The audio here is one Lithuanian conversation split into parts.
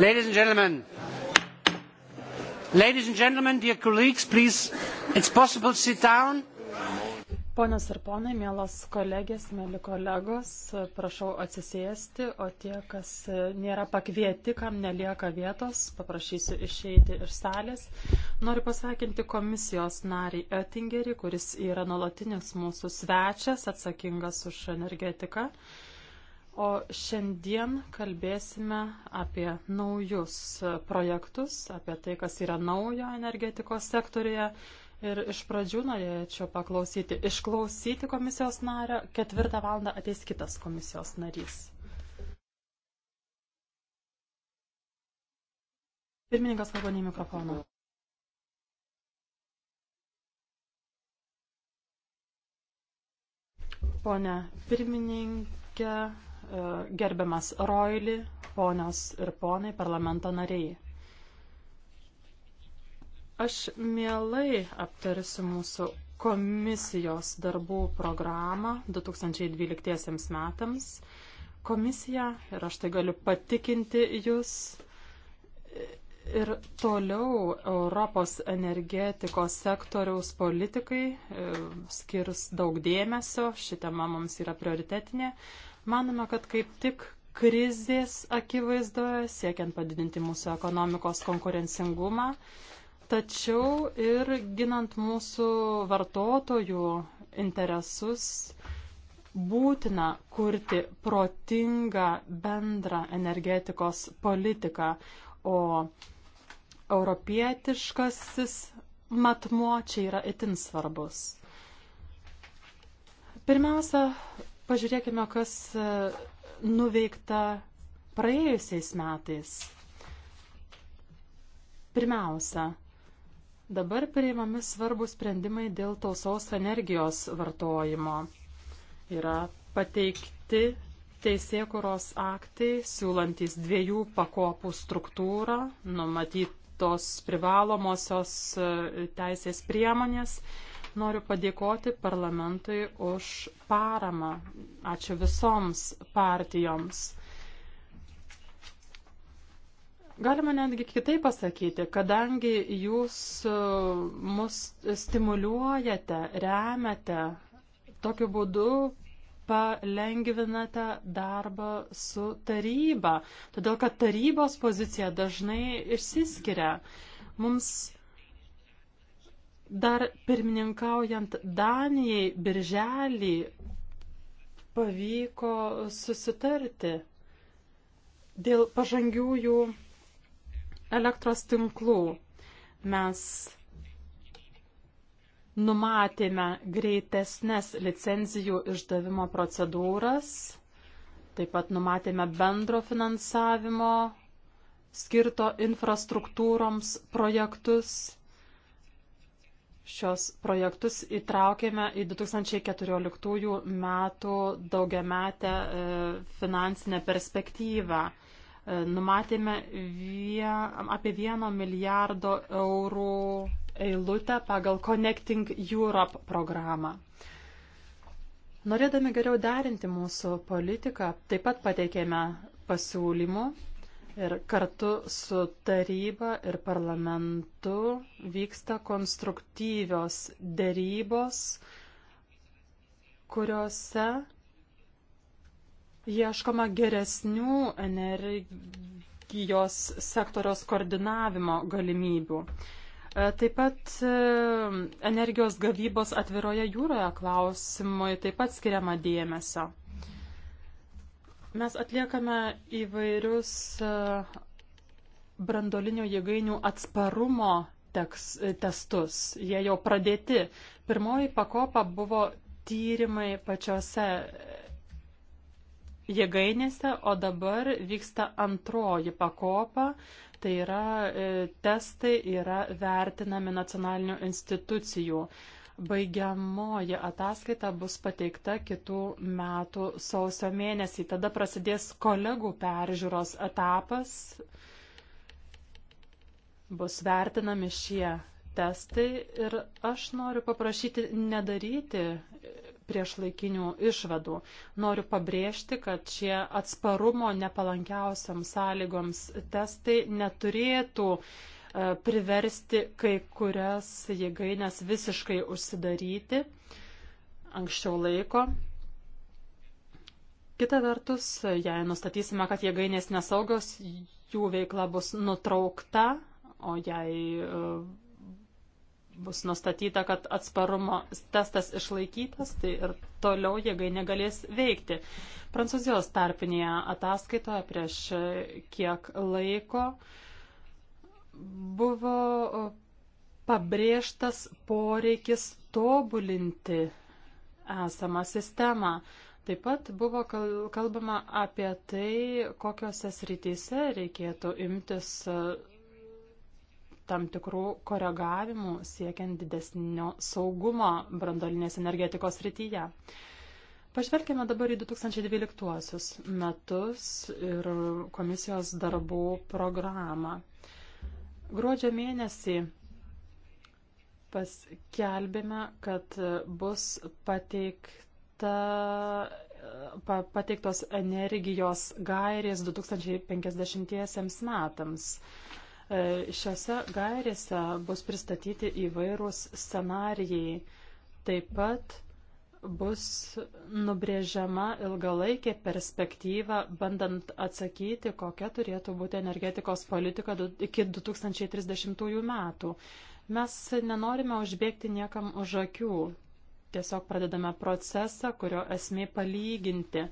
Ladies and gentlemen, ladies and gentlemen, dear colleagues, please, it's possible to sit down. Ponios ir ponai, mielos kolegės, mėly kolegos, prašau atsisėsti, o tie, kas nėra pakvieti, kam nelieka vietos, paprašysiu išeiti iš salės. Noriu pasveikinti komisijos narį Oettingerį, kuris yra nuolatinis mūsų svečias, atsakingas už energetiką. Uh, O šiandien kalbėsime apie naujus projektus, apie tai, kas yra naujo energetikos sektorėje. Ir iš pradžių norėčiau paklausyti, išklausyti komisijos nario. Ketvirtą valandą ateis kitas komisijos narys. Pirmininkas kalba ne mikrofoną. Pone pirmininkė, E, gerbiamas Roili, ponios ir ponai, parlamento nariai. Aš mielai aptarsiu mūsų komisijos darbų programą 2012 metams. Komisija, ir aš tai galiu patikinti jūs, ir toliau Europos energetikos sektoriaus politikai e, skirs daug dėmesio, ši tema mums yra prioritetinė. Manome, kad kaip tik krizės akivaizdoje siekiant padidinti mūsų ekonomikos konkurencingumą, tačiau ir ginant mūsų vartotojų interesus būtina kurti protingą bendrą energetikos politiką, o europietiškasis matmo čia yra itin svarbus. Pirmiausia, Pažiūrėkime, kas e, nuveikta praėjusiais metais. Pirmiausia, dabar priimami svarbus sprendimai dėl tausos energijos vartojimo. Yra pateikti teisėkuros aktai, siūlantys dviejų pakopų struktūrą, numatytos privalomosios e, teisės priemonės Noriu padėkoti parlamentui už paramą. Ačiū visoms partijoms. Galima netgi kitaip pasakyti, kadangi jūs e, mus stimuliuojate, remiate, tokiu būdu palengvinate darbą su taryba, todėl kad tarybos pozicija dažnai išsiskiria. Mums Dar pirmininkaujant Danijai, birželį pavyko susitarti dėl pažangiųjų elektros tinklų. Mes numatėme greitesnės licenzijų išdavimo procedūras, taip pat numatėme bendro finansavimo skirto infrastruktūroms projektus šios projektus įtraukėme į 2014 metų daugiametę e, finansinę perspektyvą. E, numatėme vien, apie 1 milijardo eurų eilutę pagal Connecting Europe programą. Norėdami geriau derinti mūsų politiką, taip pat pateikėme pasiūlymų Ir kartu su taryba ir parlamentu vyksta konstruktyvios dėrybos, kuriuose ieškoma geresnių energijos sektoriaus koordinavimo galimybių. E, taip pat e, energijos gavybos atviroje jūroje klausimui taip pat skiriama dėmesio. Mes atliekame įvairius e, brandolinių jėgainių atsparumo teks, e, testus. Jie jau pradėti. Pirmoji pakopa buvo tyrimai pačiose jėgainėse, o dabar vyksta antroji pakopa. Tai yra e, testai yra vertinami nacionalinių institucijų. Baigiamoji ataskaita bus pateikta kitų metų sausio mėnesį. Tada prasidės kolegų peržiūros etapas. Bus vertinami šie testai ir aš noriu paprašyti nedaryti priešlaikinių išvadų. Noriu pabrėžti, kad šie atsparumo nepalankiausiam sąlygoms testai neturėtų uh, E, priversti kai kurias jėgainės visiškai užsidaryti anksčiau laiko. Kita vertus, jei nustatysime, kad jėgainės nesaugios, jų veikla bus nutraukta, o jei e, bus nustatyta, kad atsparumo testas išlaikytas, tai ir toliau jėgai negalės veikti. Prancūzijos tarpinėje ataskaitoje prieš kiek laiko uh, buvo pabrėžtas poreikis tobulinti esamą sistemą. Taip pat buvo kalbama apie tai, kokiuose srityse reikėtų imtis tam tikrų koregavimų siekiant didesnio saugumo brandolinės energetikos srityje. Pažvelkime dabar į 2012 metus ir komisijos darbų programą. Gruodžio mėnesį paskelbėme, kad bus pateikta, pa, pateiktos energijos gairės 2050 metams. E, Šiuose gairėse bus pristatyti įvairūs scenarijai. Taip pat bus nubrėžiama ilgalaikė perspektyva, bandant atsakyti, kokia turėtų būti energetikos politika iki 2030 metų. Mes nenorime užbėgti niekam už akių. Tiesiog pradedame procesą, kurio esmė palyginti.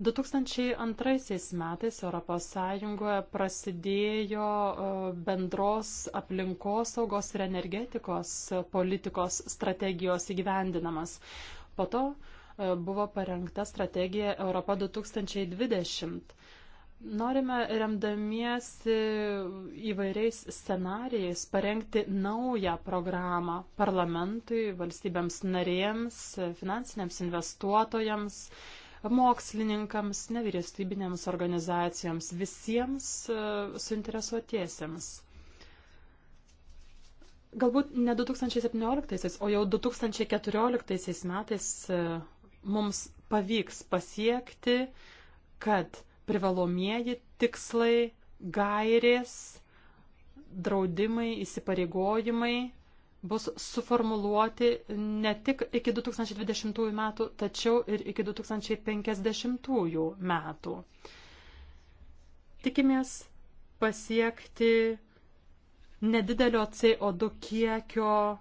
2002 metais ES prasidėjo e, bendros aplinkosaugos ir energetikos politikos strategijos įgyvendinamas. Po to e, buvo parengta strategija Europa 2020. Norime remdamiesi įvairiais scenarijais parengti naują programą parlamentui, valstybėms narėms, finansiniams investuotojams, mokslininkams, nevyriausybinėms organizacijoms, visiems e, suinteresuotiesiems. Galbūt ne 2017, o jau 2014 metais e, mums pavyks pasiekti, kad privalomieji tikslai, gairės, draudimai, įsipareigojimai bus suformuluoti ne tik iki 2020 metų, tačiau ir iki 2050 metų. Tikimės pasiekti nedidelio CO2 kiekio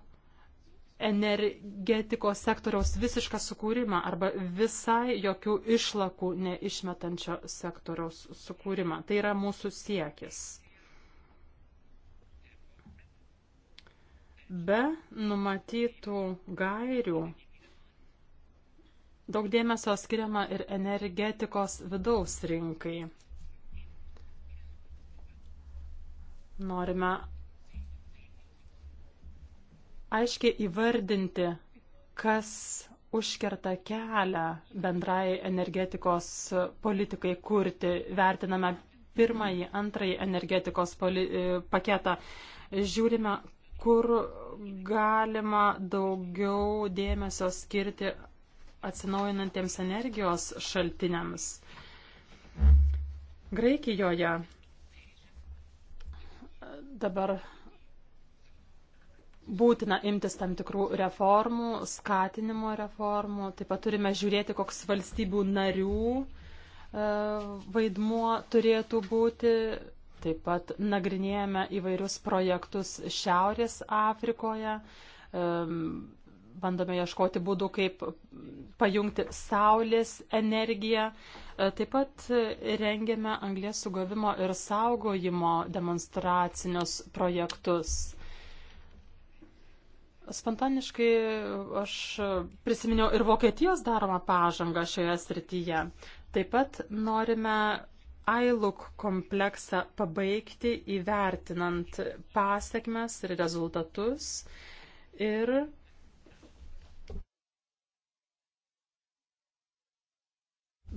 energetikos sektoriaus visišką sukūrimą arba visai jokių išlakų neišmetančio sektoriaus sukūrimą. Tai yra mūsų siekis. Be numatytų gairių daug dėmesio skiriama ir energetikos vidaus rinkai. Norime aiškiai įvardinti, kas užkerta kelią bendrai energetikos politikai kurti. Vertiname pirmąjį, antrąjį energetikos e, paketą. Žiūrime, kur galima daugiau dėmesio skirti atsinaujinantiems energijos šaltiniams. Graikijoje dabar būtina imtis tam tikrų reformų, skatinimo reformų, taip pat turime žiūrėti, koks valstybių narių e, vaidmuo turėtų būti. Taip pat nagrinėjame įvairius projektus Šiaurės Afrikoje, e, bandome ieškoti būdų, kaip pajungti saulės energiją. E, taip pat rengiame anglės sugavimo ir saugojimo demonstracinius projektus. Spontaniškai aš prisiminiau ir Vokietijos daromą pažangą šioje srityje. Taip pat norime ILUK kompleksą pabaigti įvertinant pasiekmes ir rezultatus ir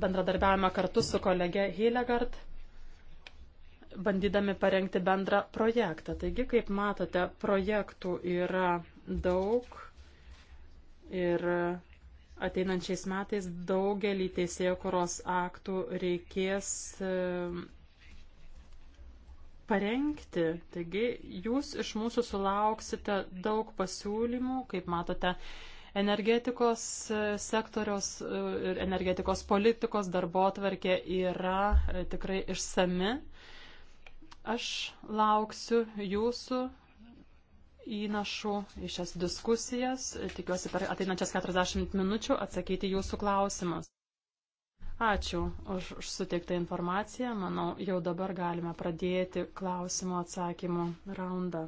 bendradarbiavimą kartu su kolege Hilegard bandydami parengti bendrą projektą. Taigi, kaip matote, projektų yra daug ir ateinančiais metais daugelį teisėjų kuros aktų reikės parengti. Taigi, jūs iš mūsų sulauksite daug pasiūlymų, kaip matote, energetikos e, sektoriaus e, ir energetikos politikos darbo tvarkė yra e, tikrai išsami. Aš lauksiu jūsų įnašų į šias diskusijas. Tikiuosi per ateinančias 40 minučių atsakyti jūsų klausimus. Ačiū už suteiktą informaciją. Manau, jau dabar galime pradėti klausimų atsakymų raundą.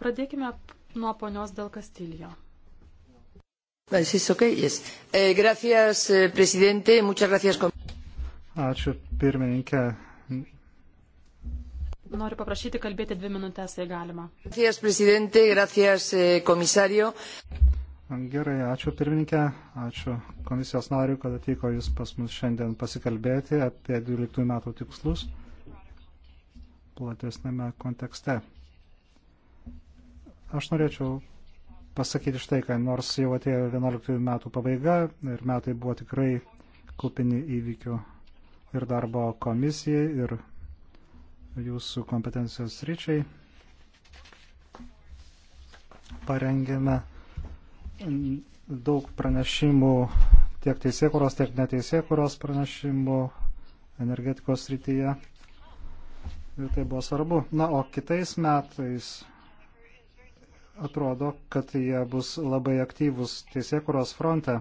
Pradėkime nuo ponios Del Castillo. Ačiū pirmininkė Noriu paprašyti kalbėti dvi minutės, jei galima. Gracias, prezidente, gracias, komisario. Eh, Gerai, ačiū pirmininkė, ačiū komisijos nariu, kad atvyko jūs pas mus šiandien pasikalbėti apie 12 metų tikslus platesnėme kontekste. Aš norėčiau pasakyti štai, kad nors jau atėjo 11 metų pabaiga ir metai buvo tikrai kupini įvykių ir darbo komisijai ir jūsų kompetencijos ryčiai parengėme daug pranešimų tiek teisėkuros, tiek neteisėkuros pranešimų energetikos srityje. Ir tai buvo svarbu. Na, o kitais metais atrodo, kad jie bus labai aktyvus teisėkuros fronte.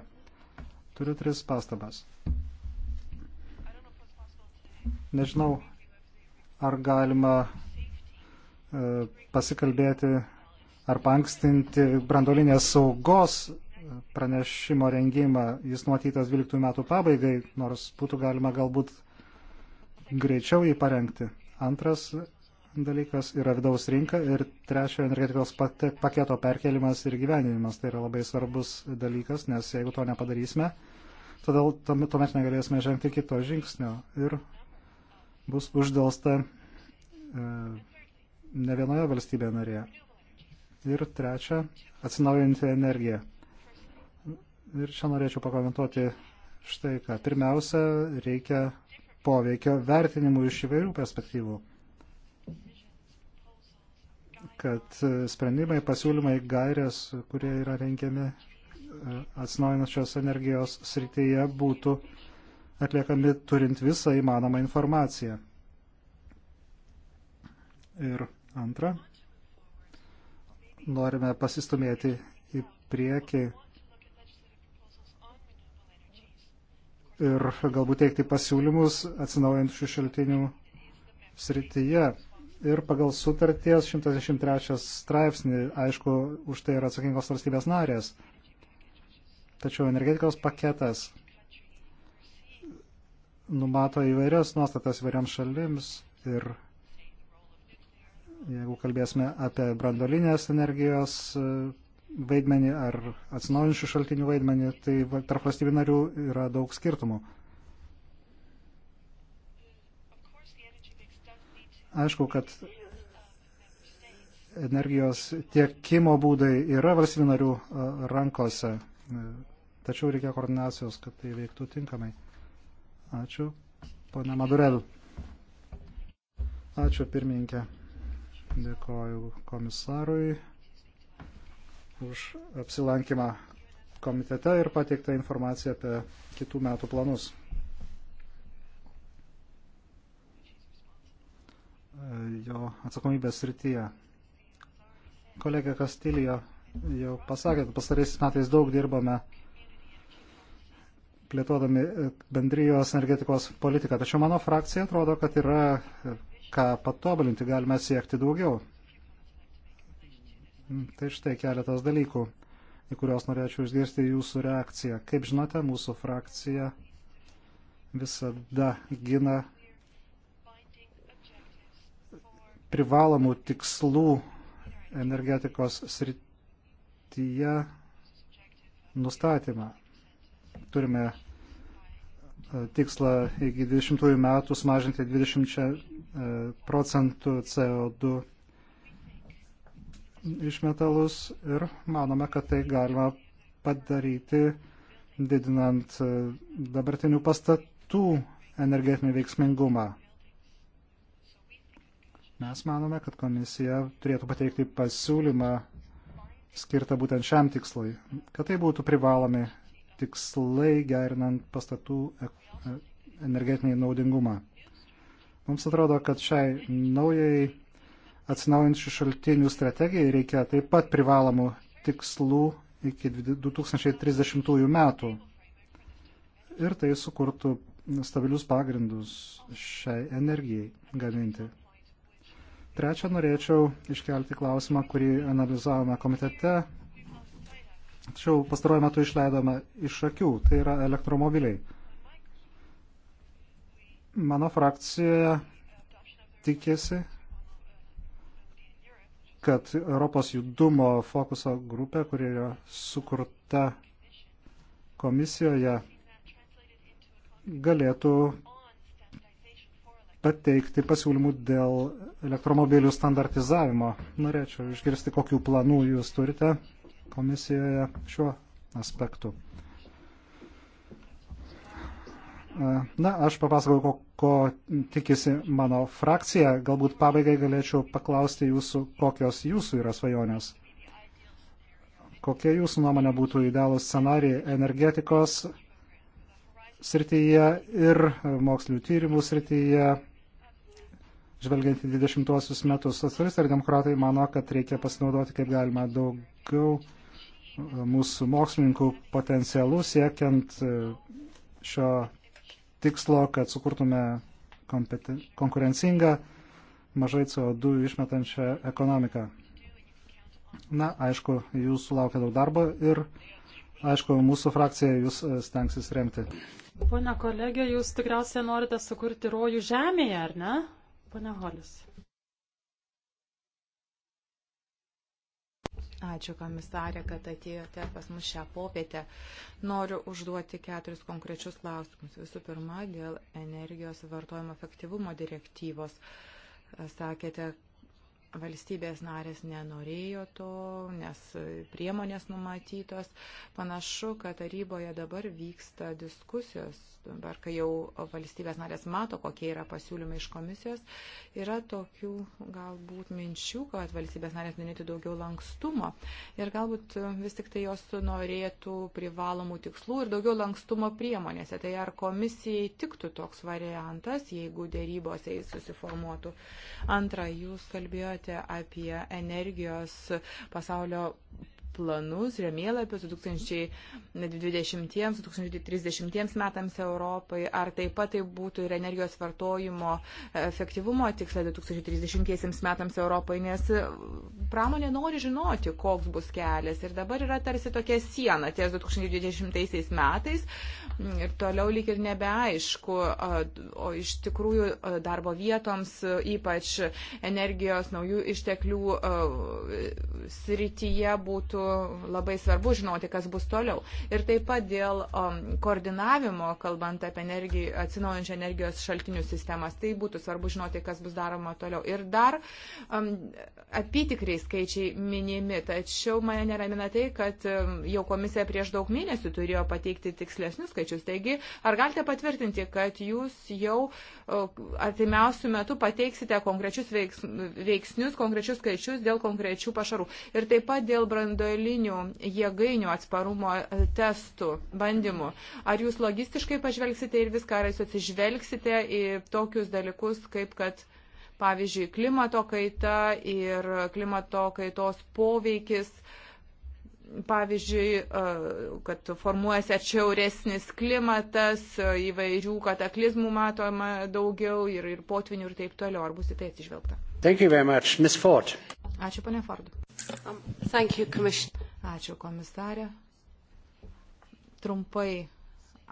Turiu tris pastabas. Nežinau, ar galima e, pasikalbėti ar pankstinti brandolinės saugos pranešimo rengimą. Jis nuotytas 12 metų pabaigai, nors būtų galima galbūt greičiau jį parengti. Antras dalykas yra vidaus rinka ir trečio energetikos paketo perkelimas ir gyvenimas. Tai yra labai svarbus dalykas, nes jeigu to nepadarysime, todėl tuomet negalėsime žengti kito žingsnio. Ir bus uždėlsta e, ne vienoje valstybėje narėje. Ir trečia, atsinaujinti energiją. Ir čia norėčiau pakomentuoti štai ką. Pirmiausia, reikia poveikio vertinimų iš įvairių perspektyvų, kad e, sprendimai, pasiūlymai, gairės, kurie yra rengiami e, atsinaujinančios energijos srityje, būtų uh, atliekami turint visą įmanomą informaciją. Ir antra, norime pasistumėti į priekį ir galbūt teikti pasiūlymus atsinaujančių šaltinių srityje. Ir pagal sutarties 123 straipsnį, aišku, už tai yra atsakingos valstybės narės. Tačiau energetikos paketas numato įvairias nuostatas įvairiams šalims ir jeigu kalbėsime apie brandolinės energijos e, vaidmenį ar atsinaujančių šaltinių vaidmenį, tai tarp valstybių narių yra daug skirtumų. Aišku, kad energijos tiekimo būdai yra valstybių narių e, rankose, e, tačiau reikia koordinacijos, kad tai veiktų tinkamai. Ačiū, ponė Madurel. Ačiū, pirmininkė. Dėkoju komisarui už apsilankymą komitete ir pateiktą informaciją apie kitų metų planus. jo atsakomybės srityje. Kolegė Kastilijo jau pasakė, kad pastarysis metais daug dirbame plėtodami e, bendrijos energetikos politiką. Tačiau mano frakcija atrodo, kad yra e, ką patobulinti, galime siekti daugiau. Mm, tai štai keletas dalykų, į kuriuos norėčiau išgirsti jūsų reakciją. Kaip žinote, mūsų frakcija visada gina privalomų tikslų energetikos srityje nustatymą. Turime tikslą iki 20 metų sumažinti 20 e, procentų CO2 išmetalus ir manome, kad tai galima padaryti didinant e, dabartinių pastatų energetinį veiksmingumą. Mes manome, kad komisija turėtų pateikti pasiūlymą skirtą būtent šiam tikslui, kad tai būtų privalomi tikslai gerinant pastatų e, e, energetinį naudingumą. Mums atrodo, kad šiai naujai atsinaujančių šaltinių strategijai reikia taip pat privalomų tikslų iki 2030 metų. Ir tai sukurtų stabilius pagrindus šiai energijai gaminti. Trečia, norėčiau iškelti klausimą, kurį analizavome komitete Tačiau pastaruoju metu išleidome iš akių, tai yra elektromobiliai. Mano frakcija tikėsi, kad Europos judumo fokuso grupė, kuri yra sukurta komisijoje, galėtų pateikti pasiūlymų dėl elektromobilių standartizavimo. Norėčiau išgirsti, kokių planų jūs turite komisijoje šiuo aspektu. E, na, aš papasakau, ko, ko tikisi mano frakcija. Galbūt pabaigai galėčiau paklausti jūsų, kokios jūsų yra svajonės. Kokie jūsų nuomonė būtų idealus scenarijai energetikos srityje ir mokslinių tyrimų srityje, žvelgiant į 20-osius metus. Socialistai ir demokratai mano, kad reikia pasinaudoti kaip galima daugiau mūsų mokslininkų potencialu siekiant e, šio tikslo, kad sukurtume konkurencingą, mažai CO2 išmetančią ekonomiką. Na, aišku, jūsų laukia daug darbo ir, aišku, mūsų frakcija jūs e, stengsis remti. Pone kolegė, jūs tikriausiai norite sukurti rojų žemėje, ar ne? Pone Holis. Ačiū komisarė, kad atėjote pas mus šią popietę. Noriu užduoti keturis konkrečius klausimus. Visų pirma, dėl energijos vartojimo efektyvumo direktyvos. Sakėte, valstybės narės nenorėjo to, nes priemonės numatytos. Panašu, kad taryboje dabar vyksta diskusijos, dabar kai jau valstybės narės mato, kokie yra pasiūlymai iš komisijos, yra tokių galbūt minčių, kad valstybės narės minėtų daugiau lankstumo ir galbūt vis tik tai jos norėtų privalomų tikslų ir daugiau lankstumo priemonėse. Tai ar komisijai tiktų toks variantas, jeigu dėrybose jis susiformuotų? Antra, jūs kalbėjote kalbėjote apie energijos pasaulio planus, remėlapius 2020-2030 metams Europai, ar taip pat tai būtų ir energijos vartojimo efektyvumo tikslai 2030 metams Europai, nes pramonė nori žinoti, koks bus kelias. Ir dabar yra tarsi tokia siena ties 2020 metais ir toliau lyg ir nebeaišku, o iš tikrųjų darbo vietoms, ypač energijos naujų išteklių srityje būtų būtų labai svarbu žinoti, kas bus toliau. Ir taip pat dėl um, koordinavimo, kalbant apie energiją, atsinaujančią energijos šaltinių sistemas, tai būtų svarbu žinoti, kas bus daroma toliau. Ir dar um, apytikriai skaičiai minimi, tačiau mane neramina tai, kad um, jau komisija prieš daug mėnesių turėjo pateikti tikslesnius skaičius. Taigi, ar galite patvirtinti, kad jūs jau artimiausių metų pateiksite konkrečius veiksnius, konkrečius skaičius dėl konkrečių pašarų? Ir taip pat dėl brando, branduolinių jėgainių atsparumo e, testų bandymų. Ar jūs logistiškai pažvelgsite ir viską, ar jūs atsižvelgsite į tokius dalykus, kaip kad, pavyzdžiui, klimato kaita ir klimato kaitos poveikis pavyzdžiui, e, kad formuojasi atšiauresnis klimatas, e, įvairių kataklizmų matoma daugiau ir, ir potvinių ir taip toliau. Ar bus į tai atsižvelgta? Much, Ms. Ford. Ačiū, ponė Ford. Um, Ačiū, komisarė. Trumpai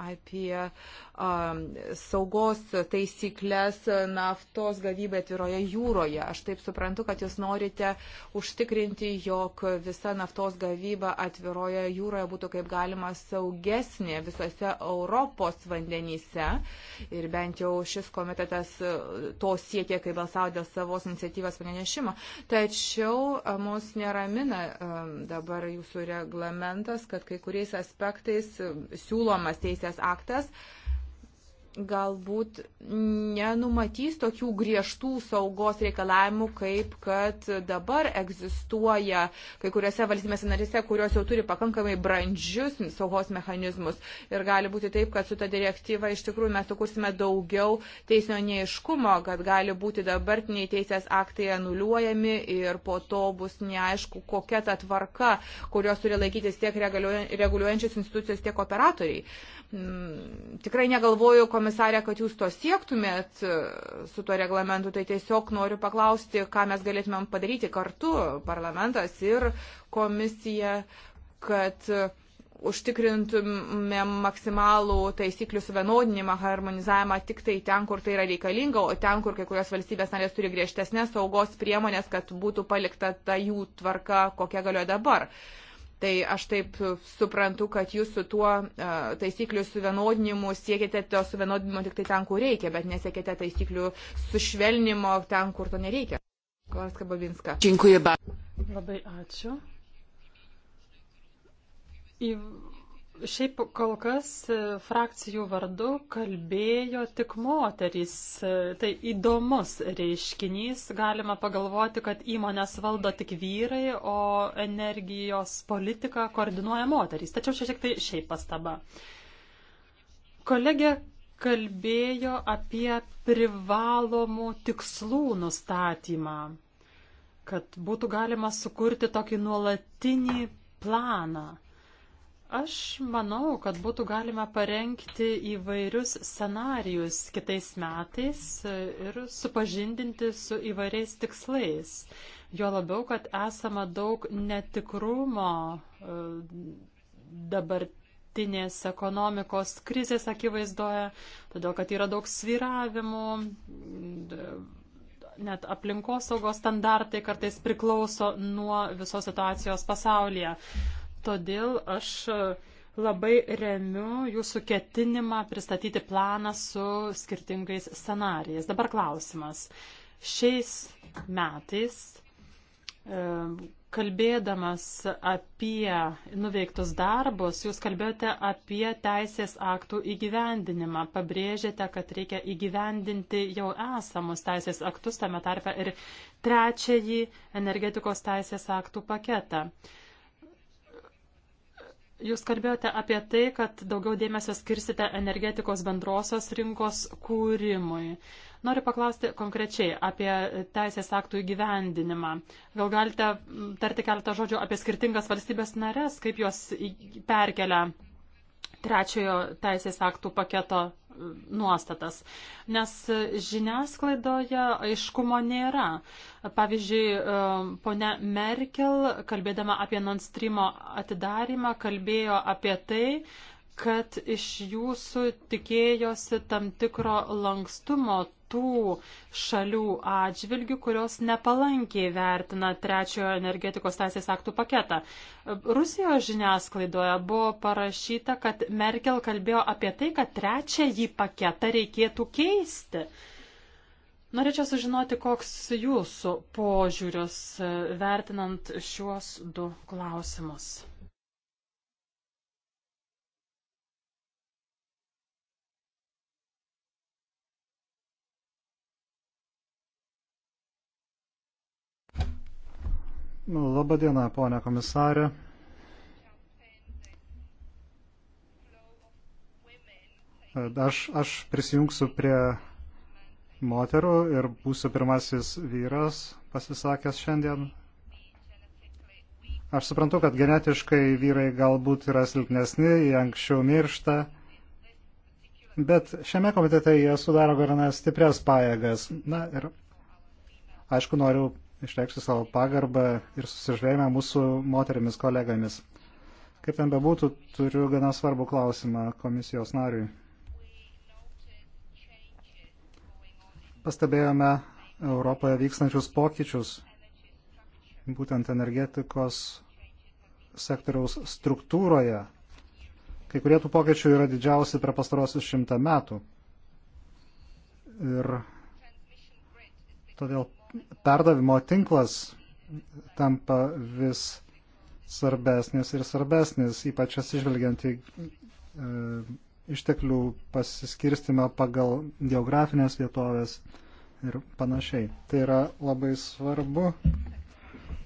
apie um, saugos taisyklės naftos gavybai atviroje jūroje. Aš taip suprantu, kad jūs norite užtikrinti, jog visa naftos gavyba atviroje jūroje būtų kaip galima saugesnė visose Europos vandenyse. Ir bent jau šis komitetas e, to siekia, kai balsavo dėl savos iniciatyvos pranešimo. Tačiau e, mus neramina um, dabar jūsų reglamentas, kad kai kuriais aspektais siūlomas teisės teisės aktas, uh, galbūt nenumatys tokių griežtų saugos reikalavimų, kaip kad dabar egzistuoja kai kuriuose valstybėse narise, kurios jau turi pakankamai brandžius saugos mechanizmus. Ir gali būti taip, kad su ta direktyva iš tikrųjų mes sukursime daugiau teisinio neiškumo, kad gali būti dabartiniai teisės aktai anuliuojami ir po to bus neaišku, kokia ta tvarka, kurios turi laikytis tiek reguliuojančios institucijos, tiek operatoriai. Mm, tikrai negalvoju, komisarė, kad jūs to siektumėt e, su tuo reglamentu, tai tiesiog noriu paklausti, ką mes galėtumėm padaryti kartu, parlamentas ir komisija, kad e, užtikrintumėm maksimalų taisyklių suvienodinimą, harmonizavimą tik tai ten, kur tai yra reikalinga, o ten, kur kai kurios valstybės narės turi griežtesnės saugos priemonės, kad būtų palikta ta jų tvarka, kokia galioja dabar. Uh, Tai aš taip suprantu, kad jūs su tuo e, taisyklių suvienodinimu siekite to suvienodinimo tik tai ten, kur reikia, bet nesiekite taisyklių sušvelnimo ten, kur to nereikia. Klarska Babinska. Dziękuję bardzo. Labai ačiū. Į Šiaip kol kas e, frakcijų vardu kalbėjo tik moterys. E, tai įdomus reiškinys. Galima pagalvoti, kad įmonės valdo tik vyrai, o energijos politiką koordinuoja moterys. Tačiau čia tik tai šiaip pastaba. Kolegė kalbėjo apie privalomų tikslų nustatymą, kad būtų galima sukurti tokį nuolatinį planą. Aš manau, kad būtų galima parengti įvairius scenarijus kitais metais ir supažindinti su įvairiais tikslais. Jo labiau, kad esama daug netikrumo e, dabartinės ekonomikos krizės akivaizdoje, todėl kad yra daug sviravimų, net aplinkosaugos standartai kartais priklauso nuo visos situacijos pasaulyje. Todėl aš labai remiu jūsų ketinimą pristatyti planą su skirtingais scenarijais. Dabar klausimas. Šiais metais, e, kalbėdamas apie nuveiktus darbus, jūs kalbėjote apie teisės aktų įgyvendinimą. Pabrėžėte, kad reikia įgyvendinti jau esamus teisės aktus, tame tarpe ir trečiąjį energetikos teisės aktų paketą. Uh, Jūs kalbėjote apie tai, kad daugiau dėmesio skirsite energetikos bendrosios rinkos kūrimui. Noriu paklausti konkrečiai apie teisės aktų įgyvendinimą. Gal galite tarti keletą žodžių apie skirtingas valstybės narės, kaip jos perkelia trečiojo teisės aktų paketo nuostatas, nes žiniasklaidoje aiškumo nėra. Pavyzdžiui, e, ponia Merkel, kalbėdama apie Nord Stream atidarimą, kalbėjo apie tai, kad iš jūsų tikėjosi tam tikro lankstumo tų šalių atžvilgių, kurios nepalankiai vertina trečiojo energetikos teisės aktų paketą. Rusijos žiniasklaidoje buvo parašyta, kad Merkel kalbėjo apie tai, kad trečiąjį paketą reikėtų keisti. Norėčiau sužinoti, koks jūsų požiūris e, vertinant šiuos du klausimus. Labadiena, ponia komisarė. Aš, aš prisijungsiu prie moterų ir būsiu pirmasis vyras pasisakęs šiandien. Aš suprantu, kad genetiškai vyrai galbūt yra silpnesni, jie anksčiau miršta, bet šiame komitete jie sudaro gana stiprias pajėgas. Na ir aišku, noriu išreikšti savo pagarbą ir susižvėjimą mūsų moterimis kolegomis. Kaip ten bebūtų, turiu gana svarbų klausimą komisijos nariui. Pastebėjome Europoje vykstančius pokyčius, būtent energetikos sektoriaus struktūroje. Kai kurie tų pokyčių yra didžiausi per pastarosius šimtą metų. Ir todėl perdavimo tinklas tampa vis svarbesnis ir svarbesnis, ypač atsižvelgiant į e, išteklių pasiskirstimą pagal geografinės vietovės ir panašiai. Tai yra labai svarbu,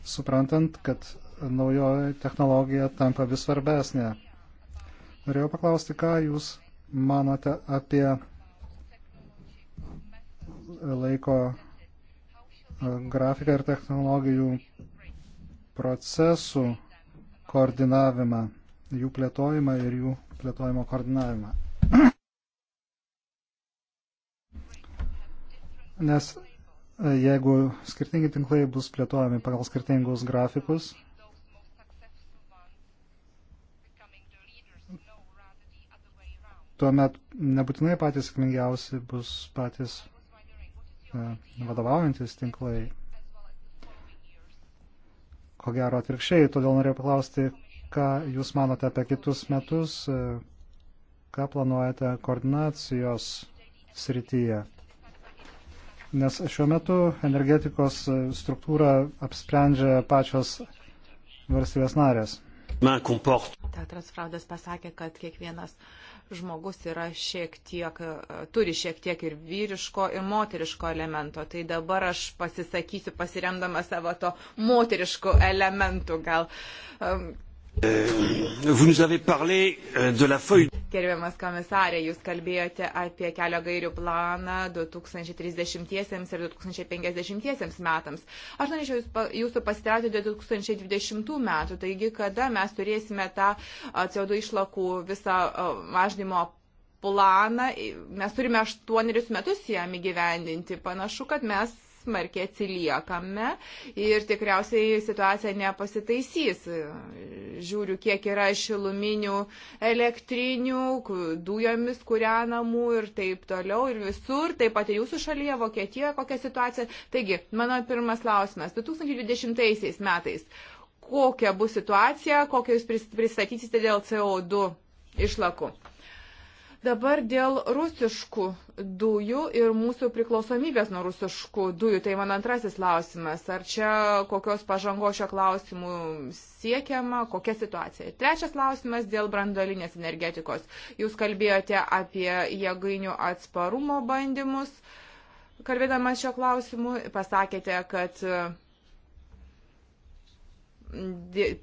suprantant, kad naujoji technologija tampa vis svarbesnė. Norėjau paklausti, ką Jūs manote apie laiko grafiką ir technologijų procesų koordinavimą, jų plėtojimą ir jų plėtojimo koordinavimą. Nes e, jeigu skirtingi tinklai bus plėtojami pagal skirtingus grafikus, tuomet nebūtinai patys sėkmingiausi bus patys E, vadovaujantis tinklai. Ko gero atvirkščiai, todėl norėjau paklausti, ką Jūs manote apie kitus metus, e, ką planuojate koordinacijos srityje. Nes šiuo metu energetikos struktūrą apsprendžia pačios valstybės narės. Teatras Fraudas pasakė, kad kiekvienas uh, žmogus yra šiek tiek, e, turi šiek tiek ir vyriško, ir moteriško elemento. Tai dabar aš pasisakysiu pasiremdama savo to moteriško elementu. Gal Euh, Gerbiamas komisarė, jūs kalbėjote apie kelio gairių planą 2030 ir 2050 metams. Aš norėčiau jūsų pasitraukti dėl 2020 metų, taigi kada mes turėsime tą CO2 išlakų visą mažnymo planą. Mes turime aštuonerius metus jam įgyvendinti. Panašu, kad mes smarkiai atsiliekame ir tikriausiai situacija nepasitaisys. Žiūriu, kiek yra šiluminių elektrinių, dujomis kūrenamų ir taip toliau ir visur, taip pat ir jūsų šalyje, Vokietijoje, kokia situacija. Taigi, mano pirmas klausimas. 2020 metais kokia bus situacija, kokią jūs pristatysite dėl CO2 išlakų. Dabar dėl rusiškų dujų ir mūsų priklausomybės nuo rusiškų dujų. Tai mano antrasis klausimas. Ar čia kokios pažangos šio klausimu siekiama, kokia situacija? Trečias klausimas dėl brandolinės energetikos. Jūs kalbėjote apie jėgainių atsparumo bandymus. Kalbėdamas šio klausimu, pasakėte, kad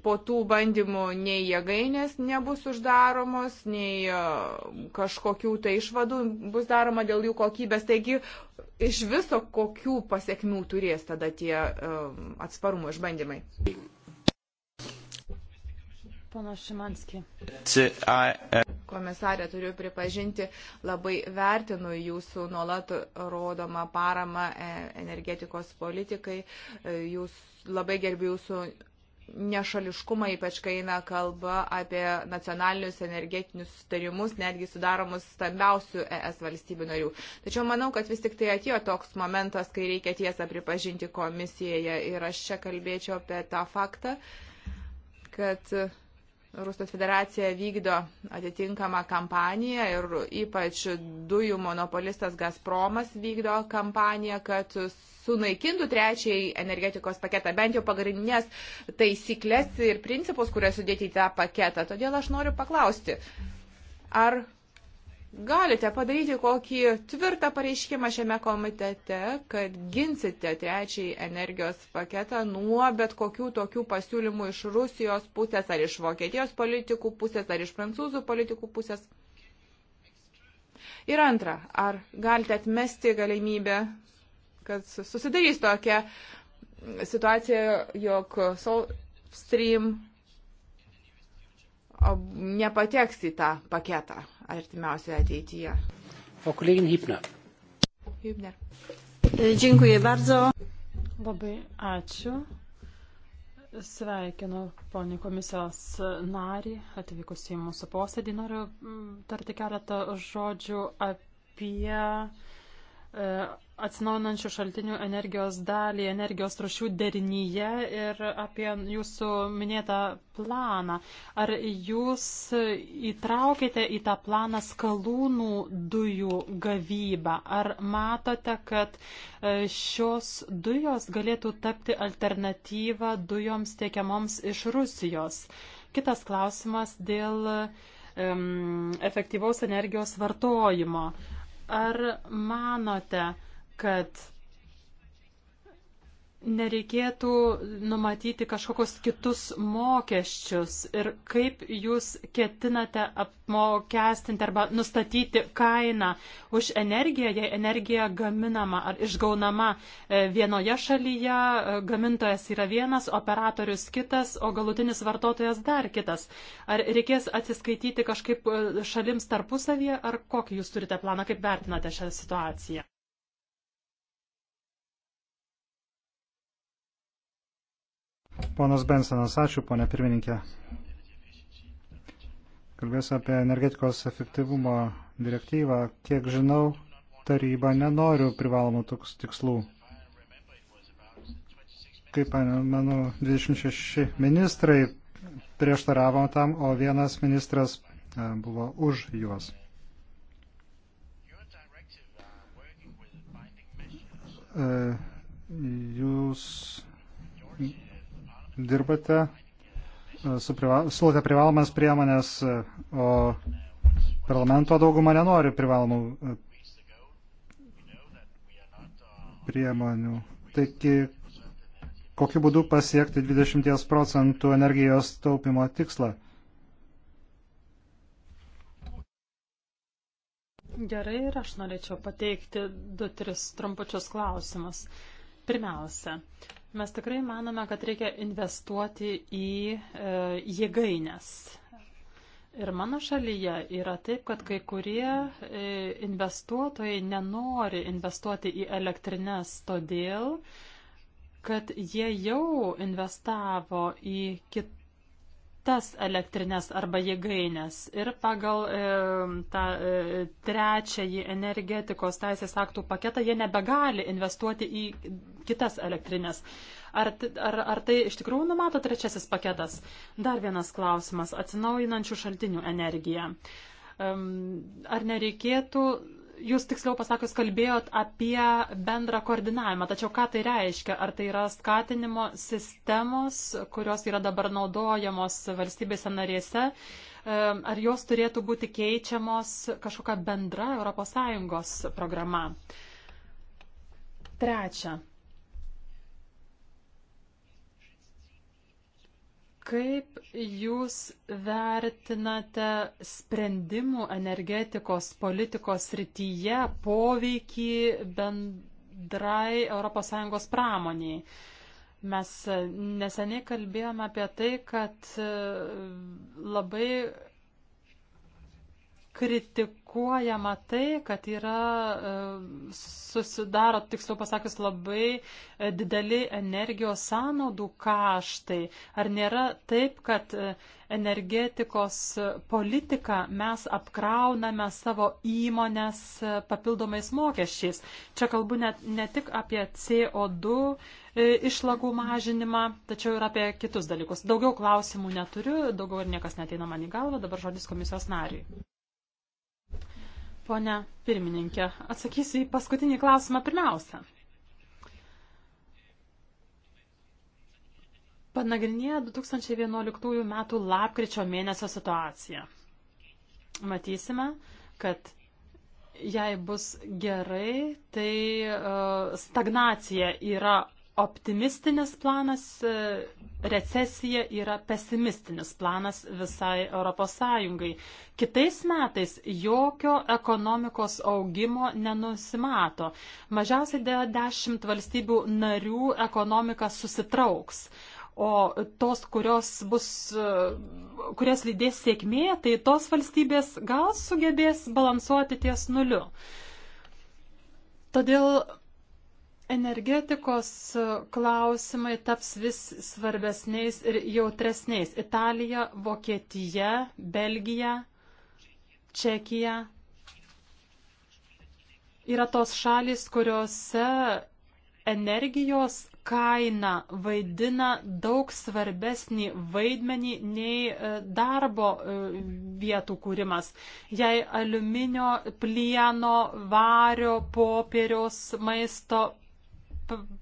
po tų bandymų nei jėgainės nebus uždaromos, nei e, kažkokių tai išvadų bus daroma dėl jų kokybės. Taigi iš viso kokių pasiekmių turės tada tie e, atsparumo išbandymai. Pana Šimanski. Komisarė, turiu pripažinti, labai vertinu jūsų nuolat rodomą paramą e, energetikos politikai. Jūs labai gerbiu jūsų nešališkumą, ypač kai eina kalba apie nacionalinius energetinius sustarimus, netgi sudaromus stambiausių ES valstybių narių. Tačiau manau, kad vis tik tai atėjo toks momentas, kai reikia tiesą pripažinti komisijoje ir aš čia kalbėčiau apie tą faktą, kad uh, Rusijos federacija vykdo atitinkamą kampaniją ir ypač dujų monopolistas Gazpromas vykdo kampaniją, kad sunaikintų trečiąjį energetikos paketą, bent jau pagrindinės taisyklės ir principus, kurie sudėti į tą paketą. Todėl aš noriu paklausti, ar galite padaryti kokį tvirtą pareiškimą šiame komitete, kad ginsite trečiąjį energijos paketą nuo bet kokių tokių pasiūlymų iš Rusijos pusės, ar iš Vokietijos politikų pusės, ar iš prancūzų politikų pusės. Ir antra, ar galite atmesti galimybę, kad susidarys tokia situacija, jog Soul Stream nepateks į tą paketą? artimiausioje ateityje. O kolegin Hipner. Hipner. E, dziękuję bardzo. Labai ačiū. Sveikinu ponį komisijos narį atvykus į mūsų posėdį. Noriu mm, tarti keletą žodžių apie e, atsinaujinančių šaltinių energijos dalį, energijos rušių derinyje ir apie jūsų minėtą planą. Ar jūs įtraukite į tą planą skalūnų dujų gavybą? Ar matote, kad e, šios dujos galėtų tapti alternatyvą dujoms tiekiamoms iš Rusijos? Kitas klausimas dėl um, efektyvaus energijos vartojimo. Ar manote, kad nereikėtų numatyti kažkokius kitus mokesčius ir kaip jūs ketinate apmokestinti arba nustatyti kainą už energiją, jei energija gaminama ar išgaunama e, vienoje šalyje, e, gamintojas yra vienas, operatorius kitas, o galutinis vartotojas dar kitas. Ar reikės atsiskaityti kažkaip e, šalims tarpusavyje, ar kokį jūs turite planą, kaip vertinate šią situaciją? Ponas Bensonas, ačiū, ponė pirmininkė. Kalbėsiu apie energetikos efektyvumo direktyvą. Kiek žinau, taryba nenoriu privalomų tikslų. Kaip, manau, 26 ministrai prieštaravo tam, o vienas ministras e, buvo už juos. E, jūs dirbate, e, priva siūlote privalomas priemonės, e, o parlamento dauguma nenori privalomų e, priemonių. Taigi, kokiu būdu pasiekti 20 procentų energijos taupimo tikslą? Gerai, ir aš norėčiau pateikti du, tris trumpučius klausimus. Pirmiausia, Mes tikrai manome, kad reikia investuoti į e, jėgainės. Ir mano šalyje yra taip, kad kai kurie e, investuotojai nenori investuoti į elektrinės todėl, kad jie jau investavo į kitą tas elektrinės arba jėgainės ir pagal e, tą e, trečiąjį energetikos teisės aktų paketą jie nebegali investuoti į kitas elektrinės. Ar, ar, ar tai iš tikrųjų numato trečiasis paketas? Dar vienas klausimas - atsinaujinančių šaltinių energija. E, ar nereikėtų jūs tiksliau pasakius kalbėjot apie bendrą koordinavimą, tačiau ką tai reiškia? Ar tai yra skatinimo sistemos, kurios yra dabar naudojamos valstybėse narėse, ar jos turėtų būti keičiamos kažkokia bendra ES programa? Trečia. Kaip jūs vertinate sprendimų energetikos politikos rytyje poveikį bendrai ES pramoniai? Mes neseniai kalbėjome apie tai, kad e, labai kritikuojama tai, kad yra e, susidaro, tiksliau pasakius, labai e, dideli energijos sąnaudų kaštai. Ar nėra taip, kad e, energetikos politiką mes apkrauname savo įmonės papildomais mokesčiais? Čia kalbu net, ne tik apie CO2 išlagų mažinimą, tačiau ir apie kitus dalykus. Daugiau klausimų neturiu, daugiau ir niekas neteina man į galvą, dabar žodis komisijos nariui. Pone pirmininkė, atsakysiu į paskutinį klausimą pirmiausia. Panagrinėję 2011 m. lapkričio mėnesio situaciją, matysime, kad jei bus gerai, tai e, stagnacija yra optimistinis planas, e, recesija yra pesimistinis planas visai Europos Sąjungai. Kitais metais jokio ekonomikos augimo nenusimato. Mažiausiai 10 valstybių narių ekonomika susitrauks. O tos, kurios bus, e, kurios lydės sėkmė, tai tos valstybės gal sugebės balansuoti ties nuliu. Todėl energetikos klausimai taps vis svarbesniais ir jautresniais. Italija, Vokietija, Belgija, Čekija yra tos šalis, kuriuose energijos kaina vaidina daug svarbesnį vaidmenį nei e, darbo e, vietų kūrimas. Jei aliuminio, plieno, vario, popieriaus, maisto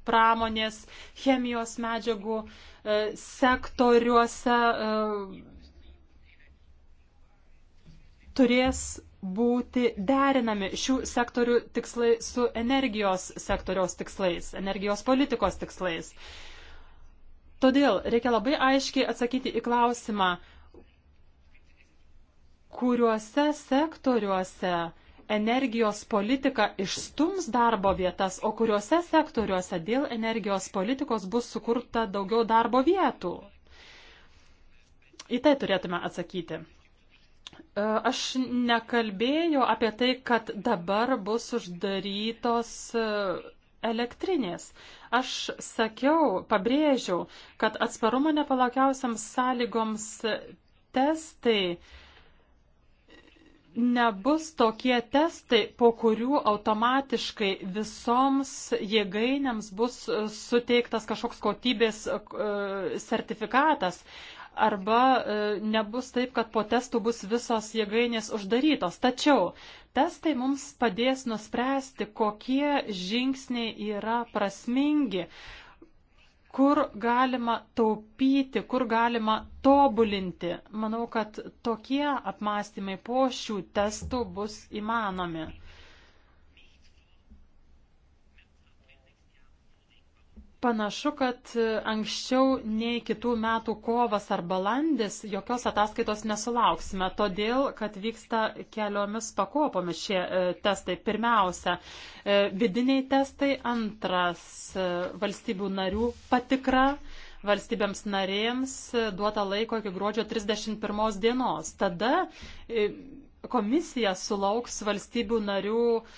pramonės, chemijos medžiagų e, sektoriuose e, turės būti derinami šių sektorių tikslai su energijos sektoriaus tikslais, energijos politikos tikslais. Todėl reikia labai aiškiai atsakyti į klausimą, kuriuose sektoriuose energijos politika išstums darbo vietas, o kuriuose sektoriuose dėl energijos politikos bus sukurta daugiau darbo vietų? Į tai turėtume atsakyti. E, aš nekalbėjau apie tai, kad dabar bus uždarytos e, elektrinės. Aš sakiau, pabrėžiau, kad atsparumo nepalaukiausiams sąlygoms testai uh, nebus tokie testai, po kurių automatiškai visoms jėgainėms bus e, suteiktas kažkoks kokybės e, sertifikatas. Arba e, nebus taip, kad po testų bus visos jėgainės uždarytos. Tačiau testai mums padės nuspręsti, kokie žingsniai yra prasmingi, uh, kur galima taupyti, kur galima tobulinti. Manau, kad tokie apmąstymai po šių testų bus įmanomi. Panašu, kad e, anksčiau nei kitų metų kovas ar balandis jokios ataskaitos nesulauksime, todėl, kad vyksta keliomis pakopomis šie e, testai. Pirmiausia, e, vidiniai testai, antras valstybių narių patikra valstybėms narėms duota laiko iki gruodžio 31 dienos. Tada komisija sulauks valstybių narių uh,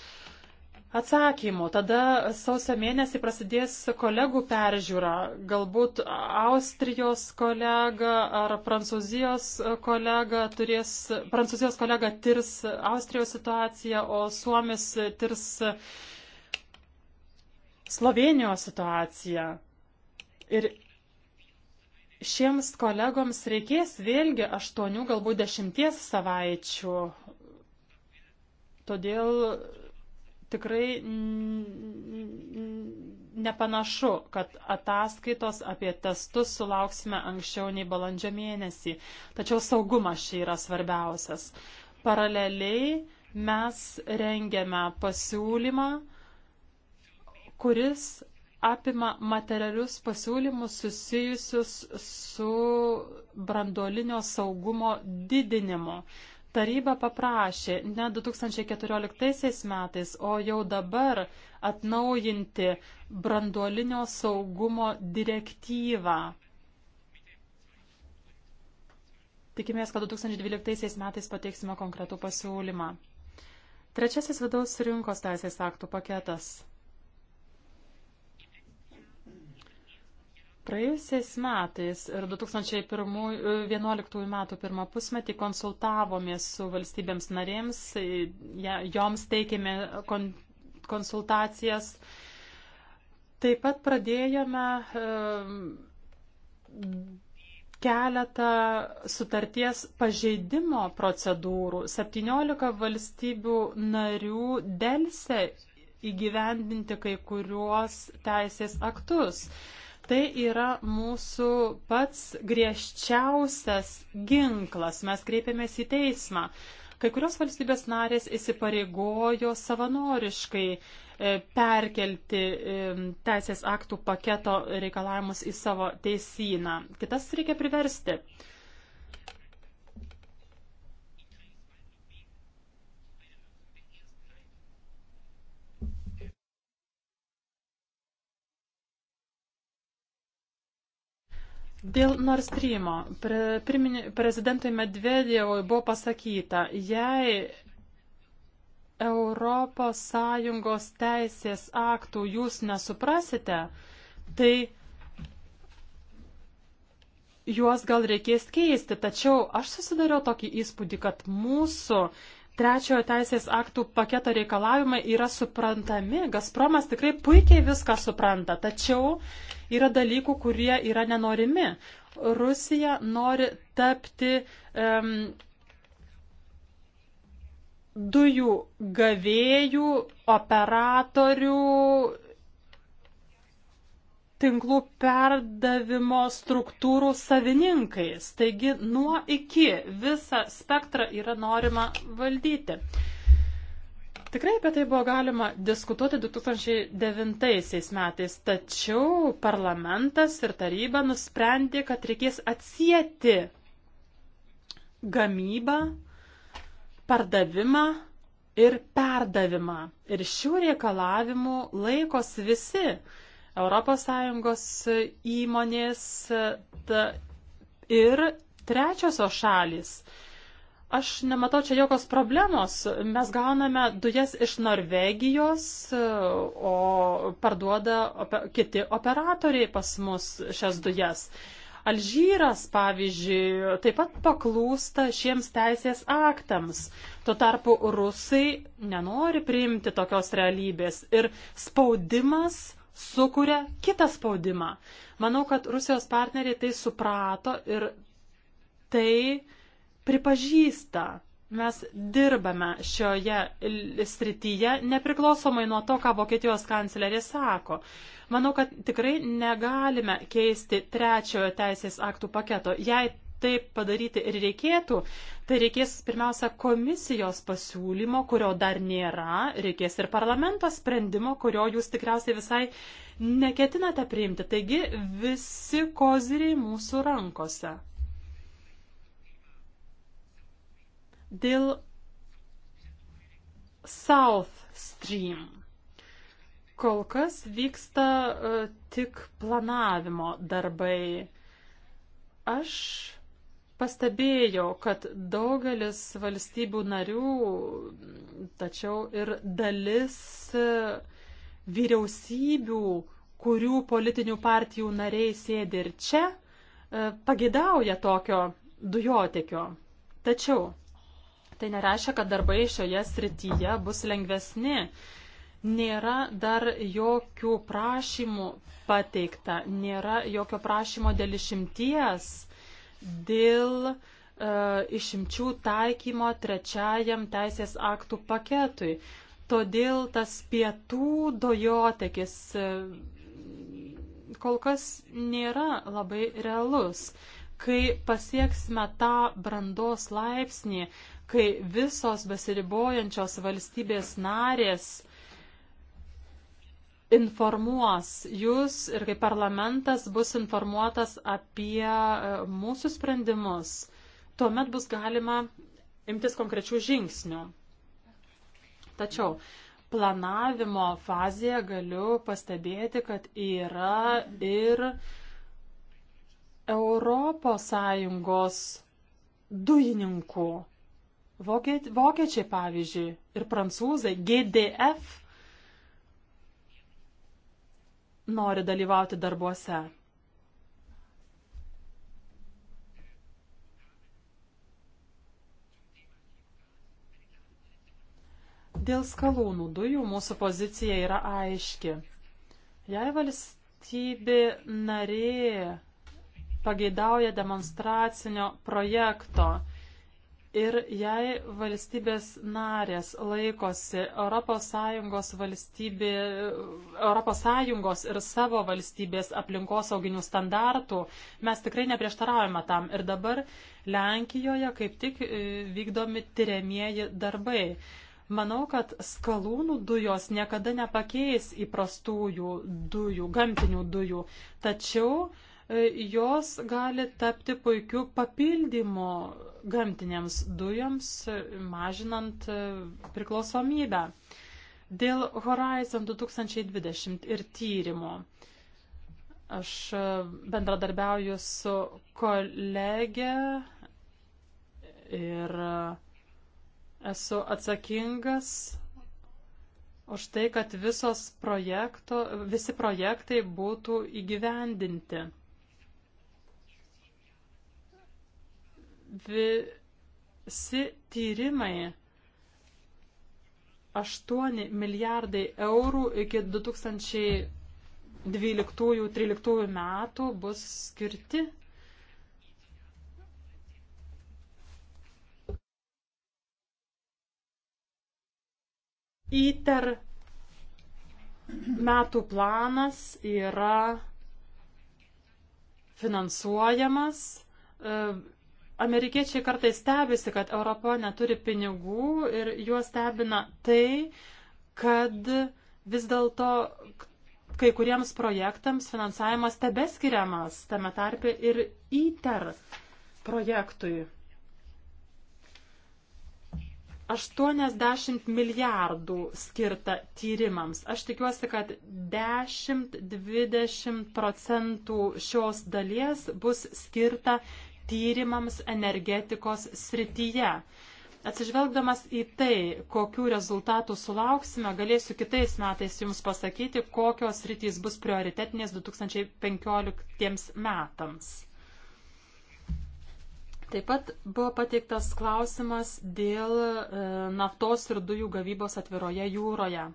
atsakymų. Tada sausio mėnesį prasidės kolegų peržiūra. Galbūt Austrijos kolega ar Prancūzijos kolega turės, Prancūzijos kolega tirs Austrijos situaciją, o Suomis tirs Slovenijos situaciją. Ir šiems kolegoms reikės vėlgi aštuonių, galbūt dešimties savaičių. Todėl tikrai nepanašu, kad ataskaitos apie testus sulauksime anksčiau nei balandžio mėnesį. Tačiau saugumas čia yra svarbiausias. Paraleliai mes rengiame pasiūlymą, kuris apima materialius pasiūlymus susijusius su brandolinio saugumo didinimu. Taryba paprašė ne 2014 metais, o jau dabar atnaujinti branduolinio saugumo direktyvą. Tikimės, kad 2012 metais pateiksime konkretų pasiūlymą. Trečiasis vidaus rinkos teisės aktų paketas. Praėjusiais metais ir 2011 metų pirmą pusmetį konsultavomės su valstybėms narėms, joms teikėme konsultacijas. Taip pat pradėjome keletą sutarties pažeidimo procedūrų. 17 valstybių narių dėlse įgyvendinti kai kuriuos teisės aktus. Tai yra mūsų pats griežčiausias ginklas. Mes kreipiamės į teismą. Kai kurios valstybės narės įsipareigojo savanoriškai e, perkelti e, teisės aktų paketo reikalavimus į savo teisyną. Kitas reikia priversti. Dėl Nord Streamo pre, primini, prezidentui Medvedevui buvo pasakyta, jei Europos Sąjungos teisės aktų jūs nesuprasite, tai juos gal reikės keisti. Tačiau aš susidariau tokį įspūdį, kad mūsų uh, trečiojo teisės aktų paketo reikalavimai yra suprantami. Gazpromas tikrai puikiai viską supranta, tačiau yra dalykų, kurie yra nenorimi. Rusija nori tapti um, dujų gavėjų, operatorių, tinklų perdavimo struktūrų savininkais. Taigi nuo iki visą spektrą yra norima valdyti. Tikrai apie tai buvo galima diskutuoti 2009 metais, tačiau parlamentas ir taryba nusprendė, kad reikės atsijėti gamybą, pardavimą ir perdavimą. Ir šių reikalavimų laikosi visi ES įmonės ta, ir trečiosios šalis. Aš nematau čia jokios problemos. Mes gauname dujas iš Norvegijos, o parduoda kiti operatoriai pas mus šias dujas. Alžyras, pavyzdžiui, taip pat paklūsta šiems teisės aktams. Tuo tarpu rusai nenori priimti tokios realybės ir spaudimas sukuria kitą spaudimą. Manau, kad Rusijos partneriai tai suprato ir tai pripažįsta. Mes dirbame šioje srityje nepriklausomai nuo to, ką Vokietijos kanclerė sako. Manau, kad tikrai negalime keisti trečiojo teisės aktų paketo. Jei tai padaryti ir reikėtų, tai reikės pirmiausia komisijos pasiūlymo, kurio dar nėra, reikės ir parlamento sprendimo, kurio jūs tikriausiai visai neketinate priimti. Taigi visi koziriai mūsų rankose. Dėl South Stream. Kol kas vyksta uh, tik planavimo darbai. Aš pastebėjo, kad daugelis valstybių narių, tačiau ir dalis e, vyriausybių, kurių politinių partijų nariai sėdi ir čia, e, pagidauja tokio dujotekio. Tačiau tai nereiškia, kad darbai šioje srityje bus lengvesni. Nėra dar jokių prašymų pateikta, nėra jokio prašymo dėl išimties dėl e, išimčių taikymo trečiajam teisės aktų paketui. Todėl tas pietų dujotekis e, kol kas nėra labai realus. Kai pasieksime tą brandos laipsnį, kai visos besiribojančios valstybės narės e, informuos jūs ir kaip parlamentas bus informuotas apie e, mūsų sprendimus. Tuomet bus galima imtis konkrečių žingsnių. Tačiau planavimo fazėje galiu pastebėti, kad yra ir Europos Sąjungos dujininkų. Vokiečiai, pavyzdžiui, ir prancūzai GDF nori dalyvauti darbuose. Dėl skalūnų dujų mūsų pozicija yra aiški. Jei valstybė narė pageidauja demonstracinio projekto, Ir jei valstybės narės laikosi ES, valstybė, ES ir savo valstybės aplinkosauginių standartų, mes tikrai neprieštaraujame tam. Ir dabar Lenkijoje kaip tik e, vykdomi tyriamieji darbai. Manau, kad skalūnų dujos niekada nepakeis įprastųjų dujų, gamtinių dujų. Tačiau uh, E, jos gali tapti puikiu papildymu gamtinėms dujoms, mažinant e, priklausomybę. Dėl Horizon 2020 ir tyrimo. Aš e, bendradarbiauju su kolegė ir esu atsakingas už tai, kad visos projekto, visi projektai būtų įgyvendinti. visi tyrimai 8 milijardai eurų iki 2012-2013 metų bus skirti ITER metų planas yra finansuojamas e, Amerikiečiai kartais stebisi, kad Europa neturi pinigų ir juos stebina tai, kad vis dėlto kai kuriems projektams finansavimas tebeskiriamas, tame tarpe ir ITER projektui. 80 milijardų skirta tyrimams. Aš tikiuosi, kad 10-20 procentų šios dalies bus skirta tyrimams energetikos srityje. Atsižvelgdamas į tai, kokių rezultatų sulauksime, galėsiu kitais metais Jums pasakyti, kokios rytys bus prioritetinės 2015 metams. Taip pat buvo pateiktas klausimas dėl e, naftos ir dujų gavybos atviroje jūroje.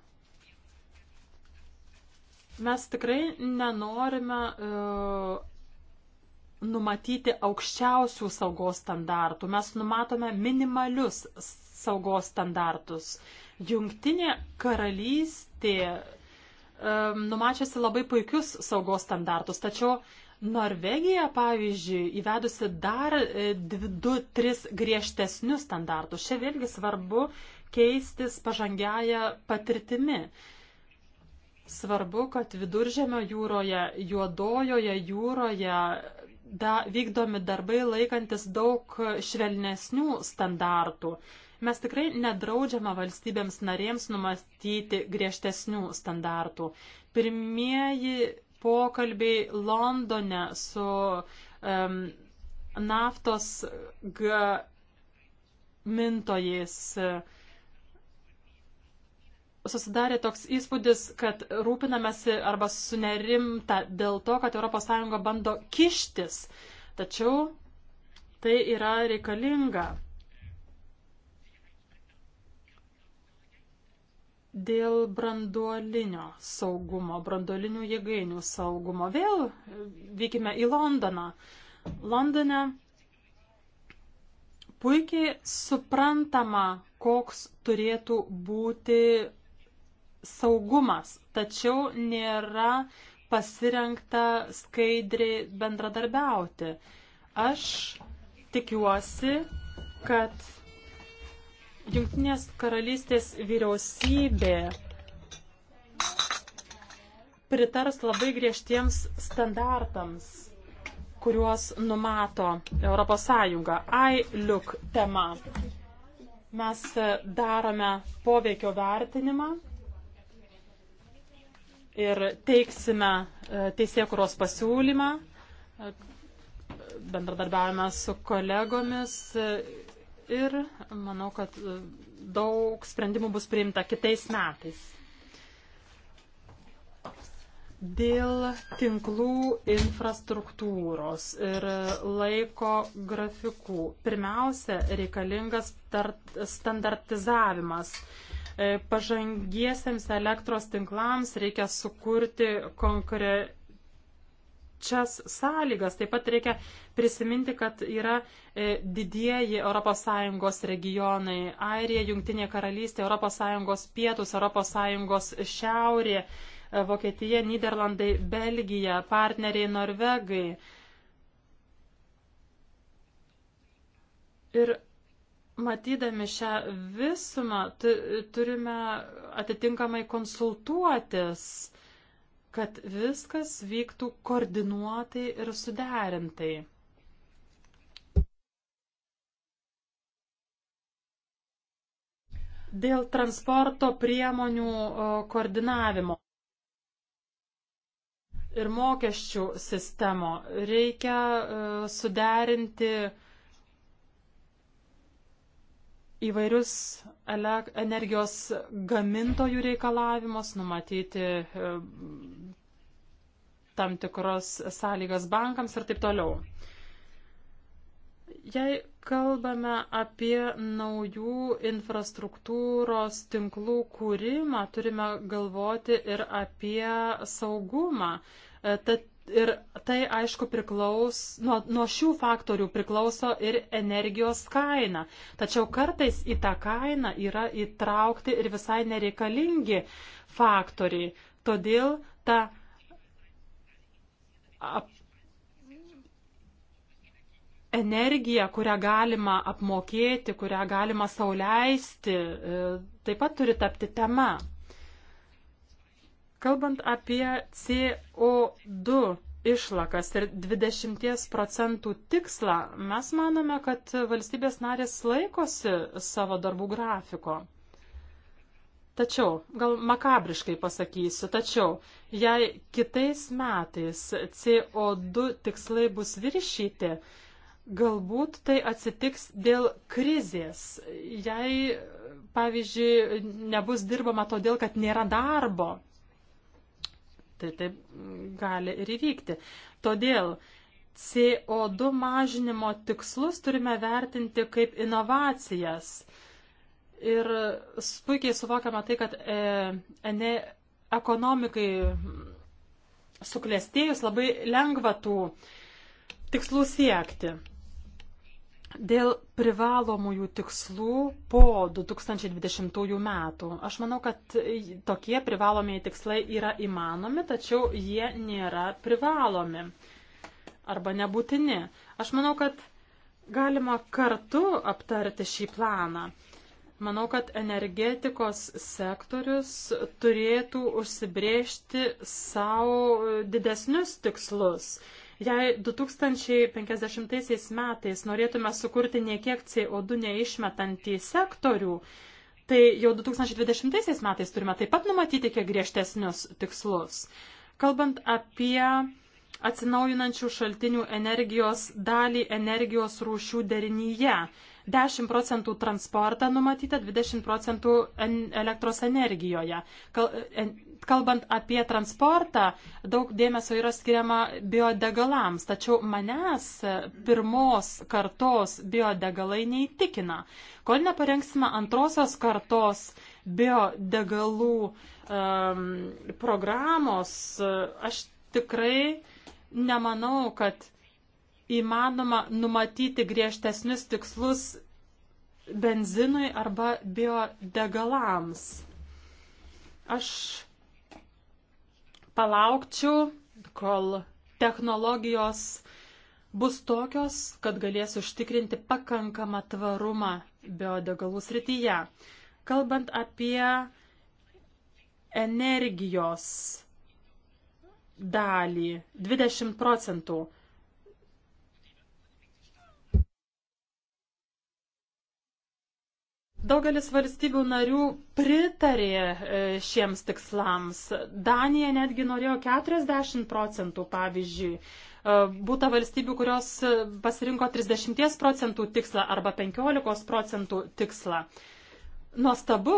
Mes tikrai nenorime e, numatyti aukščiausių saugos standartų. Mes numatome minimalius saugos standartus. Jungtinė karalystė um, numačiasi labai puikius saugos standartus, tačiau Norvegija, pavyzdžiui, įvedusi dar 2-3 e, griežtesnius standartus. Čia vėlgi svarbu keistis pažangiaja patirtimi. Svarbu, kad viduržėmio jūroje, juodojoje jūroje da, vykdomi darbai laikantis daug švelnesnių standartų. Mes tikrai nedraudžiame valstybėms narėms numatyti griežtesnių standartų. Pirmieji pokalbiai Londone su um, naftos gamintojais uh, susidarė toks įspūdis, kad rūpinamasi arba sunerimta dėl to, kad ES bando kištis. Tačiau tai yra reikalinga. Dėl branduolinio saugumo, branduolinių jėgainių saugumo. Vėl vykime į Londoną. Londone puikiai suprantama, koks turėtų būti saugumas, tačiau nėra pasirengta skaidriai bendradarbiauti. Aš tikiuosi, kad Junktinės karalystės vyriausybė pritars labai griežtiems standartams, kuriuos numato ES. Ai, liuk tema. Mes darome poveikio vertinimą ir teiksime e, teisėkuros pasiūlymą. E, Bendradarbiavime su kolegomis e, ir manau, kad daug sprendimų bus priimta kitais metais. Dėl tinklų infrastruktūros ir laiko grafikų pirmiausia reikalingas standartizavimas. E, pažangiesiems elektros tinklams reikia sukurti konkrečias sąlygas. Taip pat reikia prisiminti, kad yra e, didieji ES regionai - Airija, Junktinė karalystė, ES pietus, ES šiaurė, e, Vokietija, Niderlandai, Belgija, partneriai Norvegai. Ir matydami šią visumą, turime atitinkamai konsultuotis, kad viskas vyktų koordinuotai ir suderintai. Dėl transporto priemonių koordinavimo ir mokesčių sistemo reikia suderinti uh, įvairius energijos gamintojų reikalavimus, numatyti e, tam tikros sąlygas bankams ir taip toliau. Jei kalbame apie naujų infrastruktūros tinklų kūrimą, turime galvoti ir apie saugumą. E, tad Ir tai, aišku, priklauso, nuo, nuo šių faktorių priklauso ir energijos kaina. Tačiau kartais į tą kainą yra įtraukti ir visai nereikalingi faktoriai. Todėl ta ap, energija, kurią galima apmokėti, kurią galima sauliaisti, e, taip pat turi tapti tema. Kalbant apie CO2 išlakas ir 20 procentų tikslą, mes manome, kad valstybės narės laikosi savo darbų grafiko. Tačiau, gal makabriškai pasakysiu, tačiau, jei kitais metais CO2 tikslai bus viršyti, galbūt tai atsitiks dėl krizės. Jei, pavyzdžiui, nebus dirbama todėl, kad nėra darbo, tai taip gali ir įvykti. Todėl CO2 mažinimo tikslus turime vertinti kaip inovacijas. Ir puikiai suvokiame tai, kad e, ene, ekonomikai suklestėjus labai lengva tų tikslų siekti. Dėl privalomųjų tikslų po 2020 metų. Aš manau, kad tokie privalomieji tikslai yra įmanomi, tačiau jie nėra privalomi arba nebūtini. Aš manau, kad galima kartu aptarti šį planą. Manau, kad energetikos sektorius turėtų užsibriežti savo didesnius tikslus Jei 2050 metais norėtume sukurti niekiek CO2 neišmetantį sektorių, tai jau 2020 metais turime taip pat numatyti kiek griežtesnius tikslus. Kalbant apie atsinaujinančių šaltinių energijos dalį energijos rūšių derinyje, 10 procentų transportą numatyta, 20 procentų elektros energijoje. Kalbant apie transportą, daug dėmesio yra skiriama biodegalams, tačiau manęs pirmos kartos biodegalai neįtikina. Kol neparengsime antrosios kartos biodegalų um, programos, aš tikrai nemanau, kad įmanoma numatyti griežtesnius tikslus benzinui arba biodegalams. Aš palaukčiau, kol technologijos bus tokios, kad galės užtikrinti pakankamą tvarumą biodegalų srityje. Kalbant apie energijos dalį 20 procentų Daugelis valstybių narių pritarė e, šiems tikslams. Danija netgi norėjo 40 procentų, pavyzdžiui. E, būta valstybių, kurios e, pasirinko 30 procentų tikslą arba 15 procentų tikslą. Nuostabu.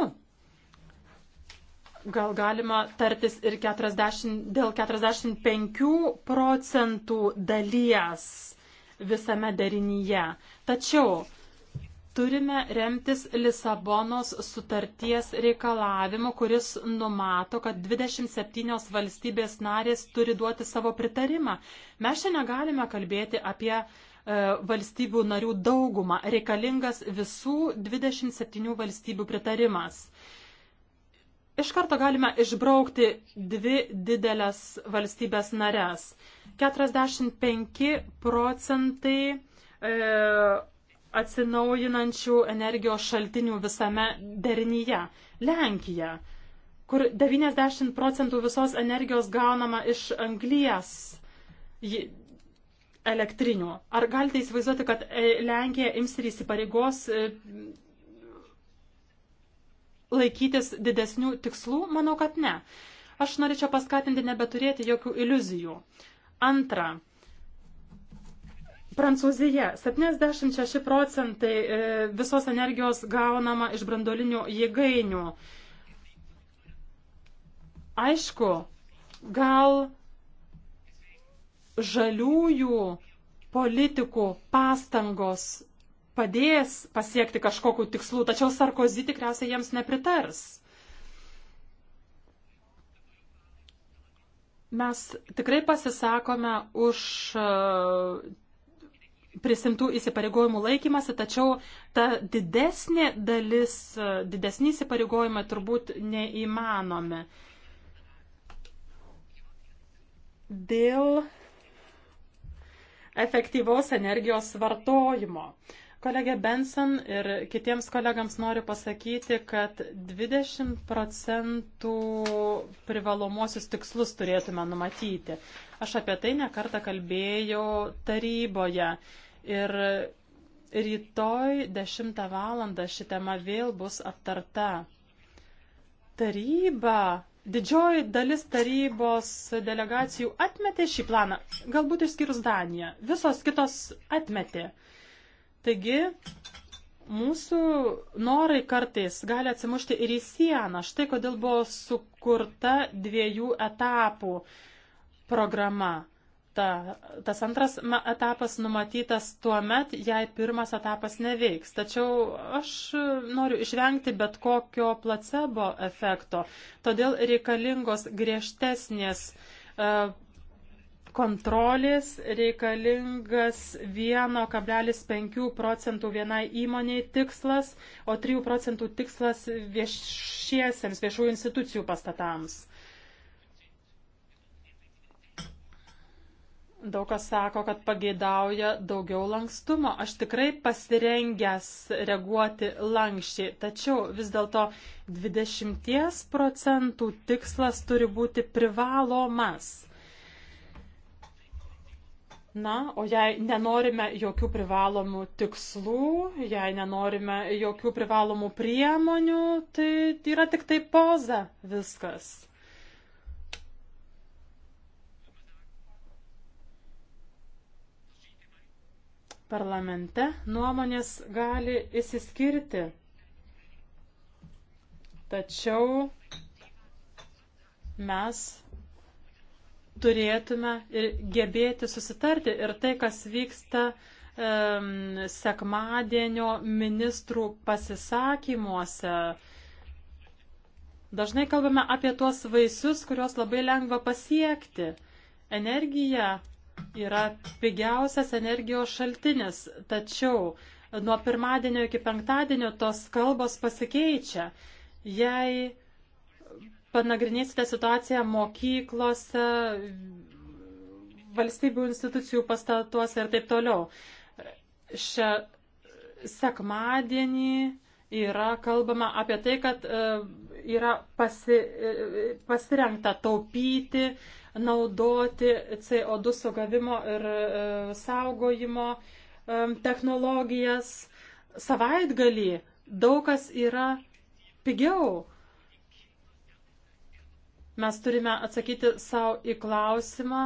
Gal galima tartis ir 40, dėl 45 procentų dalies visame derinyje. Tačiau turime remtis Lisabonos sutarties reikalavimu, kuris numato, kad 27 valstybės narės turi duoti savo pritarimą. Mes čia negalime kalbėti apie e, valstybių narių daugumą. Reikalingas visų 27 valstybių pritarimas. Iš karto galime išbraukti dvi didelės valstybės narės. 45 procentai e, atsinaujinančių energijos šaltinių visame derinyje. Lenkija, kur 90 procentų visos energijos gaunama iš anglies elektrinių. Ar galite įsivaizduoti, kad e, Lenkija ims ir įsipareigos e, laikytis didesnių tikslų? Manau, kad ne. Aš norėčiau paskatinti nebeturėti jokių iliuzijų. Antra, Prancūzija 76 procentai e, visos energijos gaunama iš brandolinių jėgainių. Aišku, gal žaliųjų politikų pastangos padės pasiekti kažkokiu tikslu, tačiau Sarkozy tikriausiai jiems nepritars. mes tikrai pasisakome už prisimtų įsipareigojimų laikymasi, tačiau ta didesnė dalis, e, didesni įsipareigojimai turbūt neįmanomi. Dėl efektyvaus energijos vartojimo. Kolegė Benson ir kitiems kolegams noriu pasakyti, kad 20 procentų privalomosius tikslus turėtume numatyti. Aš apie tai nekartą kalbėjau taryboje ir rytoj 10 val. ši tema vėl bus aptarta. Taryba, didžioji dalis tarybos delegacijų atmetė šį planą, galbūt išskyrus Daniją. Visos kitos atmetė. Taigi, mūsų norai kartais gali atsimušti ir į sieną. Štai kodėl buvo sukurta dviejų etapų programa. Ta, tas antras etapas numatytas tuo met, jei pirmas etapas neveiks. Tačiau aš noriu išvengti bet kokio placebo efekto. Todėl reikalingos griežtesnės uh, kontrolės reikalingas 1,5 procentų vienai įmoniai tikslas, o 3 procentų tikslas viešiesiems, viešųjų institucijų pastatams. Daug kas sako, kad pageidauja daugiau lankstumo. Aš tikrai pasirengęs reaguoti lankščiai, tačiau vis dėlto 20 procentų tikslas turi būti privalomas. Na, o jei nenorime jokių privalomų tikslų, jei nenorime jokių privalomų priemonių, tai yra tik tai poza viskas. Parlamente nuomonės gali įsiskirti. Tačiau mes turėtume ir gebėti susitarti. Ir tai, kas vyksta um, sekmadienio ministrų pasisakymuose. Dažnai kalbame apie tuos vaisius, kuriuos labai lengva pasiekti. Energija yra pigiausias energijos šaltinis, tačiau nuo pirmadienio iki penktadienio tos kalbos pasikeičia. Jei panagrinėsite situaciją mokyklose, valstybių institucijų pastatuose ir taip toliau. Šią sekmadienį yra kalbama apie tai, kad e, yra pasi, e, pasirengta taupyti, naudoti CO2 sugavimo ir e, saugojimo technologijas. Savaitgalį daug kas yra pigiau. Mes turime atsakyti savo į klausimą,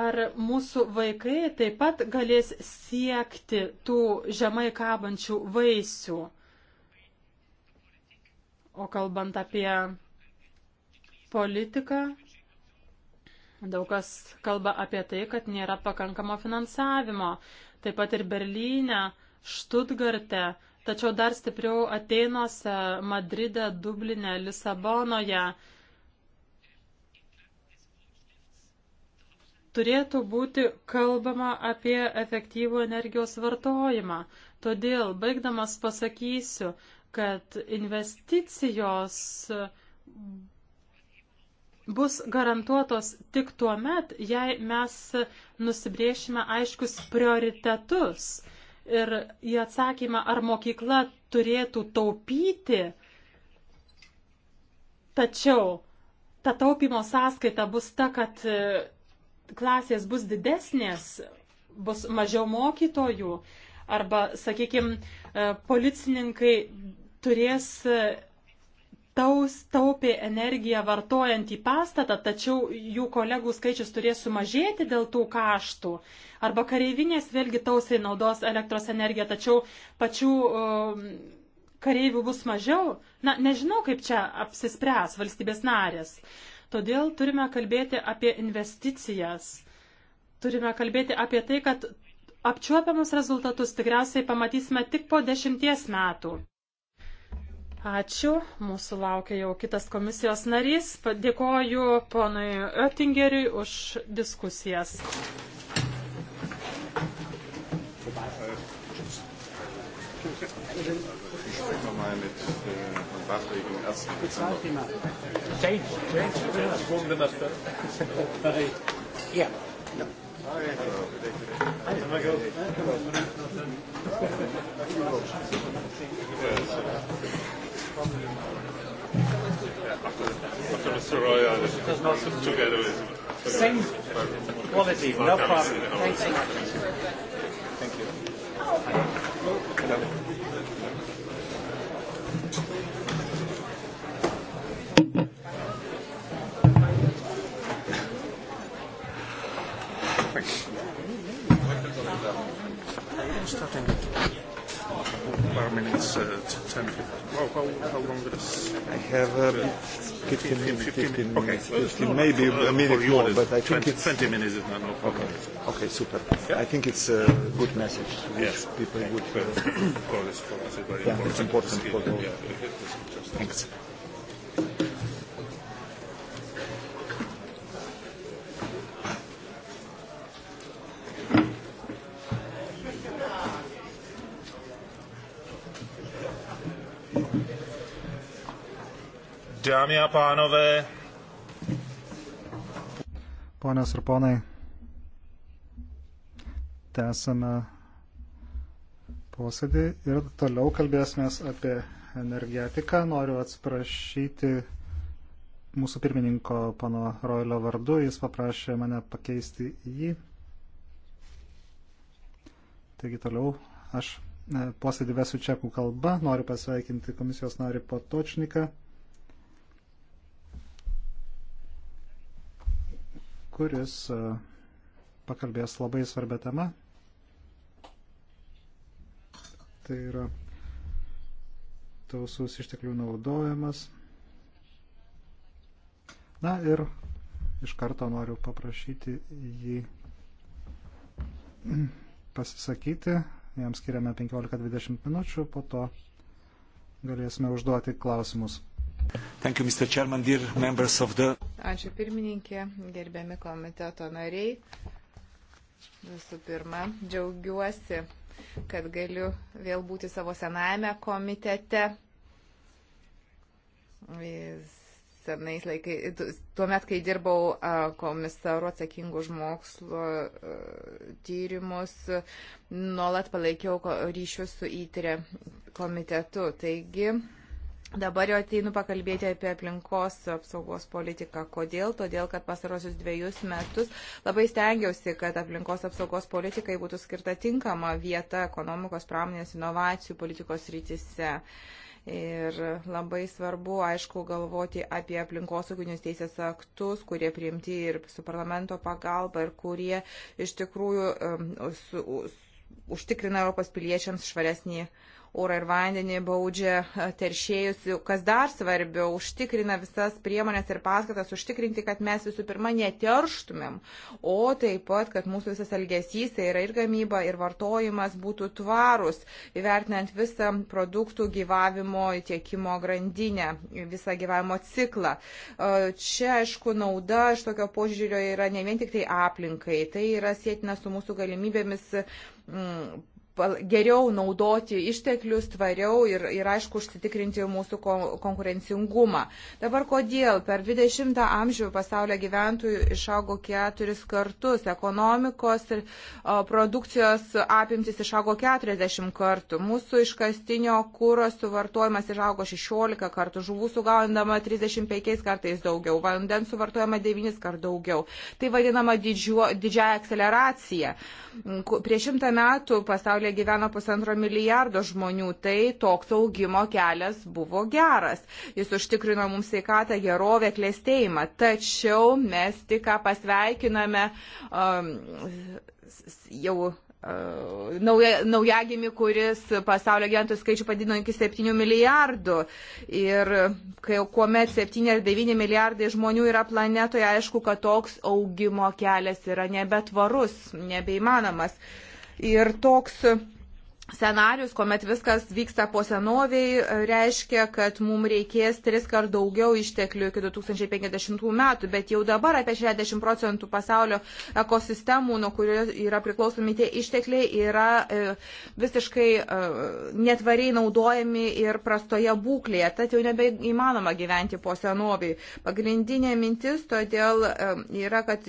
ar mūsų vaikai taip pat galės siekti tų žemai kabančių vaisių. O kalbant apie politiką, daug kas kalba apie tai, kad nėra pakankamo finansavimo. Taip pat ir Berlyne, Štutgarte, tačiau dar stipriau Atenuose, Madride, Dubline, Lisabonoje. turėtų būti kalbama apie efektyvų energijos vartojimą. Todėl, baigdamas, pasakysiu, kad investicijos bus garantuotos tik tuo met, jei mes nusibriešime aiškius prioritetus. Ir į atsakymą, ar mokykla turėtų taupyti, tačiau ta taupimo sąskaita bus ta, kad klasės bus didesnės, bus mažiau mokytojų arba, sakykime, e, policininkai turės e, taus, taupė energiją vartojant į pastatą, tačiau jų kolegų skaičius turės sumažėti dėl tų kaštų. Arba kareivinės vėlgi tausiai naudos elektros energiją, tačiau pačių um, kareivių bus mažiau. Na, nežinau, kaip čia apsispręs valstybės narės. Uh, Todėl turime kalbėti apie investicijas. Turime kalbėti apie tai, kad apčiuopiamus rezultatus tikriausiai pamatysime tik po dešimties metų. Ačiū. Mūsų laukia jau kitas komisijos narys. Dėkoju ponui Oettingeriui už diskusijas. Äh, ich spreche mal mit äh, Maßregeln erst im Dezember. Change, change, transform the master. yeah. No. Hi, hello. Hi, how are you? After Mr. Roy, I just together with Same quality, no problem. Thank you. Thank you. Hello. Hello. starting at about minutes uh, ten. Well, how, how long is I have uh, 15, 15, 15, 15 minutes. Okay. 15, maybe uh, a minute more, but I think 20, it's 20 minutes is not no problem. Okay, okay super. Yeah. I think it's a good message. Which yes, people would. Uh, for us, for us, it's very yeah, important. it's important for all. Yeah, Thanks. Dámy a pánové. Ponios ir ponai, tęsame posėdį ir toliau kalbėsime apie energetiką. Noriu atsiprašyti mūsų pirmininko pano Roilio vardu, jis paprašė mane pakeisti jį. Taigi toliau aš e, posėdį vesiu čekų kalba, noriu pasveikinti komisijos narį Potočniką. kuris e, pakalbės labai svarbę temą. Tai yra tausus išteklių naudojimas. Na ir iš karto noriu paprašyti jį pasisakyti. Jam skiriame 15-20 minučių, po to galėsime užduoti klausimus. Thank you, Mr. Chairman, dear members of the... Ačiū pirmininkė, gerbiami komiteto nariai. Visų pirma, džiaugiuosi, kad galiu vėl būti savo senajame komitete. Vis senais laikais, tuomet, kai dirbau komisaru atsakingu už mokslo tyrimus, nuolat palaikiau ryšius su įtrė e komitetu. Taigi, Dabar jau ateinu pakalbėti apie aplinkos apsaugos politiką. Kodėl? Todėl, kad pasarosius dviejus metus labai stengiausi, kad aplinkos apsaugos politikai būtų skirta tinkama vieta ekonomikos, pramonės, inovacijų politikos rytise. Ir labai svarbu, aišku, galvoti apie aplinkosauginius teisės aktus, kurie priimti ir su parlamento pagalba ir kurie iš tikrųjų um, su, su, užtikrina Europos piliečiams švaresnį uh, orą ir vandenį, baudžia e, teršėjus, kas dar svarbiau, užtikrina visas priemonės ir paskatas užtikrinti, kad mes visų pirma neterštumėm, o taip pat, kad mūsų visas elgesys, tai yra ir gamyba, ir vartojimas būtų tvarus, įvertinant visą produktų gyvavimo tiekimo grandinę, visą gyvavimo ciklą. E, čia, aišku, nauda iš tokio požiūrio yra ne vien tik tai aplinkai, tai yra sėtina su mūsų galimybėmis geriau naudoti išteklius, tvariau ir, ir aišku, užsitikrinti mūsų konkurencingumą. Dabar kodėl? Per 20 amžių pasaulio gyventojų išaugo keturis kartus, ekonomikos ir produkcijos apimtis išaugo 40 kartų, mūsų iškastinio kūro suvartojimas išaugo 16 kartų, žuvų sugaundama 35 kartais daugiau, vandens suvartojama 9 kartų daugiau. Tai vadinama didžiuo, didžiaja akceleracija. Prieš šimtą metų pasaulio kurioje gyveno pusantro milijardo žmonių. Tai toks augimo kelias buvo geras. Jis užtikrino mums sveikatą, gerovę, klėstėjimą. Tačiau mes tik ką pasveikiname um, jau uh, nauja, naujagimi, kuris pasaulio gyventojų skaičių padidino iki 7 milijardų. Ir kai, kuomet 7 ar 9 milijardai žmonių yra planetoje, aišku, kad toks augimo kelias yra nebetvarus, nebeįmanomas. Uh, Ir toks scenarius, kuomet viskas vyksta po senoviai, reiškia, kad mums reikės tris kart daugiau išteklių iki 2050 metų, bet jau dabar apie 60 procentų pasaulio ekosistemų, nuo kurio yra priklausomi tie ištekliai, yra e, visiškai e, netvariai naudojami ir prastoje būklėje, tad jau nebeįmanoma gyventi po senoviai. Pagrindinė mintis todėl e, yra, kad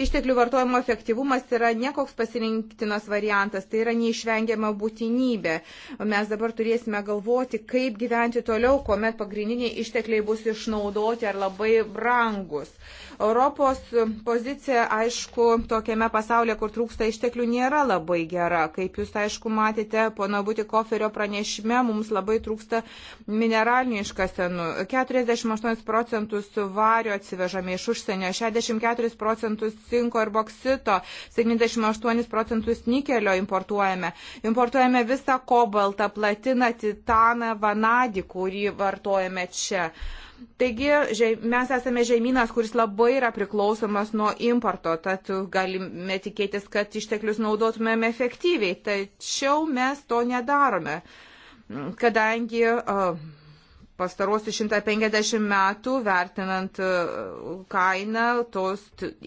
Išteklių vartojimo efektyvumas yra nekoks pasirinktinas variantas, tai yra neišvengiama būtinybė. Mes dabar turėsime galvoti, kaip gyventi toliau, kuomet pagrindiniai ištekliai bus išnaudoti ar labai brangus. Europos pozicija, aišku, tokiame pasaulyje, kur trūksta išteklių, nėra labai gera. Kaip jūs, aišku, matėte, pono Butikoferio pranešime, mums labai trūksta mineralinių iškasenų. 48 procentus vario atsivežame iš užsienio, 64 procentus cinko ir boksito, 78 procentus nikelio importuojame. Importuojame visą kobaltą, platiną, titaną, vanadį, kurį vartojame čia. Uh, Taigi mes esame žemynas, kuris labai yra priklausomas nuo importo, tad galime tikėtis, kad išteklius naudotumėm efektyviai, tačiau mes to nedarome, kadangi pastaruosius 150 metų, vertinant kainą, tos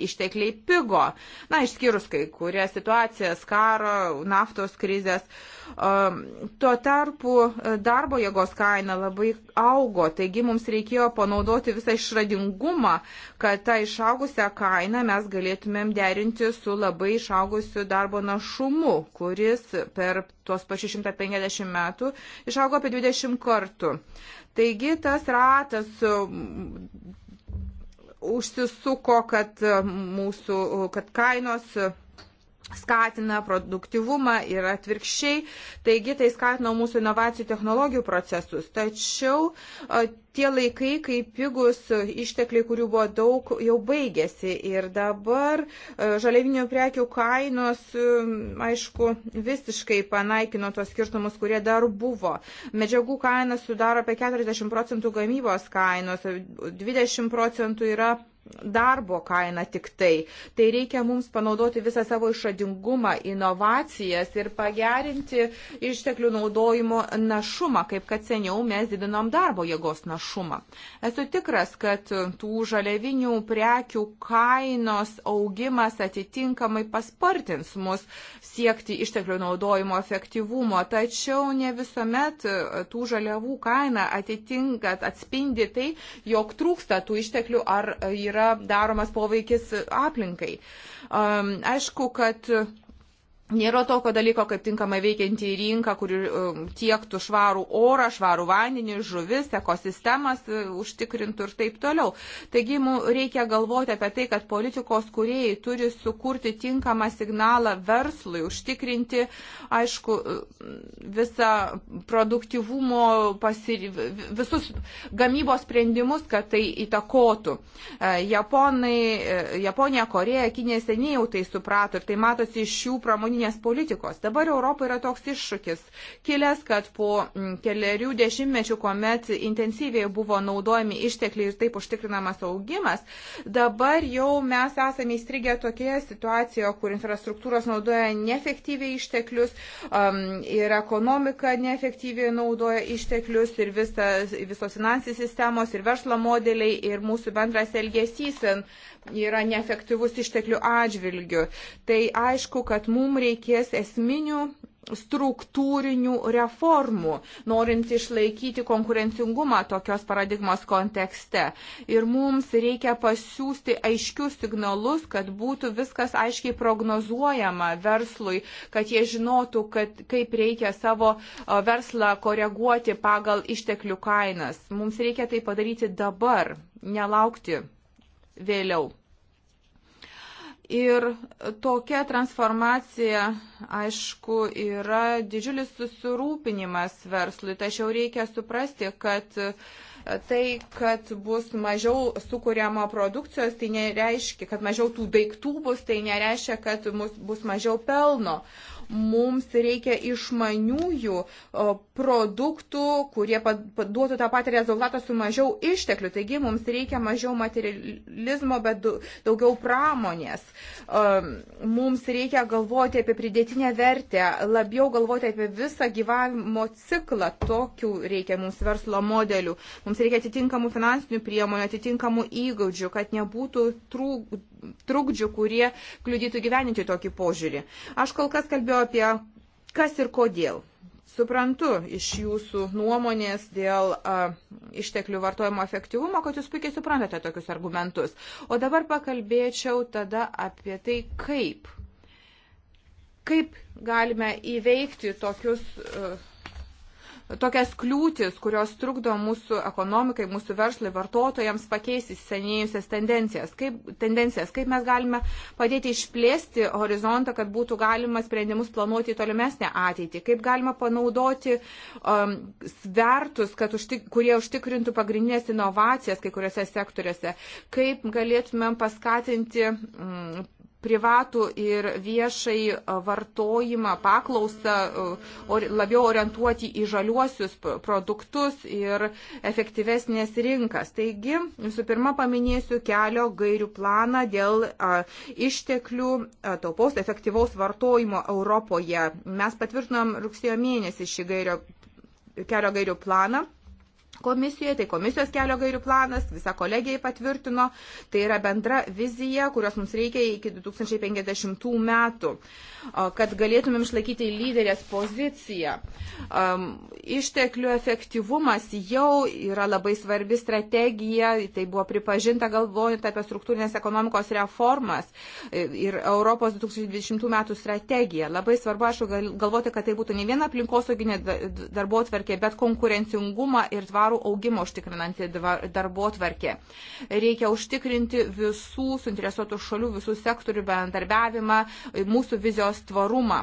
ištekliai pigo. Na, išskyrus kai kurias situacijas, karo, naftos krizės. Uh, Tuo tarpu e, darbo jėgos kaina labai augo, taigi mums reikėjo panaudoti visą išradingumą, kad tą išaugusią kainą mes galėtumėm derinti su labai išaugusiu darbo našumu, kuris per tuos pačius 150 metų išaugo apie 20 kartų. Taigi tas ratas užsisuko, kad, mūsų, kad kainos skatina produktivumą ir atvirkščiai, taigi tai skatino mūsų inovacijų technologijų procesus. Tačiau tie laikai, kai pigus ištekliai, kurių buvo daug, jau baigėsi ir dabar žaliavinių prekių kainos, aišku, visiškai panaikino tos skirtumus, kurie dar buvo. Medžiagų kainas sudaro apie 40 procentų gamybos kainos, 20 procentų yra darbo kaina tik tai. Tai reikia mums panaudoti visą savo išradingumą, inovacijas ir pagerinti išteklių naudojimo našumą, kaip kad seniau mes didinom darbo jėgos našumą. Esu tikras, kad tų žalevinių prekių kainos augimas atitinkamai paspartins mus siekti išteklių naudojimo efektyvumo, tačiau ne visuomet tų žaliavų kaina atitinka, atspindi tai, jog trūksta tų išteklių ar yra yra daromas poveikis aplinkai. Aišku, kad Nėra tokio dalyko, kaip tinkamai veikianti rinka, kuri um, tiektų švarų orą, švarų vandenį, žuvis, ekosistemas e, užtikrintų ir taip toliau. Taigi mums reikia galvoti apie tai, kad politikos kuriejai turi sukurti tinkamą signalą verslui, užtikrinti, aišku, e, visą produktivumo, pasir... visus gamybos sprendimus, kad tai įtakotų. E, Japonai, Japonija, Koreja, Kinė seniai jau tai suprato ir tai matosi iš šių pramoninių pramoninės politikos. Dabar Europoje yra toks iššūkis kilęs, kad po mm, keliarių dešimtmečių, kuomet intensyviai buvo naudojami ištekliai ir taip užtikrinamas augimas, dabar jau mes esame įstrigę tokioje situacijoje, kur infrastruktūros naudoja neefektyviai išteklius um, ir ekonomika neefektyviai naudoja išteklius ir visa, visos finansijos sistemos ir verslo modeliai ir mūsų bendras elgesys yra neefektyvus išteklių atžvilgių. Tai aišku, kad mums reikės esminių struktūrinių reformų, norint išlaikyti konkurencingumą tokios paradigmos kontekste. Ir mums reikia pasiūsti aiškius signalus, kad būtų viskas aiškiai prognozuojama verslui, kad jie žinotų, kad, kaip reikia savo verslą koreguoti pagal išteklių kainas. Mums reikia tai padaryti dabar, nelaukti vėliau. Ir tokia transformacija, aišku, yra didžiulis susirūpinimas verslui, tačiau reikia suprasti, kad tai, kad bus mažiau sukūriamo produkcijos, tai nereiškia, kad mažiau tų daiktų bus, tai nereiškia, kad bus mažiau pelno mums reikia išmaniųjų produktų, kurie duotų tą patį rezultatą su mažiau išteklių. Taigi mums reikia mažiau materializmo, bet daugiau pramonės. Mums reikia galvoti apie pridėtinę vertę, labiau galvoti apie visą gyvavimo ciklą. Tokių reikia mums verslo modelių. Mums reikia atitinkamų finansinių priemonių, atitinkamų įgūdžių, kad nebūtų trūk, trukdžių, kurie kliudytų gyveninti tokį požiūrį. Aš kol kas kalbėjau toliau apie kas ir kodėl. Suprantu iš jūsų nuomonės dėl a, išteklių vartojimo efektyvumo, kad jūs puikiai suprantate tokius argumentus. O dabar pakalbėčiau tada apie tai, kaip. Kaip galime įveikti tokius. A, tokias kliūtis, kurios trukdo mūsų ekonomikai, mūsų verslai, vartotojams pakeisti senėjusias tendencijas. Kaip, tendencijas. kaip mes galime padėti išplėsti horizontą, kad būtų galima sprendimus planuoti į tolimesnę ateitį. Kaip galima panaudoti um, svertus, užtik, kurie užtikrintų pagrindinės inovacijas kai kuriuose sektoriuose. Kaip galėtumėm paskatinti um, privatų ir viešai e, vartojimą, paklausą e, labiau orientuoti į žaliuosius produktus ir efektyvesnės rinkas. Taigi, visų pirma, paminėsiu kelio gairių planą dėl išteklių taupaus efektyvaus vartojimo Europoje. Mes patvirtinom rugsėjo mėnesį šį gairio, kelio gairių planą komisijoje, tai komisijos kelio gairių planas, visa kolegija patvirtino, tai yra bendra vizija, kurios mums reikia iki 2050 metų, kad galėtumėm išlaikyti lyderės poziciją. Išteklių efektyvumas jau yra labai svarbi strategija, tai buvo pripažinta galvojant apie struktūrinės ekonomikos reformas ir Europos 2020 metų strategiją. Labai svarbu, aš galvoti, kad tai būtų ne viena aplinkosauginė darbo tvarkė, bet konkurencingumą ir tvarą tvarų augimą užtikrinanti darbo tvarkė. Reikia užtikrinti visų suinteresuotų šalių, visų sektorių bendarbiavimą, mūsų vizijos tvarumą.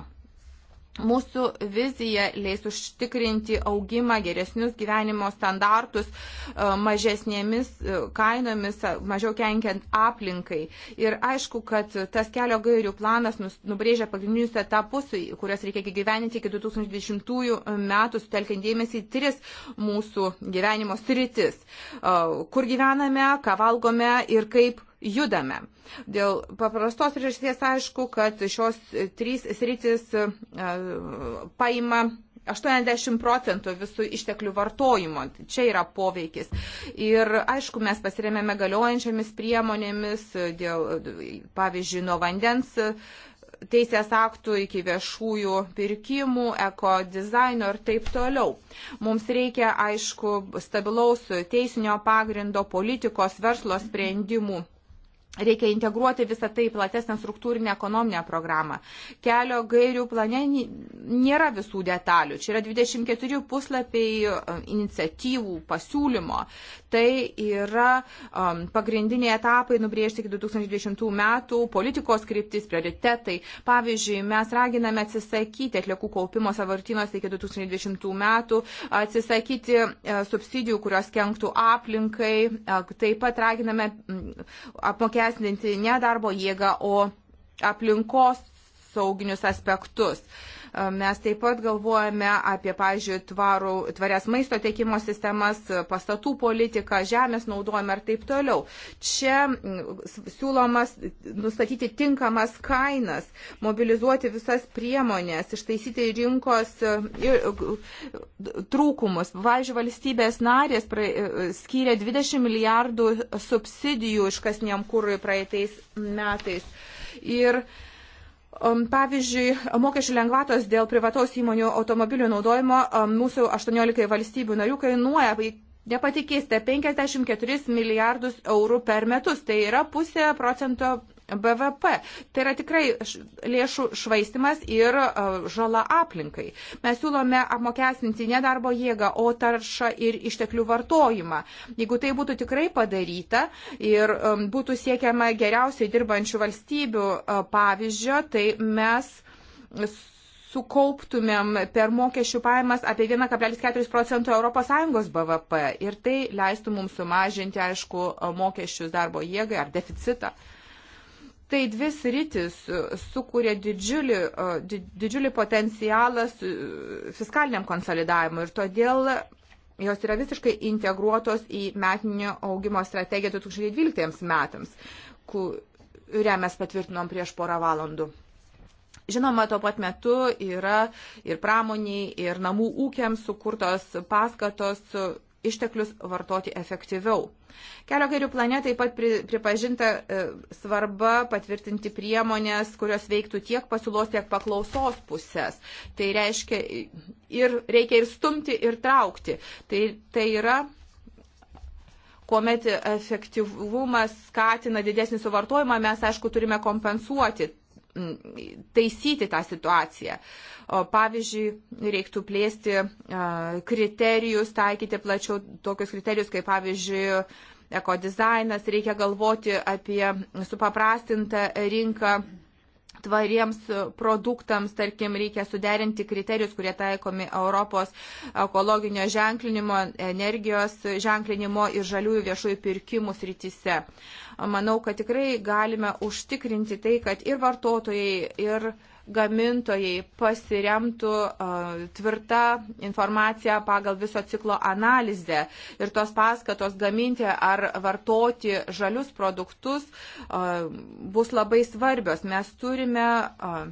Mūsų vizija leis užtikrinti augimą, geresnius gyvenimo standartus, e, mažesnėmis e, kainomis, mažiau kenkiant aplinkai. Ir aišku, kad tas kelio gairių planas nubrėžia pagrindinius etapus, kuriuos reikia gyveninti iki 2020 metų, sutelkiant dėmesį į tris mūsų gyvenimo sritis. E, kur gyvename, ką valgome ir kaip judame. Dėl paprastos priežasties aišku, kad šios trys sritis e, paima 80 procentų visų išteklių vartojimo. Čia yra poveikis. Ir aišku, mes pasiremėme galiojančiamis priemonėmis, dėl, pavyzdžiui, nuo vandens e, teisės aktų iki viešųjų pirkimų, eko dizaino ir taip toliau. Mums reikia, aišku, stabilaus teisinio pagrindo politikos verslo sprendimų Reikia integruoti visą tai platesnę struktūrinę ekonominę programą. Kelio gairių plane nėra visų detalių. Čia yra 24 puslapiai e, iniciatyvų, pasiūlymo tai yra um, pagrindiniai etapai nubriežti iki 2020 metų, politikos kryptis, prioritetai. Pavyzdžiui, mes raginame atsisakyti atliekų kaupimo savartinos iki 2020 metų, atsisakyti uh, subsidijų, kurios kenktų aplinkai, uh, taip pat raginame mm, apmokestinti ne darbo jėgą, o aplinkos sauginius aspektus. Uh, Mes taip pat galvojame apie, pavyzdžiui, tvarų, tvarias maisto tiekimo sistemas, pastatų politiką, žemės naudojimą ir taip toliau. Čia siūlomas nustatyti tinkamas kainas, mobilizuoti visas priemonės, ištaisyti rinkos e, trūkumus. Pavyzdžiui, valstybės narės e, skyrė 20 milijardų subsidijų iškasniam kūrui praeitais metais. Ir uh, Um, pavyzdžiui, mokesčių lengvatos dėl privataus įmonių automobilių naudojimo um, mūsų 18 valstybių narių kainuoja nepatikėsite 54 milijardus eurų per metus. Tai yra pusė procento BVP. Tai yra tikrai lėšų švaistimas ir žala aplinkai. Mes siūlome apmokestinti ne darbo jėgą, o taršą ir išteklių vartojimą. Jeigu tai būtų tikrai padaryta ir um, būtų siekiama geriausiai dirbančių valstybių pavyzdžio, tai mes sukauptumėm per mokesčių pajamas apie 1,4 procentų ES BVP ir tai leistų mums sumažinti, aišku, mokesčius darbo jėgai ar deficitą. Uh, tai dvi sritis e, sukuria didžiulį, e, didžiulį potencialą e, fiskaliniam konsolidavimui ir todėl jos yra visiškai integruotos į metinio augimo strategiją 2012 metams, kurią mes patvirtinom prieš porą valandų. Žinoma, tuo pat metu yra ir pramoniai, ir namų ūkiams sukurtos paskatos išteklius vartoti efektyviau. Kelio gairių plane taip pat pri, pripažinta e, svarba patvirtinti priemonės, kurios veiktų tiek pasiūlos, tiek paklausos pusės. Tai reiškia, ir, reikia ir stumti, ir traukti. Tai, tai yra kuomet efektyvumas skatina didesnį suvartojimą, mes aišku turime kompensuoti taisyti tą situaciją. O, pavyzdžiui, reiktų plėsti kriterijus, taikyti plačiau tokius kriterijus, kaip pavyzdžiui, ekodizainas, reikia galvoti apie supaprastintą rinką tvariems produktams, tarkim, reikia suderinti kriterijus, kurie taikomi Europos ekologinio ženklinimo, energijos ženklinimo ir žaliųjų viešųjų pirkimų srityse. Manau, kad tikrai galime užtikrinti tai, kad ir vartotojai, ir gamintojai pasiremtų uh, tvirta informacija pagal viso ciklo analizę ir tos paskatos gaminti ar vartoti žalius produktus uh, bus labai svarbios. Mes turime uh,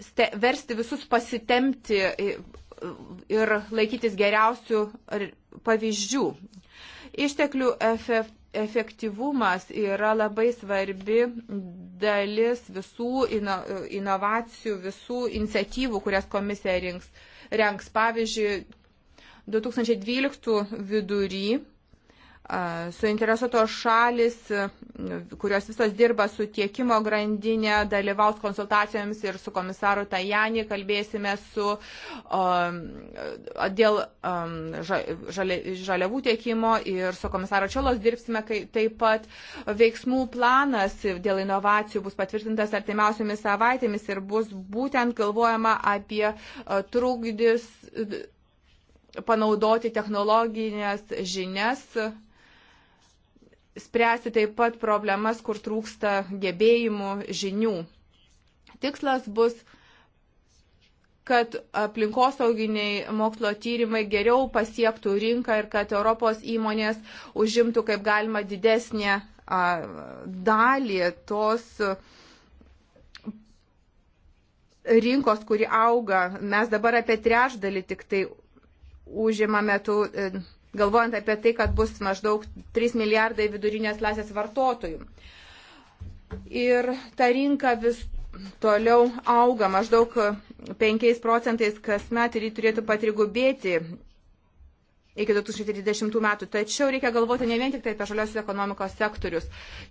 ste, versti visus pasitemti ir laikytis geriausių pavyzdžių. Išteklių efekt efektyvumas yra labai svarbi dalis visų ino, inovacijų, visų iniciatyvų, kurias komisija rinks, renks. Pavyzdžiui, 2012 vidury suinteresuotos šalis, kurios visos dirba su tiekimo grandinė, dalyvaus konsultacijoms ir su komisaru Tajani kalbėsime su, um, dėl um, žaliavų tiekimo ir su komisaro Čiolos dirbsime kai, taip pat. Veiksmų planas dėl inovacijų bus patvirtintas artimiausiomis savaitėmis ir bus būtent galvojama apie uh, trūkdis panaudoti technologinės žinias spręsti taip pat problemas, kur trūksta gebėjimų, žinių. Tikslas bus kad aplinkosauginiai mokslo tyrimai geriau pasiektų rinką ir kad Europos įmonės užimtų kaip galima didesnį dalį tos rinkos, kuri auga. Mes dabar apie trešdalį tik tai užimame tų e, galvojant apie tai, kad bus maždaug 3 milijardai vidurinės klasės vartotojų. Ir ta rinka vis toliau auga maždaug 5 procentais kasmet ir jį turėtų patrigubėti iki 2030 metų. Tačiau reikia galvoti ne vien tik tai apie žaliosios ekonomikos sektorius.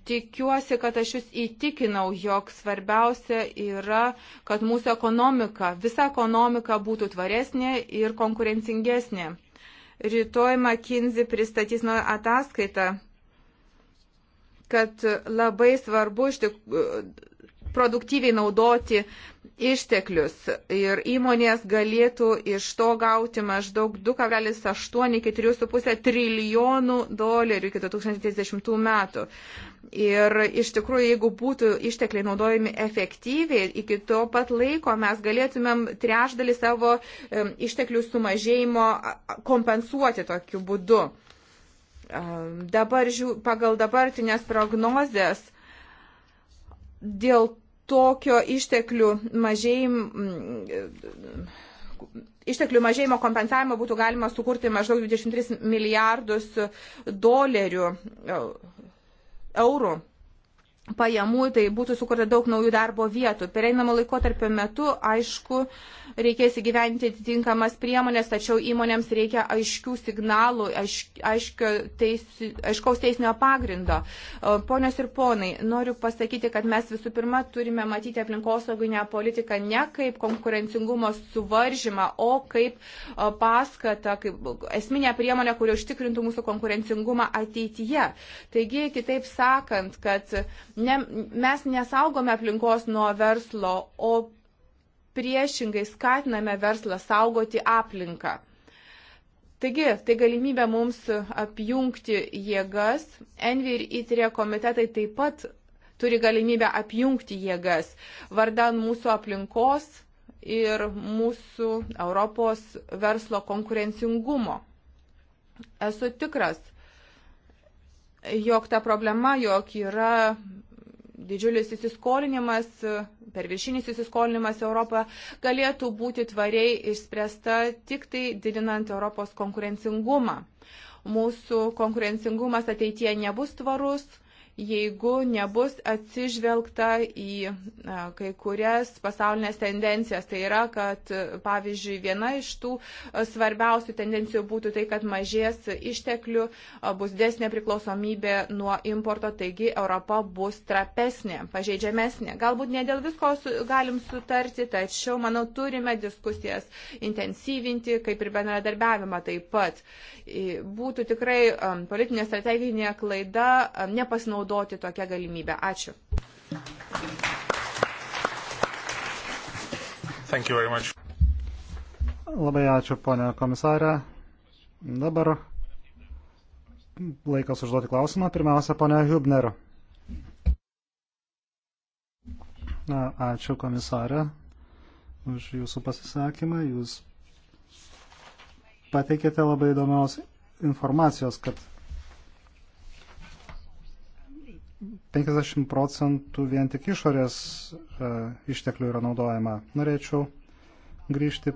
Tikiuosi, kad aš jūs įtikinau, jog svarbiausia yra, kad mūsų ekonomika, visa ekonomika būtų tvaresnė ir konkurencingesnė. Rytoj McKinsey pristatys naują ataskaitą, kad labai svarbu iš tikrųjų produktyviai naudoti išteklius ir įmonės galėtų iš to gauti maždaug 2,8-4,5 trilijonų dolerių iki 2030 metų. Ir iš tikrųjų, jeigu būtų ištekliai naudojami efektyviai, iki to pat laiko mes galėtumėm trešdalį savo išteklių sumažėjimo kompensuoti tokiu būdu. Dabar, pagal dabartinės prognozes, dėl tokio išteklių mažėjim, išteklių mažėjimo kompensavimo būtų galima sukurti maždaug 23 milijardus dolerių, eurų pajamų, tai būtų sukurta daug naujų darbo vietų. Pereinamo laikotarpio metu, aišku, reikės įgyventi atitinkamas priemonės, tačiau įmonėms reikia aiškių signalų, aišk, teis, aiškaus teisinio pagrindo. Ponios ir ponai, noriu pasakyti, kad mes visų pirma turime matyti aplinkosauginę politiką ne kaip konkurencingumo suvaržymą, o kaip paskatą, kaip esminę priemonę, kuri užtikrintų mūsų konkurencingumą ateityje. Taigi, kitaip sakant, kad Ne, mes nesaugome aplinkos nuo verslo, o priešingai skatiname verslą saugoti aplinką. Taigi, tai galimybė mums apjungti jėgas. Envi ir įtrė e komitetai taip pat turi galimybę apjungti jėgas vardan mūsų aplinkos ir mūsų Europos verslo konkurencingumo. Esu tikras, jog ta problema, jog yra didžiulis įsiskolinimas, perviršinis įsiskolinimas Europoje galėtų būti tvariai išspręsta tik tai didinant Europos konkurencingumą. Mūsų konkurencingumas ateitie nebus tvarus, jeigu nebus atsižvelgta į kai kurias pasaulinės tendencijas. Tai yra, kad pavyzdžiui, viena iš tų svarbiausių tendencijų būtų tai, kad mažės išteklių, bus desnė priklausomybė nuo importo, taigi Europa bus trapesnė, pažeidžiamesnė. Galbūt ne dėl visko galim sutarti, tačiau, manau, turime diskusijas intensyvinti, kaip ir bendradarbiavimą taip pat. Būtų tikrai politinė strateginė klaida nepasinaudoti pasinaudoti tokią galimybę. Ačiū. Labai ačiū, ponė komisarė. Dabar laikas užduoti klausimą. Pirmiausia, ponė Hubner. Na, ačiū komisarė už jūsų pasisakymą. Jūs pateikėte labai įdomios informacijos, kad 50 procentų vien tik išorės e, išteklių yra naudojama. Norėčiau grįžti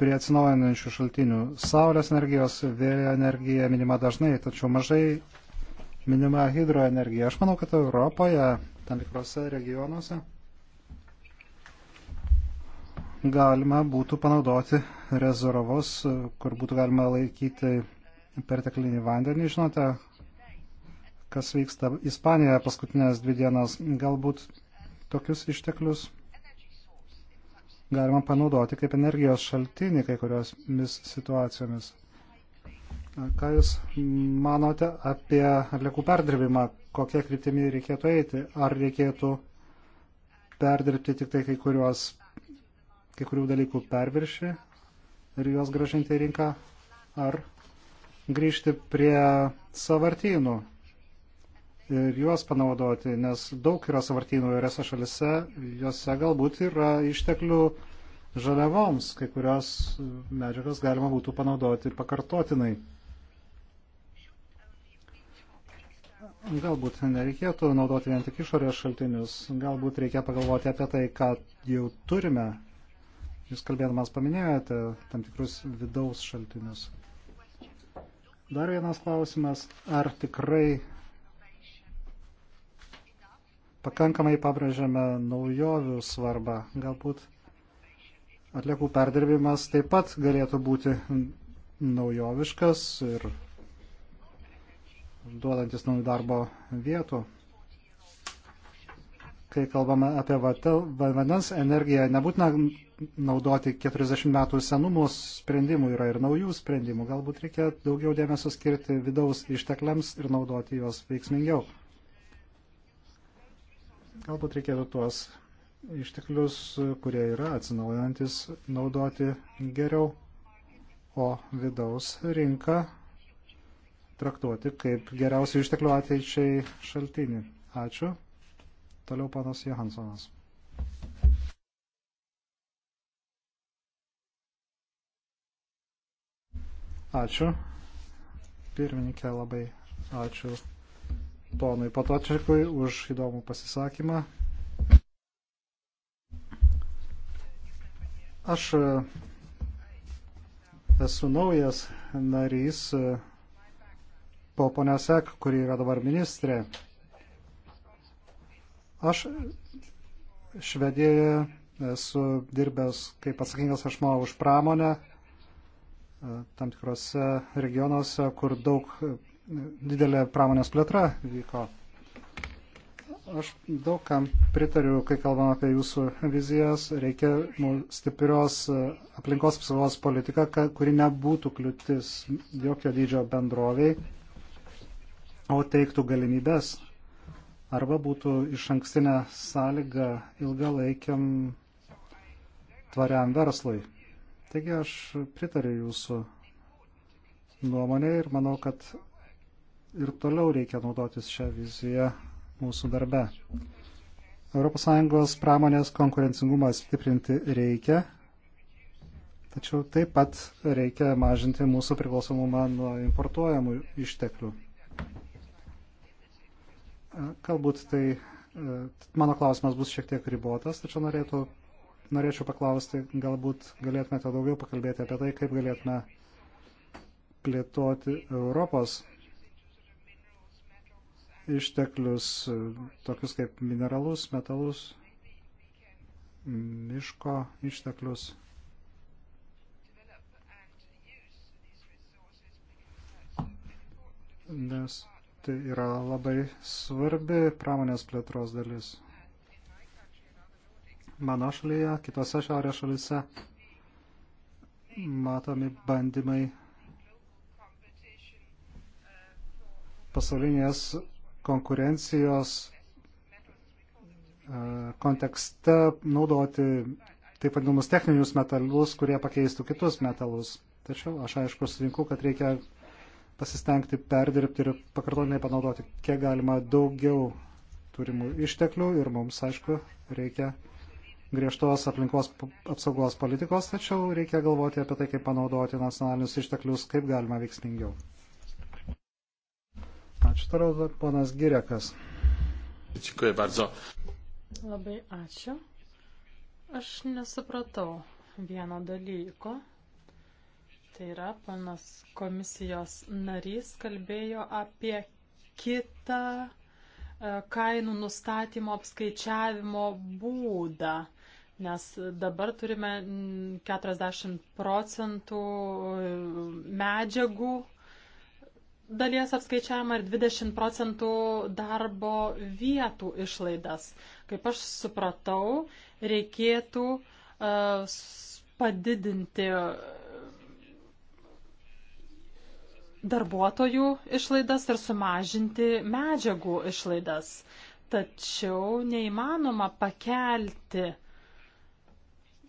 prie atsinaujinančių šaltinių. Saulės energijos, vėjo energija minima dažnai, tačiau mažai minima hidroenergija. Aš manau, kad Europoje, tam tikrose regionuose, galima būtų panaudoti rezervus, kur būtų galima laikyti perteklinį vandenį. Žinote, kas vyksta Ispanijoje paskutinės dvi dienas. Galbūt tokius išteklius galima panaudoti kaip energijos šaltinį kai kuriomis situacijomis. Ką Jūs manote apie atliekų perdirbimą? Kokie kryptimi reikėtų eiti? Ar reikėtų perdirbti tik tai kai, kuriuos, kai kurių dalykų perviršį ir juos gražinti į rinką? Ar grįžti prie savartynų ir juos panaudoti, nes daug yra savartynų įvairiose šalise, juose galbūt yra išteklių žaliavoms, kai kurios medžiagas galima būtų panaudoti pakartotinai. Galbūt nereikėtų naudoti vien tik išorės šaltinius, galbūt reikia pagalvoti apie tai, ką jau turime. Jūs kalbėdamas paminėjote tam tikrus vidaus šaltinius. Dar vienas klausimas, ar tikrai pakankamai pabrėžiame naujovių svarbą. Galbūt atliekų perdirbimas taip pat galėtų būti naujoviškas ir duodantis naujų darbo vietų. Kai kalbame apie vandens energiją, nebūtina naudoti 40 metų senumo sprendimų, yra ir naujų sprendimų. Galbūt reikia daugiau dėmesio skirti vidaus ištekliams ir naudoti juos veiksmingiau. Galbūt reikėtų tuos išteklius, kurie yra atsinaujantis, naudoti geriau, o vidaus rinką traktuoti kaip geriausių išteklių ateičiai šaltinį. Ačiū. Toliau panas Johansonas. Ačiū. Pirmininkė labai ačiū ponui Patočerkui už įdomų pasisakymą. Aš e, esu naujas narys e, po ponios Ek, kuri yra dabar ministrė. Aš Švedijoje esu dirbęs kaip atsakingas asmo už pramonę e, tam tikrose regionuose, kur daug didelė pramonės plėtra vyko. Aš daug kam pritariu, kai kalbam apie jūsų vizijas. Reikia stiprios e, aplinkos apsaugos politika, kuri nebūtų kliūtis jokio dydžio bendroviai, o teiktų galimybės arba būtų iš ankstinė sąlyga ilgalaikiam tvariam verslui. Taigi aš pritariu jūsų nuomonė ir manau, kad ir toliau reikia naudotis šią viziją mūsų darbe. ES pramonės konkurencingumą stiprinti reikia, tačiau taip pat reikia mažinti mūsų priklausomumą nuo importuojamų išteklių. Galbūt tai e, mano klausimas bus šiek tiek ribotas, tačiau norėtų, norėčiau paklausti, galbūt galėtumėte daugiau pakalbėti apie tai, kaip galėtume plėtoti Europos išteklius, tokius kaip mineralus, metalus, miško išteklius. Nes tai yra labai svarbi pramonės plėtros dalis. Mano šalyje, kitose šiaurės šalyse matomi bandymai pasaulinės konkurencijos e, kontekste naudoti taip vadinamus techninius metalus, kurie pakeistų kitus metalus. Tačiau aš aišku sutinku, kad reikia pasistengti perdirbti ir pakartotinai panaudoti kiek galima daugiau turimų išteklių ir mums, aišku, reikia griežtos aplinkos apsaugos politikos, tačiau reikia galvoti apie tai, kaip panaudoti nacionalinius išteklius, kaip galima veiksmingiau. Ačiū toliau, ponas Girekas. Dziękuję bardzo. Labai ačiū. Aš nesupratau vieno dalyko. Tai yra, panas komisijos narys kalbėjo apie kitą e, kainų nustatymo apskaičiavimo būdą. Nes dabar turime 40 procentų e, medžiagų dalies apskaičiavimą ir 20 procentų darbo vietų išlaidas. Kaip aš supratau, reikėtų uh, padidinti e, darbuotojų išlaidas ir sumažinti medžiagų išlaidas. Tačiau neįmanoma pakelti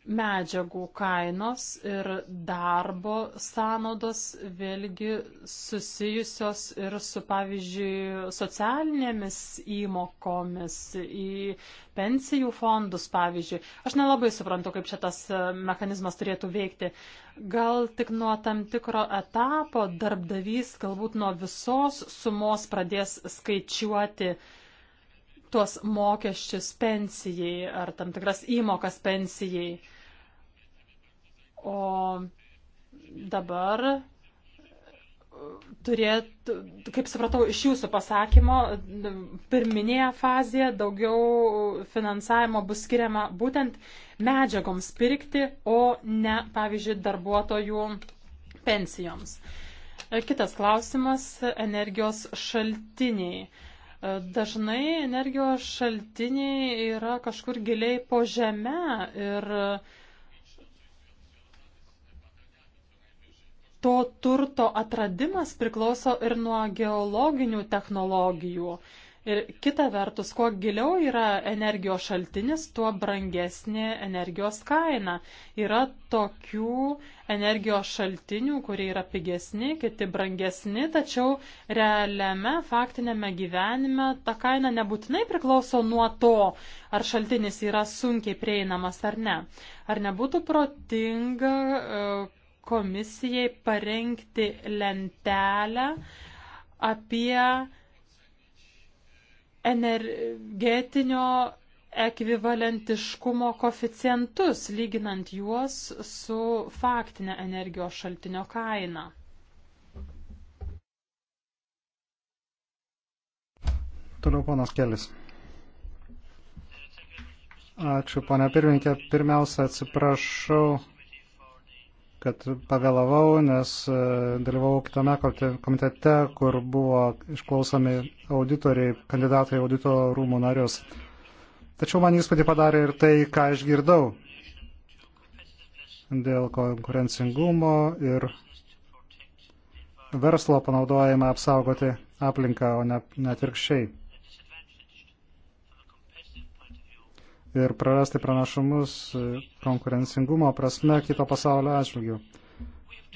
medžiagų kainos ir darbo sąnaudos vėlgi susijusios ir su, pavyzdžiui, socialinėmis įmokomis į pensijų fondus, pavyzdžiui. Aš nelabai suprantu, kaip šitas e, mechanizmas turėtų veikti. Gal tik nuo tam tikro etapo darbdavys galbūt nuo visos sumos pradės skaičiuoti tuos mokesčius pensijai ar tam tikras įmokas pensijai. O dabar turėt, kaip supratau, iš jūsų pasakymo, pirminėje fazėje daugiau finansavimo bus skiriama būtent medžiagoms pirkti, o ne, pavyzdžiui, darbuotojų pensijoms. Kitas klausimas - energijos šaltiniai. Dažnai energijos šaltiniai yra kažkur giliai po žeme ir uh, to turto atradimas priklauso ir nuo geologinių technologijų. Ir kita vertus, kuo giliau yra energijos šaltinis, tuo brangesnė energijos kaina. Yra tokių energijos šaltinių, kurie yra pigesni, kiti brangesni, tačiau realiame faktinėme gyvenime ta kaina nebūtinai priklauso nuo to, ar šaltinis yra sunkiai prieinamas ar ne. Ar nebūtų protinga e, komisijai parengti lentelę apie energetinio ekvivalentiškumo koficientus, lyginant juos su faktinė energijos šaltinio kaina. Toliau ponas Kelis. Ačiū, ponia pirmininkė. Pirmiausia, atsiprašau kad pavėlavau, nes e, dalyvau kitame komitete, kur buvo išklausomi auditoriai, kandidatai audito rūmų narius. Tačiau man įspūdį padarė ir tai, ką išgirdau dėl konkurencingumo ir verslo panaudojimą apsaugoti aplinką, o ne atvirkščiai. ir prarasti pranašumus e, konkurencingumo prasme kito pasaulio atžvilgių.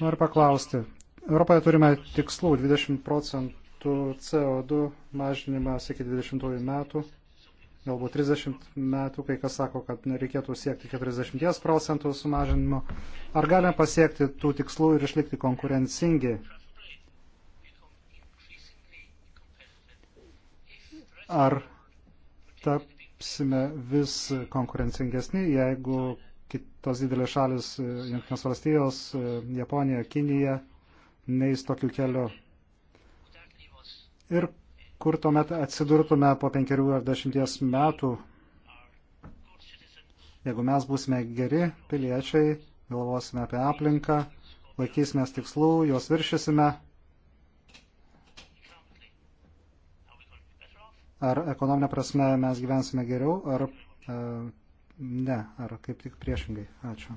Noriu paklausti. Europoje turime tikslų 20 procentų CO2 mažinimas iki 20 metų, galbūt 30 metų, kai kas sako, kad nereikėtų siekti 40 procentų sumažinimo. Ar galime pasiekti tų tikslų ir išlikti konkurencingi? Ar ta tapsime vis konkurencingesni, jeigu kitos didelės šalis, e, Junktinės valstijos, e, Japonija, Kinija, neįs tokiu keliu. Ir kur tuomet atsidurtume po penkerių ar dešimties metų, jeigu mes būsime geri piliečiai, galvosime apie aplinką, laikysimės tikslų, juos viršysime ar ekonominė prasme mes gyvensime geriau, ar e, ne, ar kaip tik priešingai. Ačiū.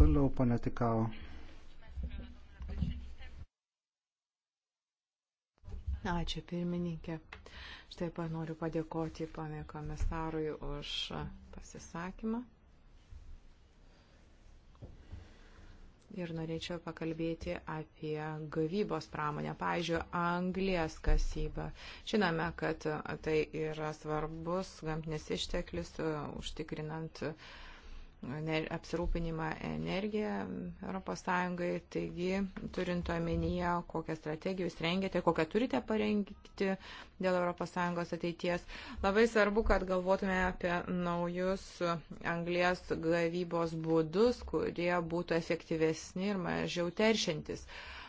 Toliau ponė Tikau. Ačiū pirmininkė. Štai pa noriu padėkoti ponė komisarui už pasisakymą. ir norėčiau pakalbėti apie gavybos pramonę, pavyzdžiui, anglės kasybą. Žinome, kad tai yra svarbus gamtinis išteklis, uh, užtikrinant uh, apsirūpinimą energiją ES. Taigi, turint omenyje, kokią strategiją jūs rengiate, kokią turite parengti dėl ES ateities, labai svarbu, kad galvotume apie naujus anglės gavybos būdus, kurie būtų efektyvesni ir mažiau teršintis.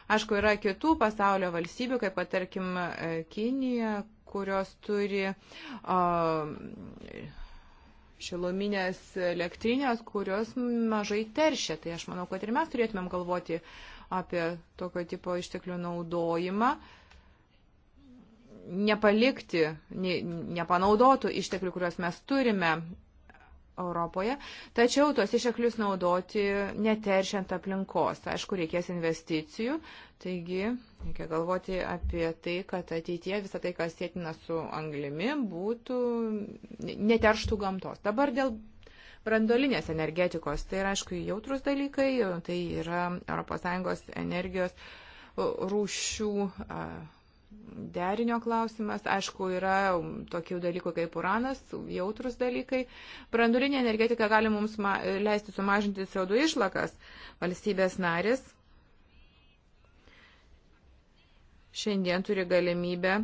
Aišku, yra kitų pasaulio valstybių, kaip tarkim Kinija, kurios turi uh, šiluminės elektrinės, kurios mažai teršia. Tai aš manau, kad ir mes turėtumėm galvoti apie tokio tipo išteklių naudojimą, nepalikti, ne, nepanaudotų išteklių, kuriuos mes turime Europoje, tačiau tuos išteklius naudoti neteršiant aplinkos. Aišku, reikės investicijų, taigi reikia galvoti apie tai, kad ateitie visą tai, kas sėtina su anglimi, būtų neterštų gamtos. Dabar dėl brandolinės energetikos, tai yra, aišku, jautrus dalykai, tai yra ES energijos rūšių. Uh, derinio klausimas. Aišku, yra tokių dalykų kaip uranas, jautrus dalykai. Brandulinė energetika gali mums leisti sumažinti CO2 išlakas. Valstybės narės šiandien turi galimybę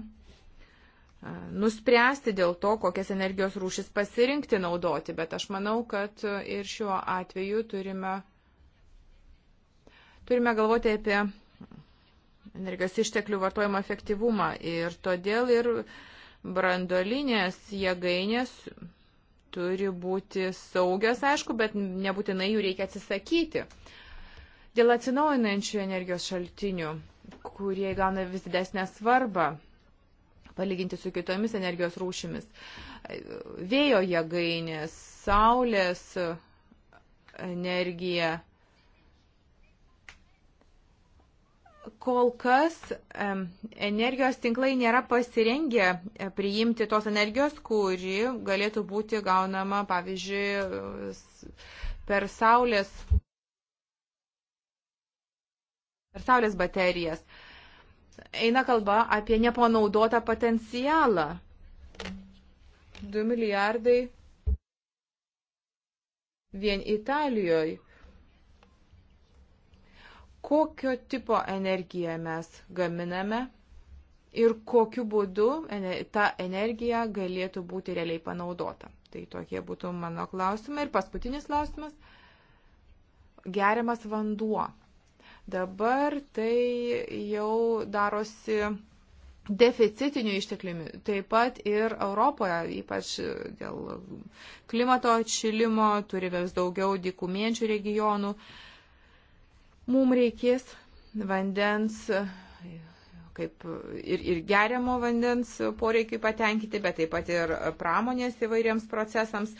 nuspręsti dėl to, kokias energijos rūšis pasirinkti naudoti, bet aš manau, kad ir šiuo atveju turime, turime galvoti apie energijos išteklių vartojimo efektyvumą. Ir todėl ir brandolinės jėgainės turi būti saugios, aišku, bet nebūtinai jų reikia atsisakyti. Dėl atsinaujinančių energijos šaltinių, kurie gauna vis didesnę svarbą palyginti su kitomis energijos rūšimis. Vėjo jėgainės, saulės energija kol kas energijos tinklai nėra pasirengę e, priimti tos energijos, kuri galėtų būti gaunama, pavyzdžiui, per saulės, per saulės baterijas. Eina kalba apie nepanaudotą potencialą. 2 milijardai vien Italijoje kokio tipo energiją mes gaminame ir kokiu būdu ta energija galėtų būti realiai panaudota. Tai tokie būtų mano klausimai. Ir paskutinis klausimas - geriamas vanduo. Dabar tai jau darosi deficitinių ištekliumi. Taip pat ir Europoje, ypač dėl klimato atšilimo, turime vis daugiau dikumiečių regionų. Uh, Mums reikės vandens kaip ir, ir geriamo vandens poreikiai patenkinti, bet taip pat ir pramonės įvairiems procesams.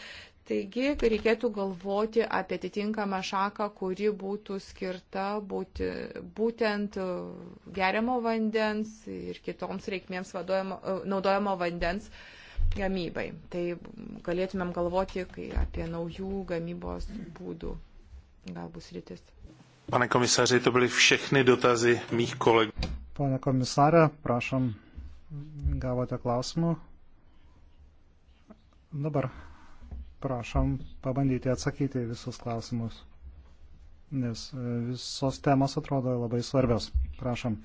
Taigi reikėtų galvoti apie atitinkamą šaką, kuri būtų skirta būti, būtent geriamo vandens ir kitoms reikmėms vadojamo, naudojamo vandens gamybai. Tai galėtumėm galvoti apie naujų gamybos būdų galbūt rytis. Pane komisaři, to byly všechny dotazy mých kolegů. Pane komisarė, prašom, gavote klausimų. Dabar prašom pabandyti atsakyti visus klausimus, nes visos temos atrodo labai svarbios. Prašom.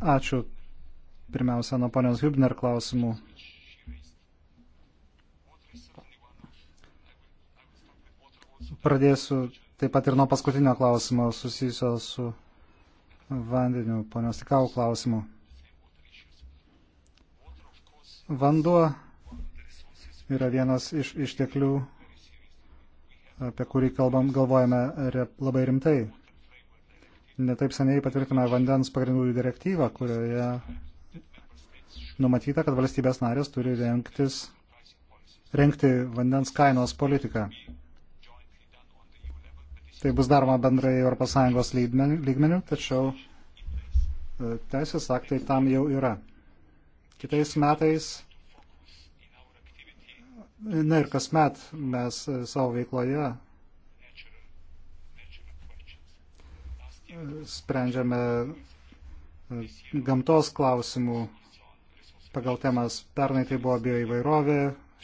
Ačiū pirmiausia nuo ponios Hübner klausimų. Pradėsiu taip pat ir nuo paskutinio klausimo susijusio su vandeniu, ponios Tikau klausimu. Vanduo yra vienas iš išteklių, apie kurį kalbam, galvojame re, labai rimtai. Netaip seniai patvirtume vandens pagrindų direktyvą, kurioje numatyta, kad valstybės narės turi rengtis, rengti vandens kainos politiką. Tai bus daroma bendrai ES lygmenių, tačiau e, teisės aktai tam jau yra. Kitais metais, na ir kasmet mes e, savo veikloje e, sprendžiame gamtos klausimų pagal temas. Pernai tai buvo bioįvairovė,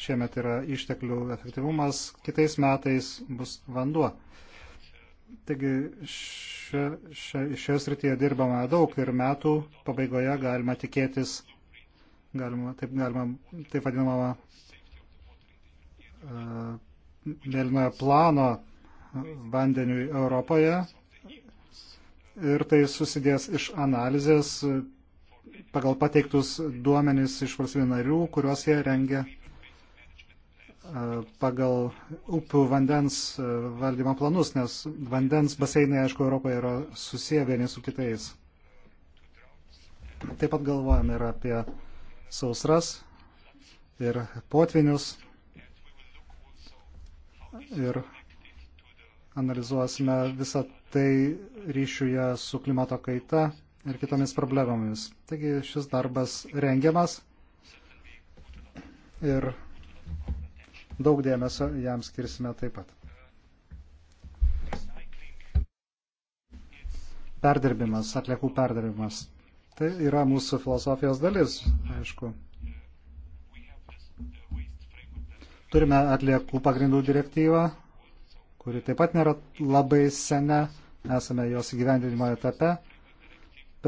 šiemet yra išteklių efektyvumas, kitais metais bus vanduo. Taigi šioje srityje dirbama daug ir metų pabaigoje galima tikėtis, galima, taip, galima, taip vadinamą e, mėlynojo plano vandeniui Europoje. Ir tai susidės iš analizės pagal pateiktus duomenys iš valstybių narių, kuriuos jie rengia pagal upių vandens e, valdymo planus, nes vandens baseinai, aišku, Europoje yra susiję vieni su kitais. Taip pat galvojame ir apie sausras ir potvinius ir analizuosime visą tai ryšiuje su klimato kaita ir kitomis problemomis. Taigi šis darbas rengiamas ir Daug dėmesio jam skirsime taip pat. Perdirbimas, atliekų perdirbimas. Tai yra mūsų filosofijos dalis, aišku. Turime atliekų pagrindų direktyvą, kuri taip pat nėra labai sena, esame jos įgyvendinimo etape.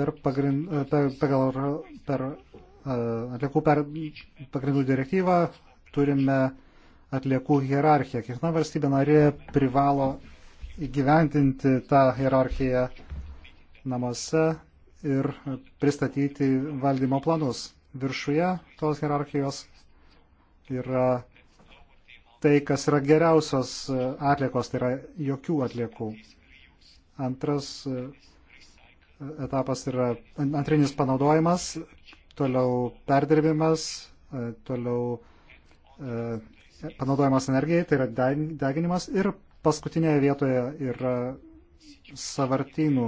Per, pagrind, per, per, per atliekų per pagrindų direktyvą turime atliekų hierarchiją. Kiekviena valstybė narė privalo įgyventinti tą hierarchiją namuose ir pristatyti valdymo planus. Viršuje tos hierarchijos yra tai, kas yra geriausios atliekos, tai yra jokių atliekų. Antras etapas yra antrinis panaudojimas, toliau perdirbimas, toliau panaudojimas energijai, tai yra deginimas. Ir paskutinėje vietoje yra savartynų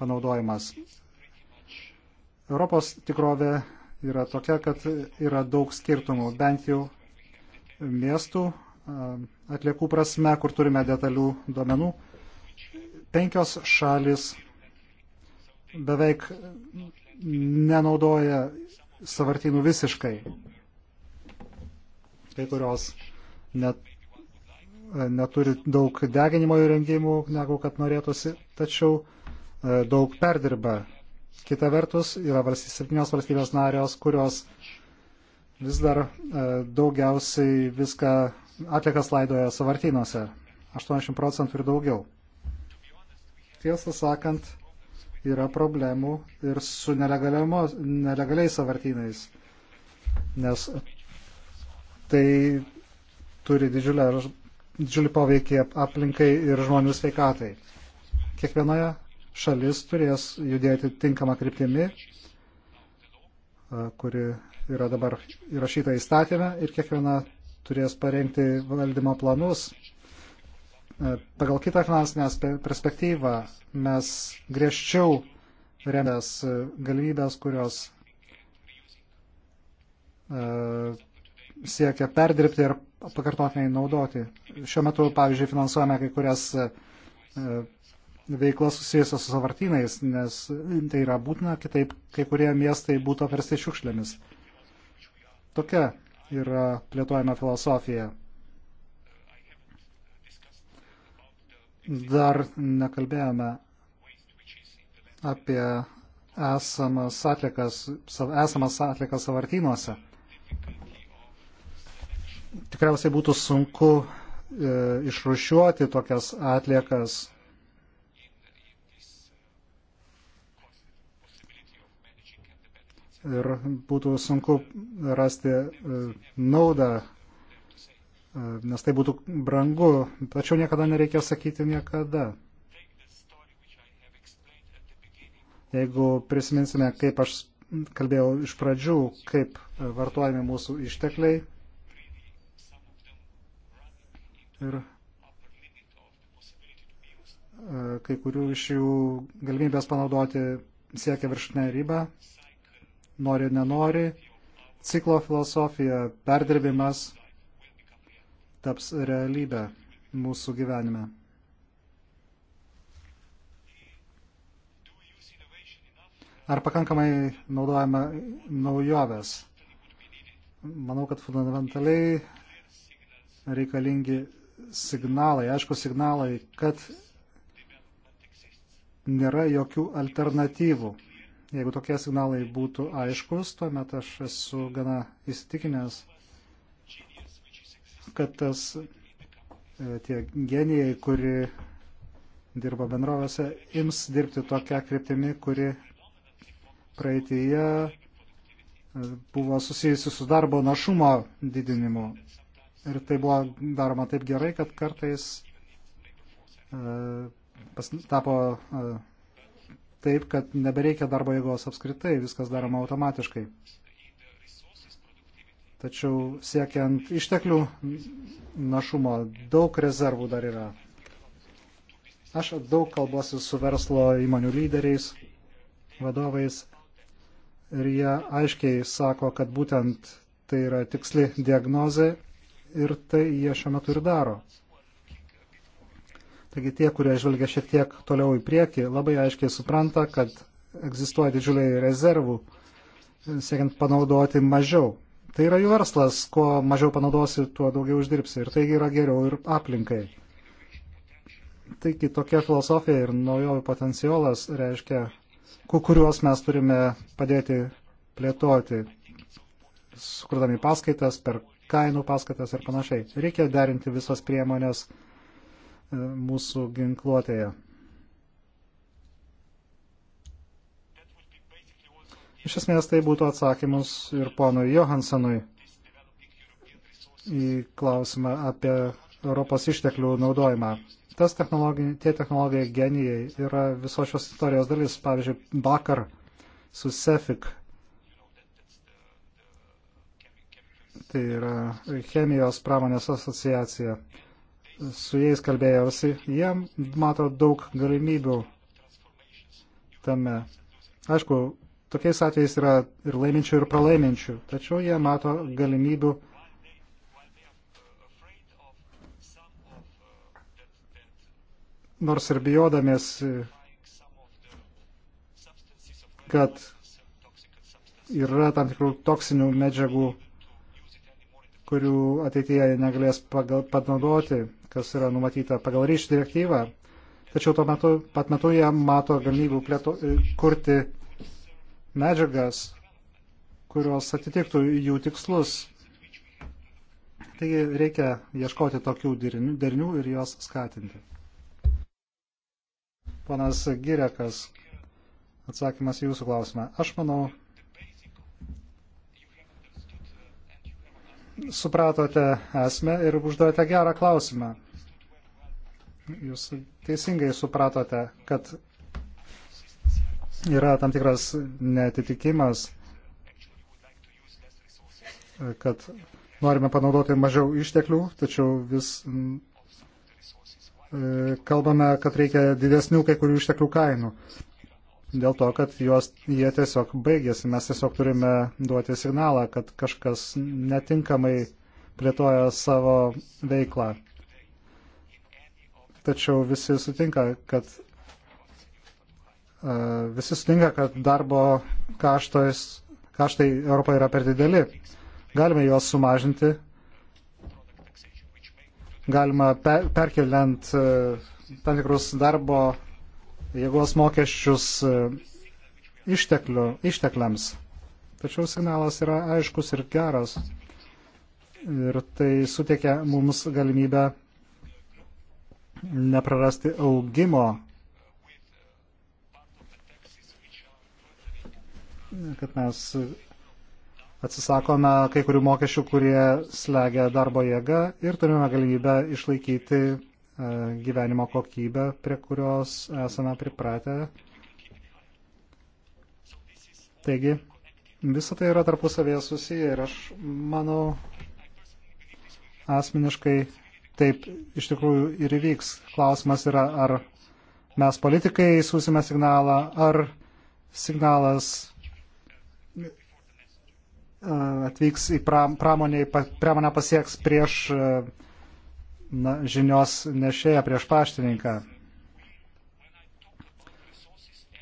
panaudojimas. Europos tikrovė yra tokia, kad yra daug skirtumų, bent jau miestų atliekų prasme, kur turime detalių duomenų. Penkios šalis beveik nenaudoja savartynų visiškai kai kurios net, e, neturi daug deginimo įrengimų, negu kad norėtųsi, tačiau e, daug perdirba. Kita vertus, yra valstybės, septynios valstybės narios, kurios vis dar e, daugiausiai viską atlikas laidoja savartynuose. 80 procentų ir daugiau. Tiesą sakant, yra problemų ir su nelegaliais savartynais, nes tai turi didžiulę, didžiulį poveikį aplinkai ir žmonių sveikatai. Kiekvienoje šalis turės judėti tinkamą kryptimį, kuri yra dabar įrašyta įstatymę ir kiekviena turės parengti valdymo planus. Pagal kitą finansinę perspektyvą mes griežčiau remės galimybės, kurios siekia perdirbti ir pakartotinai naudoti. Šiuo metu, pavyzdžiui, finansuojame kai kurias e, veiklas susijusios su savartynais, nes tai yra būtina, kitaip kai kurie miestai būtų apversti šiukšlėmis. Tokia yra plėtojama filosofija. Dar nekalbėjome apie esamas atlikas, esamas atlikas savartynuose tikriausiai būtų sunku e, išrušiuoti tokias atliekas. Ir būtų sunku rasti e, naudą, e, nes tai būtų brangu, tačiau niekada nereikia sakyti niekada. Jeigu prisiminsime, kaip aš kalbėjau iš pradžių, kaip vartojami mūsų ištekliai, ir e, kai kurių iš jų galimybės panaudoti siekia viršutinę ribą, nori, nenori, ciklo filosofija, perdirbimas taps realybę mūsų gyvenime. Ar pakankamai naudojama naujoves? Manau, kad fundamentaliai reikalingi signalai, aišku signalai, kad nėra jokių alternatyvų. Jeigu tokie signalai būtų aiškus, tuomet aš esu gana įsitikinęs, kad tas e, tie genijai, kuri dirba bendrovėse, ims dirbti tokią kryptimį, kuri praeitėje e, buvo susijusi su darbo našumo didinimu. Ir tai buvo daroma taip gerai, kad kartais e, pas, tapo e, taip, kad nebereikia darbo jėgos apskritai, viskas daroma automatiškai. Tačiau siekiant išteklių našumo daug rezervų dar yra. Aš daug kalbuosi su verslo įmonių lyderiais, vadovais ir jie aiškiai sako, kad būtent tai yra tiksli diagnozė ir tai jie šiuo metu ir daro. Taigi tie, kurie žvelgia šiek tiek toliau į priekį, labai aiškiai supranta, kad egzistuoja didžiuliai rezervų, e, siekiant panaudoti mažiau. Tai yra jų verslas, kuo mažiau panaudosi, tuo daugiau uždirbsi. Ir tai yra geriau ir aplinkai. Taigi tokia filosofija ir naujovių potencialas reiškia, kuriuos mes turime padėti plėtoti, sukurdami paskaitas per kainų paskatas ir panašiai. Reikia derinti visas priemonės e, mūsų ginkluotėje. Iš esmės tai būtų atsakymus ir ponui Johansenui į klausimą apie Europos išteklių naudojimą. Tas technologi, tie technologijai genijai yra visos šios istorijos dalis. Pavyzdžiui, vakar su Sefik tai yra chemijos pramonės asociacija. Su jais kalbėjausi, jie mato daug galimybių tame. Aišku, tokiais atvejais yra ir laiminčių, ir pralaiminčių, tačiau jie mato galimybių nors ir bijodamės, kad yra tam tikrų toksinių medžiagų kurių ateityje negalės pagal, panaudoti, kas yra numatyta pagal ryšį direktyvą. Tačiau tuo metu, pat metu jie mato galimybių plėto, e, kurti medžiagas, kurios atitiktų jų tikslus. Taigi reikia ieškoti tokių derinių ir juos skatinti. Ponas Girekas, atsakymas į jūsų klausimą. Aš manau, supratote esmę ir uždavėte gerą klausimą. Jūs teisingai supratote, kad yra tam tikras netitikimas, kad norime panaudoti mažiau išteklių, tačiau vis e, kalbame, kad reikia didesnių kai kurių išteklių kainų dėl to, kad juos, jie tiesiog baigėsi. Mes tiesiog turime duoti signalą, kad kažkas netinkamai plėtoja savo veiklą. Tačiau visi sutinka, kad e, visi sutinka, kad darbo kaštos, kaštai Europoje yra per dideli. Galime juos sumažinti, galima perkeliant e, tam tikrus darbo jėgos mokesčius e, ištekliams. Tačiau signalas yra aiškus ir geras. Ir tai suteikia mums galimybę neprarasti augimo, kad mes atsisakome kai kurių mokesčių, kurie slegia darbo jėgą ir turime galimybę išlaikyti E, gyvenimo kokybę, prie kurios esame pripratę. Taigi, visą tai yra tarpusavėje susiję ir aš manau asmeniškai taip iš tikrųjų ir įvyks. Klausimas yra, ar mes politikai siūsime signalą, ar signalas e, atvyks į pramonę, pramonę pasieks prieš uh, na, žinios nešėja prieš paštininką.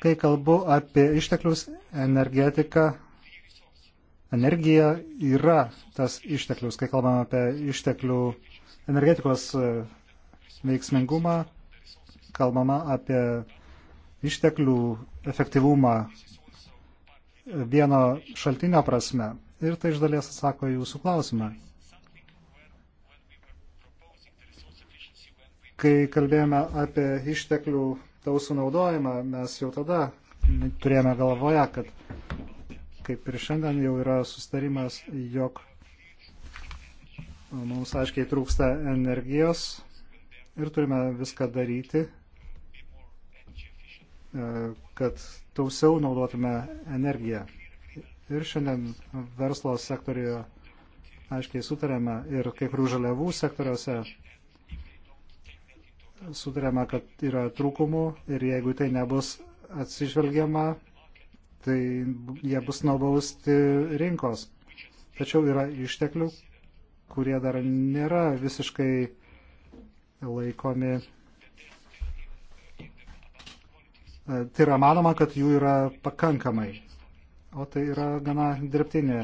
Kai kalbu apie išteklius, energetika, energija yra tas išteklius. Kai kalbam apie išteklių energetikos e, veiksmingumą, kalbama apie išteklių efektyvumą e, vieno šaltinio prasme. Ir tai iš dalies atsako jūsų klausimą. Kai kalbėjome apie išteklių tausų naudojimą, mes jau tada turėjome galvoje, kad kaip ir šiandien jau yra sustarimas, jog mums aiškiai trūksta energijos ir turime viską daryti, e, kad tausiau naudotume energiją. Ir šiandien verslo sektorijoje aiškiai sutarėme ir kai kurių žaliavų sektoriuose sutarėme, kad yra trūkumų ir jeigu tai nebus atsižvelgiama, tai jie bus nubausti rinkos. Tačiau yra išteklių, kurie dar nėra visiškai laikomi. Tai yra manoma, kad jų yra pakankamai. O tai yra gana dirbtinė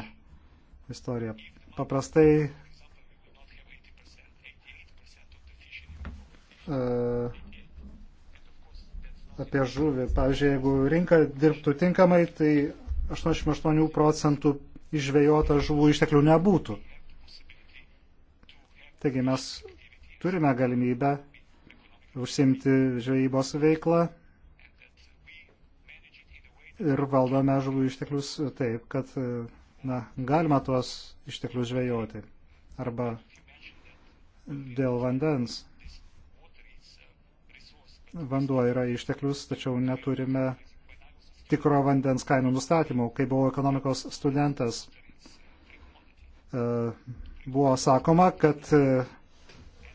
istorija. Paprastai E, apie žuvį. Pavyzdžiui, jeigu rinka dirbtų tinkamai, tai 88 procentų išvėjota žuvų išteklių nebūtų. Taigi mes turime galimybę užsimti žvejybos veiklą ir valdome žuvų išteklius taip, kad e, na, galima tuos išteklius žvejoti arba dėl vandens vanduo yra išteklius, tačiau neturime tikro vandens kainų nustatymų. Kai buvau ekonomikos studentas, e, buvo sakoma, kad e,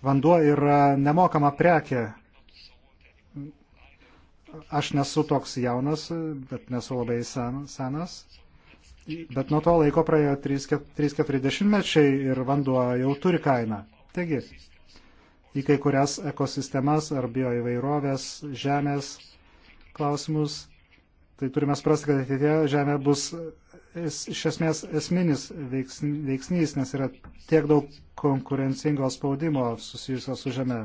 vanduo yra nemokama prekė. Aš nesu toks jaunas, bet nesu labai senas. Bet nuo to laiko praėjo 3-40 mečiai ir vanduo jau turi kainą. Taigi, į kai kurias ekosistemas ar bioįvairovės, žemės klausimus. Tai turime suprasti, kad ateitie žemė bus es, iš esmės esminis veiksnys, nes yra tiek daug konkurencingo spaudimo susijusio su žemė.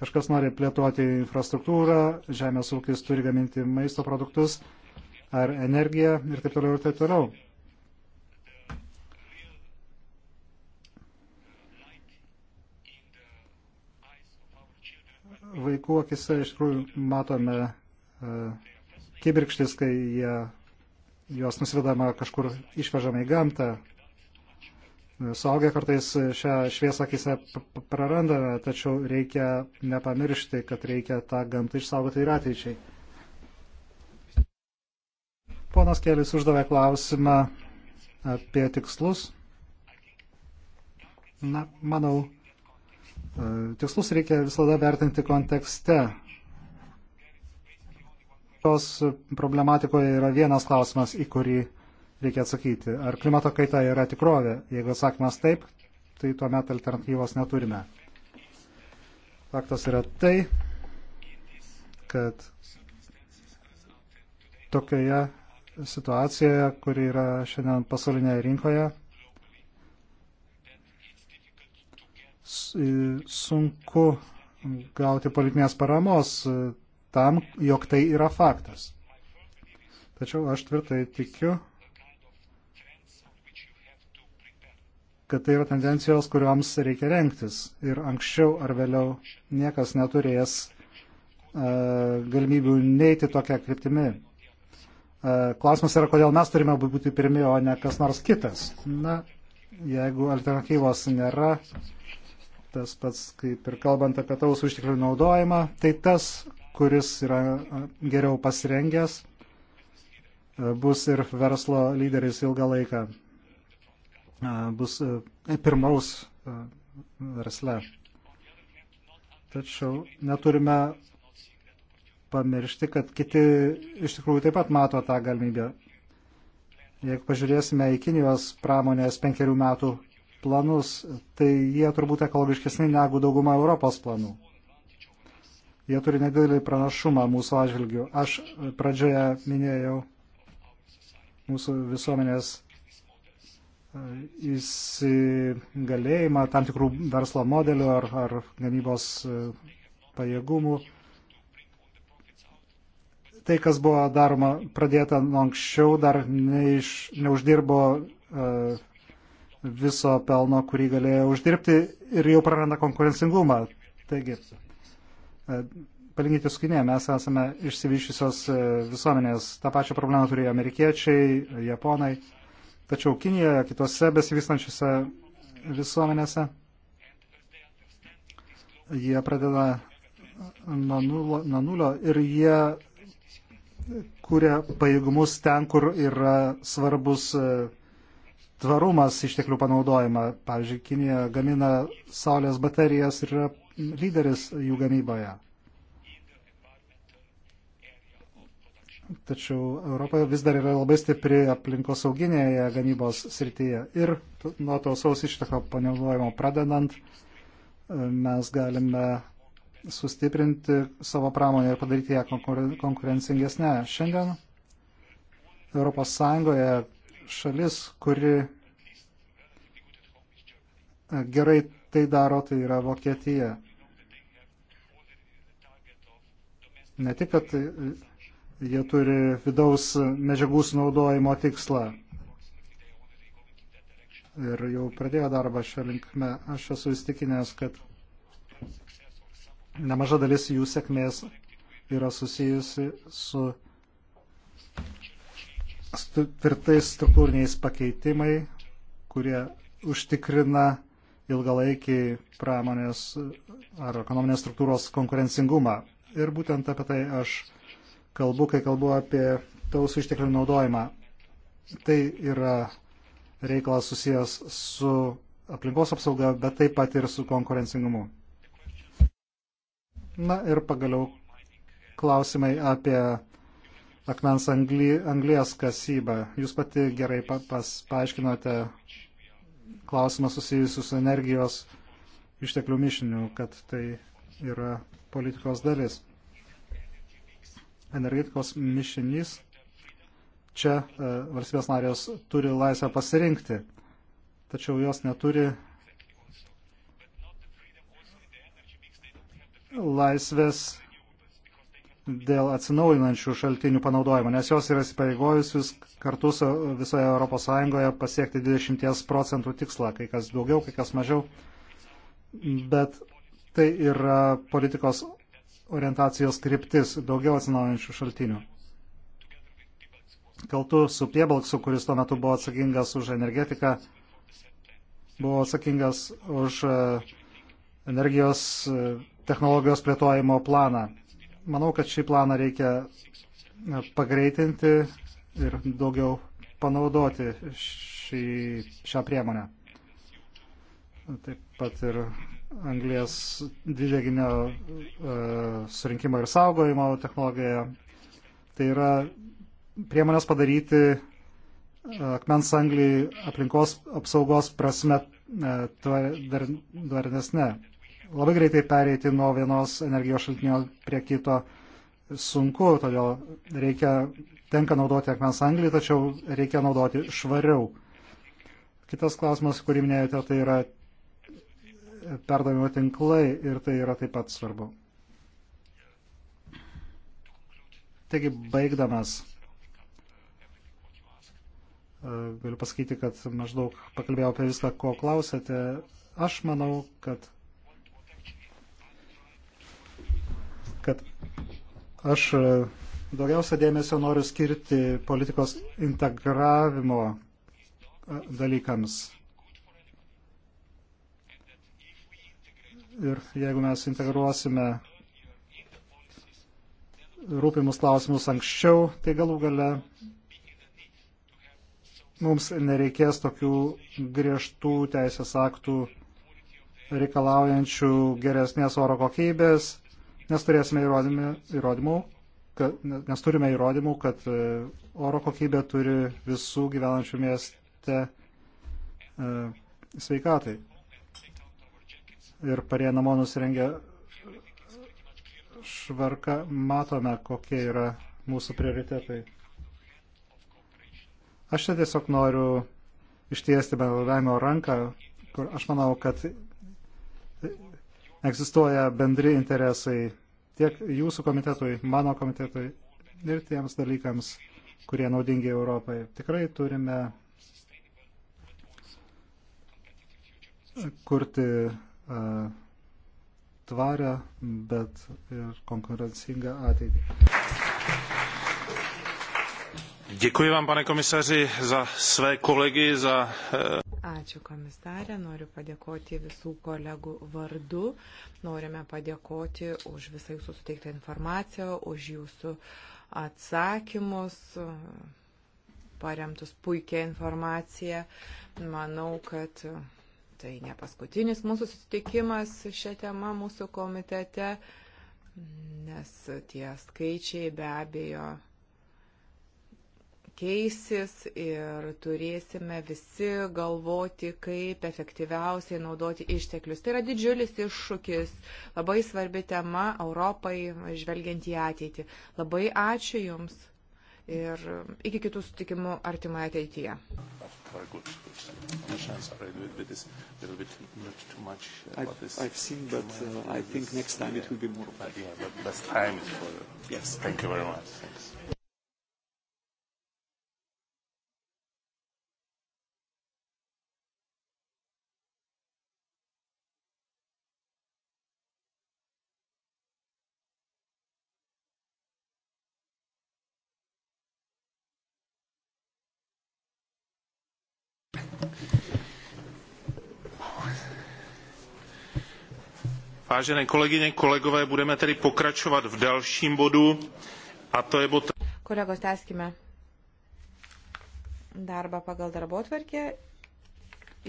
Kažkas nori plėtoti infrastruktūrą, žemės ūkis turi gaminti maisto produktus ar energiją ir taip toliau ir taip toliau. vaikų akise iš tikrųjų matome e, kibirkštis, kai jie, juos nusvedama kažkur išvežama į gamtą. E, suaugę kartais šią šviesą akise prarandame, tačiau reikia nepamiršti, kad reikia tą gamtą išsaugoti ir ateičiai. Ponas Kėlis uždavė klausimą apie tikslus. Na, manau, E, tikslus reikia visada vertinti kontekste. Tos problematikoje yra vienas klausimas, į kurį reikia atsakyti. Ar klimato kaita yra tikrovė? Jeigu atsakymas taip, tai tuomet alternatyvos neturime. Faktas yra tai, kad tokioje situacijoje, kuri yra šiandien pasaulinėje rinkoje, sunku gauti politinės paramos e, tam, jog tai yra faktas. Tačiau aš tvirtai tikiu, kad tai yra tendencijos, kuriuoms reikia renktis. Ir anksčiau ar vėliau niekas neturės uh, galimybių neiti tokia kryptimi. Uh, klausimas yra, kodėl mes turime būti pirmi, o ne kas nors kitas. Na, jeigu alternatyvos nėra, uh, tas pats, kaip ir kalbant apie tausų išteklių naudojimą, tai tas, kuris yra geriau pasirengęs, bus ir verslo lyderis ilgą laiką, bus pirmaus versle. Tačiau neturime pamiršti, kad kiti iš tikrųjų taip pat mato tą galimybę. Jeigu pažiūrėsime į Kinijos pramonės penkerių metų planus, tai jie turbūt ekologiškesni negu dauguma Europos planų. Jie turi nedidelį pranašumą mūsų atžvilgių. Aš pradžioje minėjau mūsų visuomenės e, įsigalėjimą tam tikrų verslo modelių ar, ar gamybos e, pajėgumų. Tai, kas buvo daroma, pradėta nuo anksčiau, dar neiš, neuždirbo uh, viso pelno, kurį galėjo uždirbti ir jau praranda konkurencingumą. Taigi, e, palyginti su Kinėje, mes esame išsivyšusios e, visuomenės. Ta pačią problemą turėjo amerikiečiai, japonai. Tačiau Kinijoje, kitose besivystančiose visuomenėse, jie pradeda nuo nulio, nuo nulio ir jie kūrė pajėgumus ten, kur yra svarbus uh, tvarumas išteklių panaudojimą. Pavyzdžiui, Kinija gamina saulės baterijas ir yra lyderis jų gamyboje. Tačiau Europoje vis dar yra labai stipri aplinkosauginėje gamybos srityje. Ir nuo tausaus išteklių panaudojimo pradedant mes galime sustiprinti savo pramonę ir padaryti ją konkurencingesnę. Šiandien Europos Sąjungoje šalis, kuri e, gerai tai daro, tai yra Vokietija. Ne tik, kad jie turi vidaus medžiagų sunaudojimo tikslą ir jau pradėjo darbą šią linkme. Aš esu įstikinęs, kad nemaža dalis jų sėkmės yra susijusi su tvirtais struktūriniais pakeitimai, kurie užtikrina ilgalaikį pramonės ar ekonominės struktūros konkurencingumą. Ir būtent apie tai aš kalbu, kai kalbu apie tausų išteklių naudojimą. Tai yra reikalas susijęs su aplinkos apsauga, bet taip pat ir su konkurencingumu. Na ir pagaliau klausimai apie akmens angly, anglės kasybą. Jūs pati gerai pa, pas, paaiškinote klausimą susijusius su energijos išteklių mišiniu, kad tai yra politikos dalis. Energetikos mišinys čia e, valstybės narės turi laisvę pasirinkti, tačiau jos neturi laisvės dėl atsinaujinančių šaltinių panaudojimo, nes jos yra įsipareigojusius kartu visoje ES pasiekti 20 procentų tikslą, kai kas daugiau, kai kas mažiau. Bet tai yra politikos orientacijos kryptis, daugiau atsinaujinančių šaltinių. Kaltu su Piebalksu, kuris tuo metu buvo atsakingas už energetiką, buvo atsakingas už e, energijos e, technologijos plėtojimo planą. Manau, kad šį planą reikia e, pagreitinti ir daugiau panaudoti šį, šią priemonę. Taip pat ir anglės dvideginio uh, surinkimo ir saugojimo technologija. Tai yra priemonės padaryti e, akmens anglį aplinkos apsaugos prasme tvar, dar, darnesne. Dar labai greitai pereiti nuo vienos energijos šaltinio prie kito sunku, todėl reikia, tenka naudoti akmens anglį, tačiau reikia naudoti švariau. Kitas klausimas, kurį minėjote, tai yra perdavimo tinklai ir tai yra taip pat svarbu. Taigi, baigdamas, e, galiu pasakyti, kad maždaug pakalbėjau apie viską, ko klausėte. Aš manau, kad kad aš e, daugiausia dėmesio noriu skirti politikos integravimo e, dalykams. Ir jeigu mes integruosime rūpimus klausimus anksčiau, tai galų gale mums nereikės tokių griežtų teisės aktų reikalaujančių geresnės oro kokybės nes turėsime įrodymų, įrodymų kad, nes turime įrodymų, kad e, oro kokybė turi visų gyvenančių mieste e, sveikatai. Ir parie namo nusirengę švarką matome, kokie yra mūsų prioritetai. Aš čia tiesiog noriu ištiesti bendradavimo ranką, kur aš manau, kad egzistuoja bendri interesai tiek jūsų komitetui, mano komitetui ir tiems dalykams, kurie naudingi Europai. Tikrai turime kurti uh, tvarę, bet ir konkurencingą ateitį. Dėkui vam, pane komisaři, za sve kolegy, za. Eh, Ačiū komisarė, noriu padėkoti visų kolegų vardu, norime padėkoti už visą jūsų suteiktą informaciją, už jūsų atsakymus paremtus puikia informacija. Manau, kad tai ne paskutinis mūsų susitikimas šią temą mūsų komitete, nes tie skaičiai be abejo keisis ir turėsime visi galvoti, kaip efektyviausiai naudoti išteklius. Tai yra didžiulis iššūkis, labai svarbi tema Europai, žvelgiant į ateitį. Labai ačiū Jums ir iki kitų sutikimų artimoje ateityje. Yes. Thank you very much. Thanks. Vážené kolegyně, kolegové, budeme tedy pokračovat v dalším bodu a to je bod... Kolegos, tęskime darbą pagal darbo tvarkę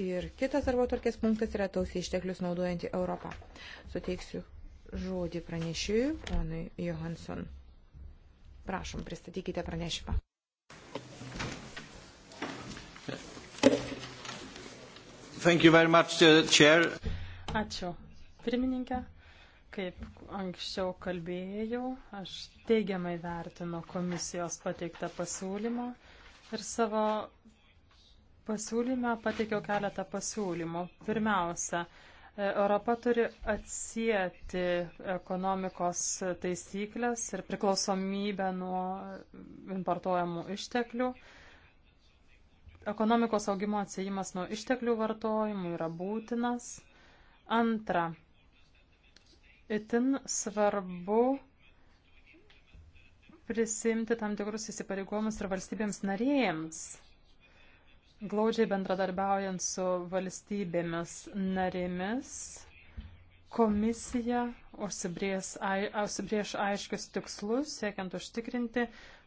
ir kitas darbo tvarkės punktas yra tausiai išteklius naudojantį Europą. Suteiksiu žodį pranešėjui, ponui Johansson. Prašom, pristatykite pranešimą. Much, uh, Ačiū, pirmininkė. Kaip anksčiau kalbėjau, aš teigiamai vertinu komisijos pateiktą pasiūlymą ir savo pasiūlyme pateikiau keletą pasiūlymų. Pirmiausia, Europa turi atsijėti ekonomikos taisyklės ir priklausomybę nuo importuojamų išteklių. Ekonomikos augimo atsijimas nuo išteklių vartojimų yra būtinas. Antra, itin svarbu prisimti tam tikrus įsipareigojimus ir valstybėms narėjams, glaudžiai bendradarbiaujant su valstybėmis narėmis. Komisija užsibrieš aiškius tikslus, siekiant užtikrinti,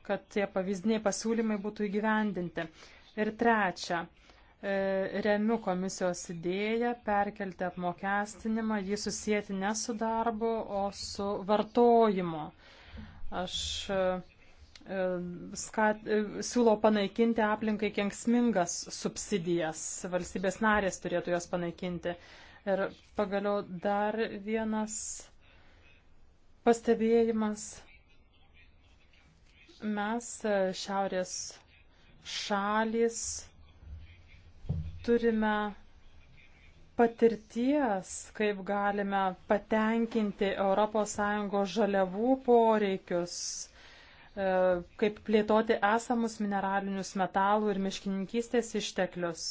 kad tie pavyzdiniai pasiūlymai būtų įgyvendinti. Ir trečia, E, remiu komisijos idėją perkelti apmokestinimą, jį susijęti ne su darbu, o su vartojimu. Aš e, skat, e, siūlau panaikinti aplinkai kenksmingas subsidijas. Valstybės narės turėtų jos panaikinti. Ir pagaliau dar vienas pastebėjimas. Mes šiaurės šalis turime patirties, kaip galime patenkinti ES žaliavų poreikius, e, kaip plėtoti esamus mineralinius metalų ir miškininkystės išteklius.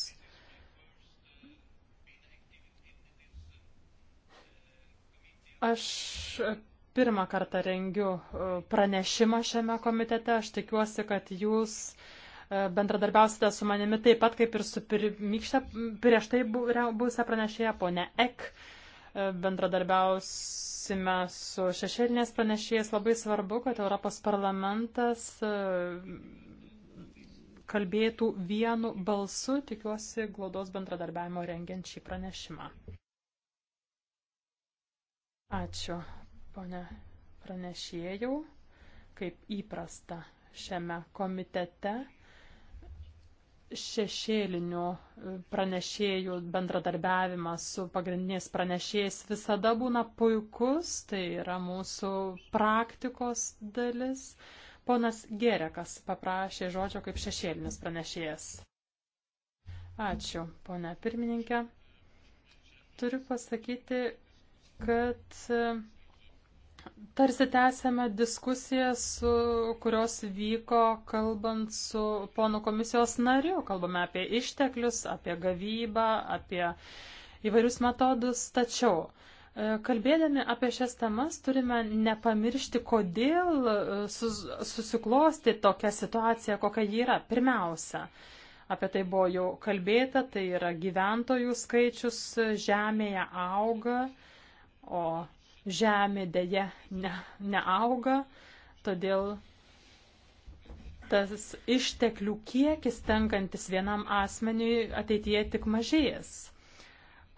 Aš pirmą kartą rengiu e, pranešimą šiame komitete. Aš tikiuosi, kad jūs uh, bendradarbiausite su manimi taip pat kaip ir su pirmykšte prieš tai buvusią pranešėją, ponę Ek. E, bendradarbiausime su šešėlinės pranešėjais. Labai svarbu, kad Europos parlamentas e, kalbėtų vienu balsu, tikiuosi, glaudos bendradarbiavimo rengiant šį pranešimą. Ačiū, ponė pranešėjau, kaip įprasta šiame komitete šešėlinių e, pranešėjų bendradarbiavimas su pagrindiniais pranešėjais visada būna puikus, tai yra mūsų praktikos dalis. Ponas Gerekas paprašė žodžio kaip šešėlinis pranešėjas. Ačiū, ponia pirmininkė. Turiu pasakyti, kad tarsi tęsėme diskusijas, kurios vyko kalbant su ponu komisijos nariu. Kalbame apie išteklius, apie gavybą, apie įvairius metodus. Tačiau, e, kalbėdami apie šias temas, turime nepamiršti, kodėl e, susiklosti tokią situaciją, kokia ji yra. Pirmiausia, apie tai buvo jau kalbėta, tai yra gyventojų skaičius žemėje auga. O žemė dėje ne, neauga, todėl tas išteklių kiekis tenkantis vienam asmeniui ateityje tik mažės.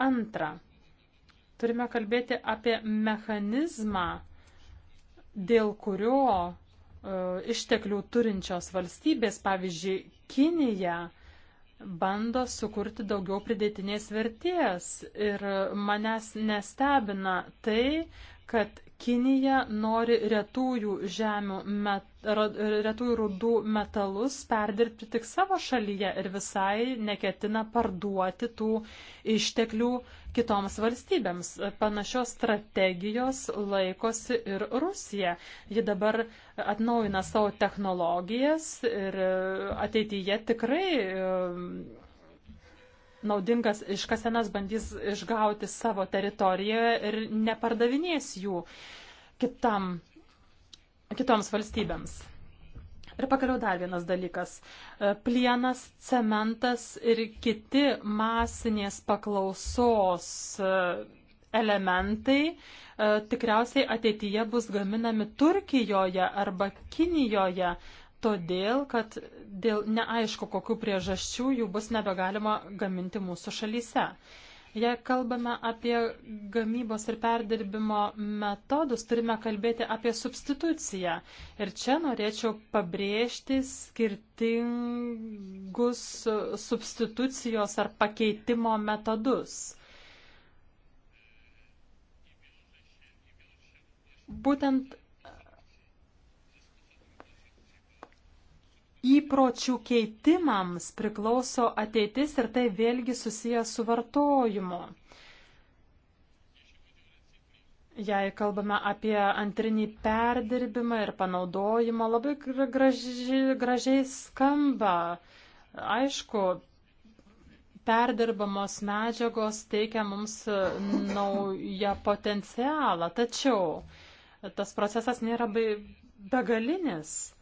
Antra, turime kalbėti apie mechanizmą, dėl kurio e, išteklių turinčios valstybės, pavyzdžiui, Kinija, bando sukurti daugiau pridėtinės vertės. Ir manęs nestebina tai, kad Kinija nori retųjų žemių, met, retųjų rudų metalus perdirbti tik savo šalyje ir visai neketina parduoti tų išteklių uh, kitoms valstybėms. Panašios strategijos laikosi ir Rusija. Ji dabar atnaujina savo technologijas ir ateityje tikrai um, naudingas iškasenas bandys išgauti savo teritorijoje ir nepardavinės jų kitam, kitoms valstybėms. Ir pagaliau dar vienas dalykas. E, plienas, cementas ir kiti masinės paklausos e, elementai e, tikriausiai ateityje bus gaminami Turkijoje arba Kinijoje, todėl kad dėl neaišku kokių priežasčių jų bus nebegalima gaminti mūsų šalyse. Jei kalbame apie gamybos ir perdirbimo metodus, turime kalbėti apie substituciją. Ir čia norėčiau pabrėžti skirtingus substitucijos ar pakeitimo metodus. Būtent įpročių keitimams priklauso ateitis ir tai vėlgi susijęs su vartojimu. Jei kalbame apie antrinį perdirbimą ir panaudojimą, labai graži, gražiai skamba. Aišku, perdirbamos medžiagos teikia mums naują potencialą, tačiau tas procesas nėra begalinis. Be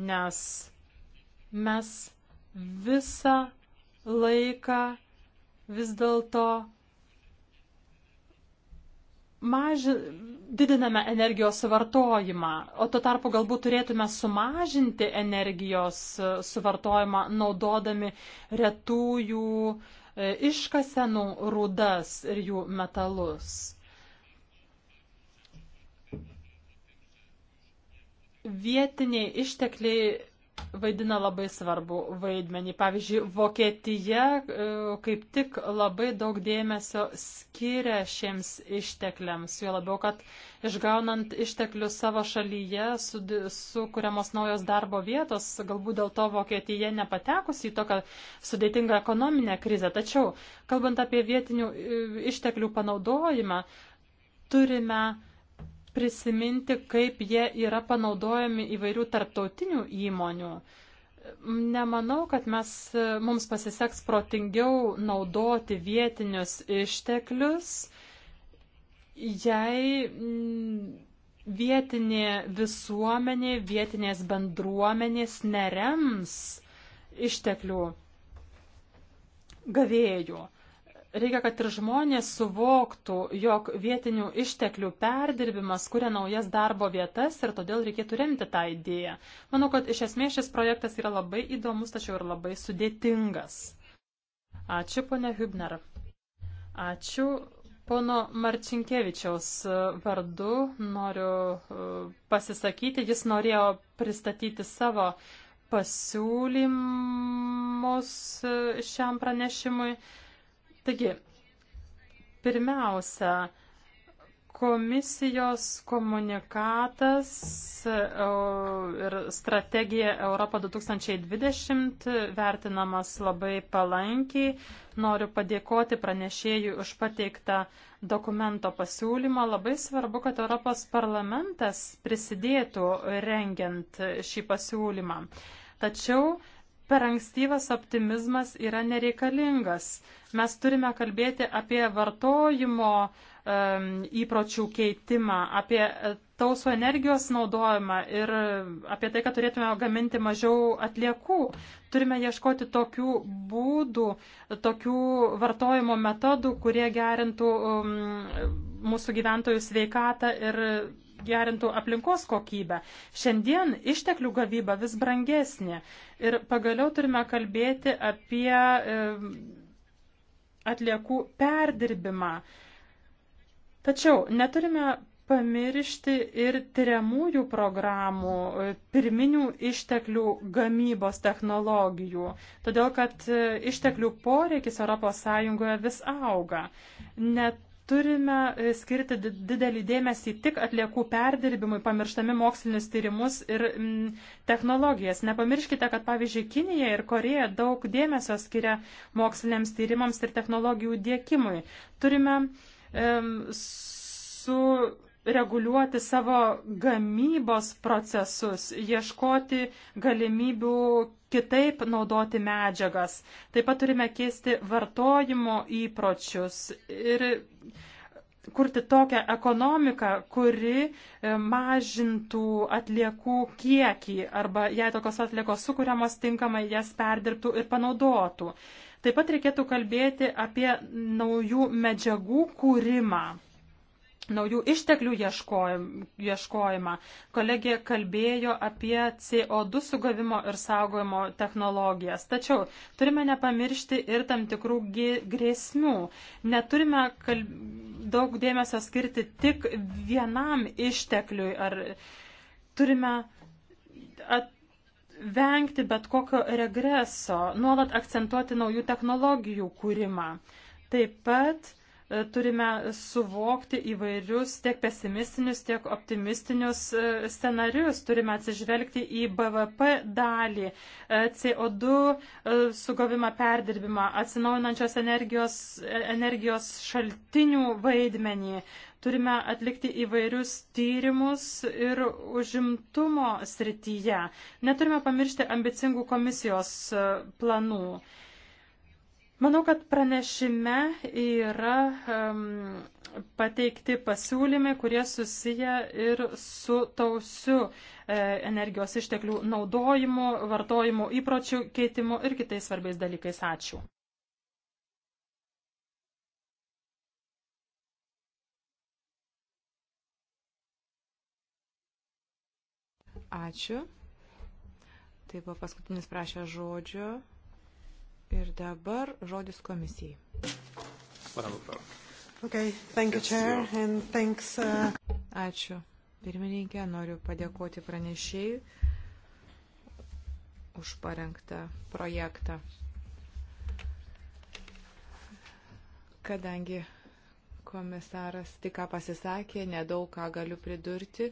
nes mes visą laiką vis dėlto maži, didiname energijos suvartojimą, o tuo tarpu galbūt turėtume sumažinti energijos e, suvartojimą naudodami retųjų e, iškasenų rūdas ir jų metalus. vietiniai ištekliai vaidina labai svarbu vaidmenį. Pavyzdžiui, Vokietija e, kaip tik labai daug dėmesio skiria šiems ištekliams. Jo labiau, kad išgaunant išteklius savo šalyje sukūriamos su naujos darbo vietos, galbūt dėl to Vokietija nepatekusi į tokią sudėtingą ekonominę krizę. Tačiau, kalbant apie vietinių e, išteklių panaudojimą, turime prisiminti, kaip jie yra panaudojami įvairių tarptautinių įmonių. Nemanau, kad mes, mums pasiseks protingiau naudoti vietinius išteklius, jei mm, vietinė visuomenė, vietinės bendruomenės nerems išteklių gavėjų. Reikia, kad ir žmonės suvoktų, jog vietinių išteklių perdirbimas kuria naujas darbo vietas ir todėl reikėtų remti tą idėją. Manau, kad iš esmės šis projektas yra labai įdomus, tačiau ir labai sudėtingas. Ačiū, ponė Hübner. Ačiū. Pono Marčinkievičiaus vardu noriu uh, pasisakyti. Jis norėjo pristatyti savo pasiūlymus uh, šiam pranešimui. Taigi, pirmiausia, komisijos komunikatas e, ir strategija Europa 2020 vertinamas labai palankiai. Noriu padėkoti pranešėjui už pateiktą dokumento pasiūlymą. Labai svarbu, kad Europos parlamentas prisidėtų rengiant šį pasiūlymą. Tačiau Per ankstyvas optimizmas yra nereikalingas. Mes turime kalbėti apie vartojimo um, įpročių keitimą, apie e, tausų energijos naudojimą ir e, apie tai, kad turėtume gaminti mažiau atliekų. Turime ieškoti tokių būdų, tokių vartojimo metodų, kurie gerintų um, mūsų gyventojų sveikatą ir gerintų aplinkos kokybę. Šiandien išteklių gavyba vis brangesnė ir pagaliau turime kalbėti apie e, atliekų perdirbimą. Tačiau neturime pamiršti ir tyriamųjų programų, e, pirminių išteklių gamybos technologijų, todėl kad e, išteklių poreikis ES vis auga. Net Turime e, skirti didelį dėmesį tik atliekų perdirbimui, pamirštami mokslinius tyrimus ir mm, technologijas. Nepamirškite, kad pavyzdžiui Kinija ir Koreja daug dėmesio skiria moksliniams tyrimams ir technologijų dėkimui. Turime mm, su reguliuoti savo gamybos procesus, ieškoti galimybių kitaip naudoti medžiagas. Taip pat turime keisti vartojimo įpročius ir kurti tokią ekonomiką, kuri e, mažintų atliekų kiekį arba jei tokios atliekos sukūriamos tinkamai, jas perdirbtų ir panaudotų. Taip pat reikėtų kalbėti apie naujų medžiagų kūrimą naujų išteklių ieškojimą. Kolegija kalbėjo apie CO2 sugavimo ir saugojimo technologijas. Tačiau turime nepamiršti ir tam tikrų grėsmių. Neturime kalb... daug dėmesio skirti tik vienam ištekliui ar turime at... vengti bet kokio regreso, nuolat akcentuoti naujų technologijų kūrimą. Taip pat E, turime suvokti įvairius tiek pesimistinius, tiek optimistinius e, scenarius. Turime atsižvelgti į BVP dalį, e, CO2 sugavimą perdirbimą, atsinaujinančios energijos, energijos šaltinių vaidmenį. Turime atlikti įvairius tyrimus ir užimtumo srityje. Neturime pamiršti ambicingų komisijos planų. Manau, kad pranešime yra um, pateikti pasiūlymai, kurie susiję ir su tausiu e, energijos išteklių naudojimu, vartojimo įpročių keitimu ir kitais svarbiais dalykais. Ačiū. Ačiū. Tai buvo paskutinis prašė žodžio. Ir dabar žodis komisijai. Okay, thank you, Chair, and thanks, uh... Ačiū. Pirmininkė, noriu padėkoti pranešėjui už parengtą projektą. Kadangi komisaras tik ką pasisakė, nedaug ką galiu pridurti.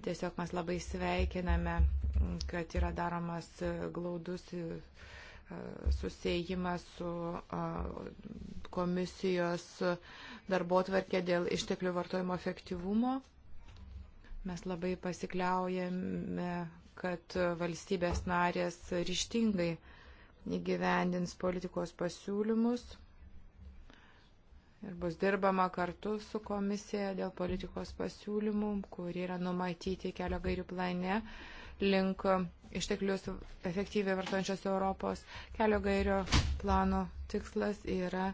Tiesiog mes labai sveikiname, kad yra daromas glaudus susijimą su komisijos darbo tvarkė dėl išteklių vartojimo efektyvumo. Mes labai pasikliaujame, kad valstybės narės ryštingai įgyvendins politikos pasiūlymus ir bus dirbama kartu su komisija dėl politikos pasiūlymų, kurie yra numatyti kelio gairių plane. Uh, link išteklius efektyviai vartojančios Europos kelio gairio plano tikslas yra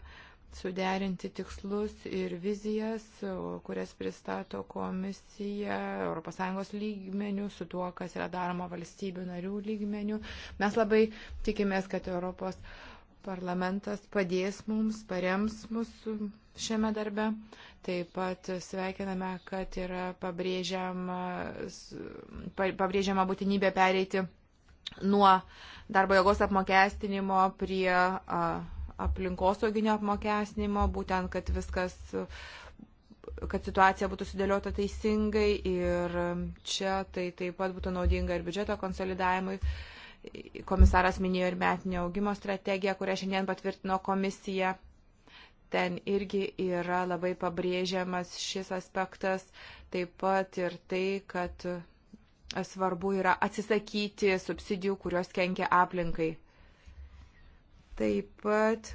suderinti tikslus ir vizijas, kurias pristato komisija ES lygmenių su tuo, kas yra daroma valstybių narių lygmenių. Mes labai tikimės, kad Europos uh, Parlamentas padės mums, parems mūsų šiame darbe. Taip pat sveikiname, kad yra pabrėžiama, pabrėžiama būtinybė pereiti nuo darbo jėgos apmokestinimo prie aplinkosauginio apmokestinimo, būtent, kad viskas kad situacija būtų sudėliota teisingai ir čia tai taip pat būtų naudinga ir biudžeto konsolidavimui. Uh, Komisaras minėjo ir metinio augimo strategiją, kurią šiandien patvirtino komisija. Ten irgi yra labai pabrėžiamas šis aspektas, taip pat ir tai, kad svarbu yra atsisakyti subsidijų, kurios kenkia aplinkai. Taip pat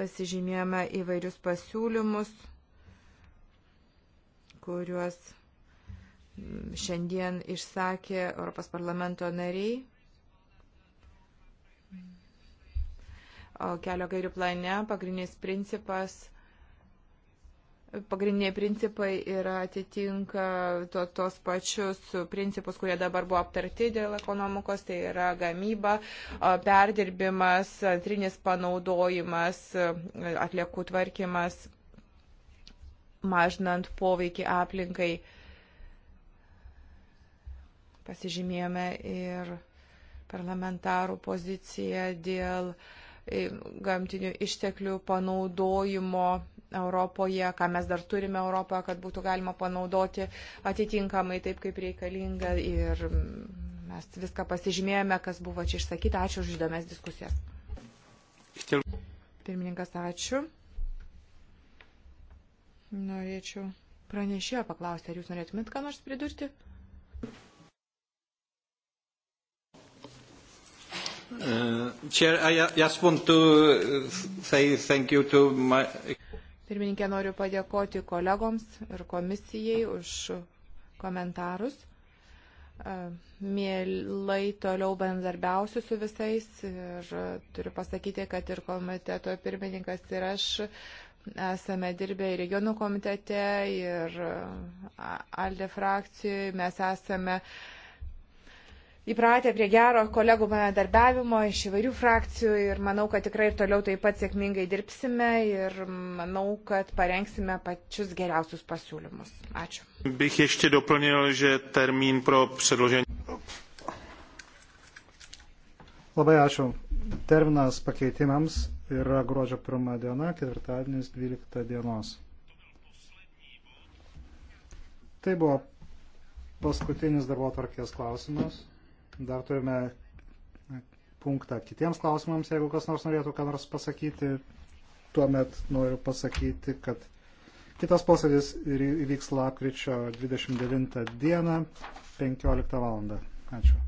pasižymėjome įvairius pasiūlymus, kuriuos šiandien išsakė Europos parlamento nariai. O kelio gairių plane pagrindinis principas pagrindiniai principai yra atitinka to, tos pačius principus, kurie dabar buvo aptarti dėl ekonomikos, tai yra gamyba, perdirbimas, antrinis panaudojimas, atliekų tvarkymas, mažinant poveikį aplinkai. Pasižymėjome ir parlamentarų poziciją dėl e, gamtinių išteklių panaudojimo Europoje, ką mes dar turime Europoje, kad būtų galima panaudoti atitinkamai taip, kaip reikalinga. Ir mes viską pasižymėjome, kas buvo čia išsakyta. Ačiū už įdomias diskusijas. Pirmininkas, ačiū. Norėčiau pranešėjo paklausti, ar jūs norėtumėt ką nors pridurti? Uh, chair, I just want to uh, say thank you to my. Pirmininkė, noriu padėkoti kolegoms ir komisijai už komentarus. Uh, mielai toliau bendarbiausiu su visais ir turiu pasakyti, kad ir komiteto pirmininkas ir aš esame dirbę ir regionų komitete, ir uh, Alde frakcijoje. Mes esame uh, įpratę prie gero kolegų bendradarbiavimo iš įvairių frakcijų ir manau, kad tikrai ir toliau taip pat sėkmingai dirbsime ir manau, kad parengsime pačius geriausius pasiūlymus. Ačiū. Bych ještě doplnil, že termín pro předložení. Labai ačiū. Terminas pakeitimams yra gruodžio pirmą dieną, ketvirtadienis 12 dienos. Tai buvo paskutinis darbo tvarkės klausimas. Dar turime punktą kitiems klausimams, jeigu kas nors norėtų ką nors pasakyti, tuomet noriu pasakyti, kad kitas posėdis įvyks lapkričio 29 dieną 15 val. Ačiū.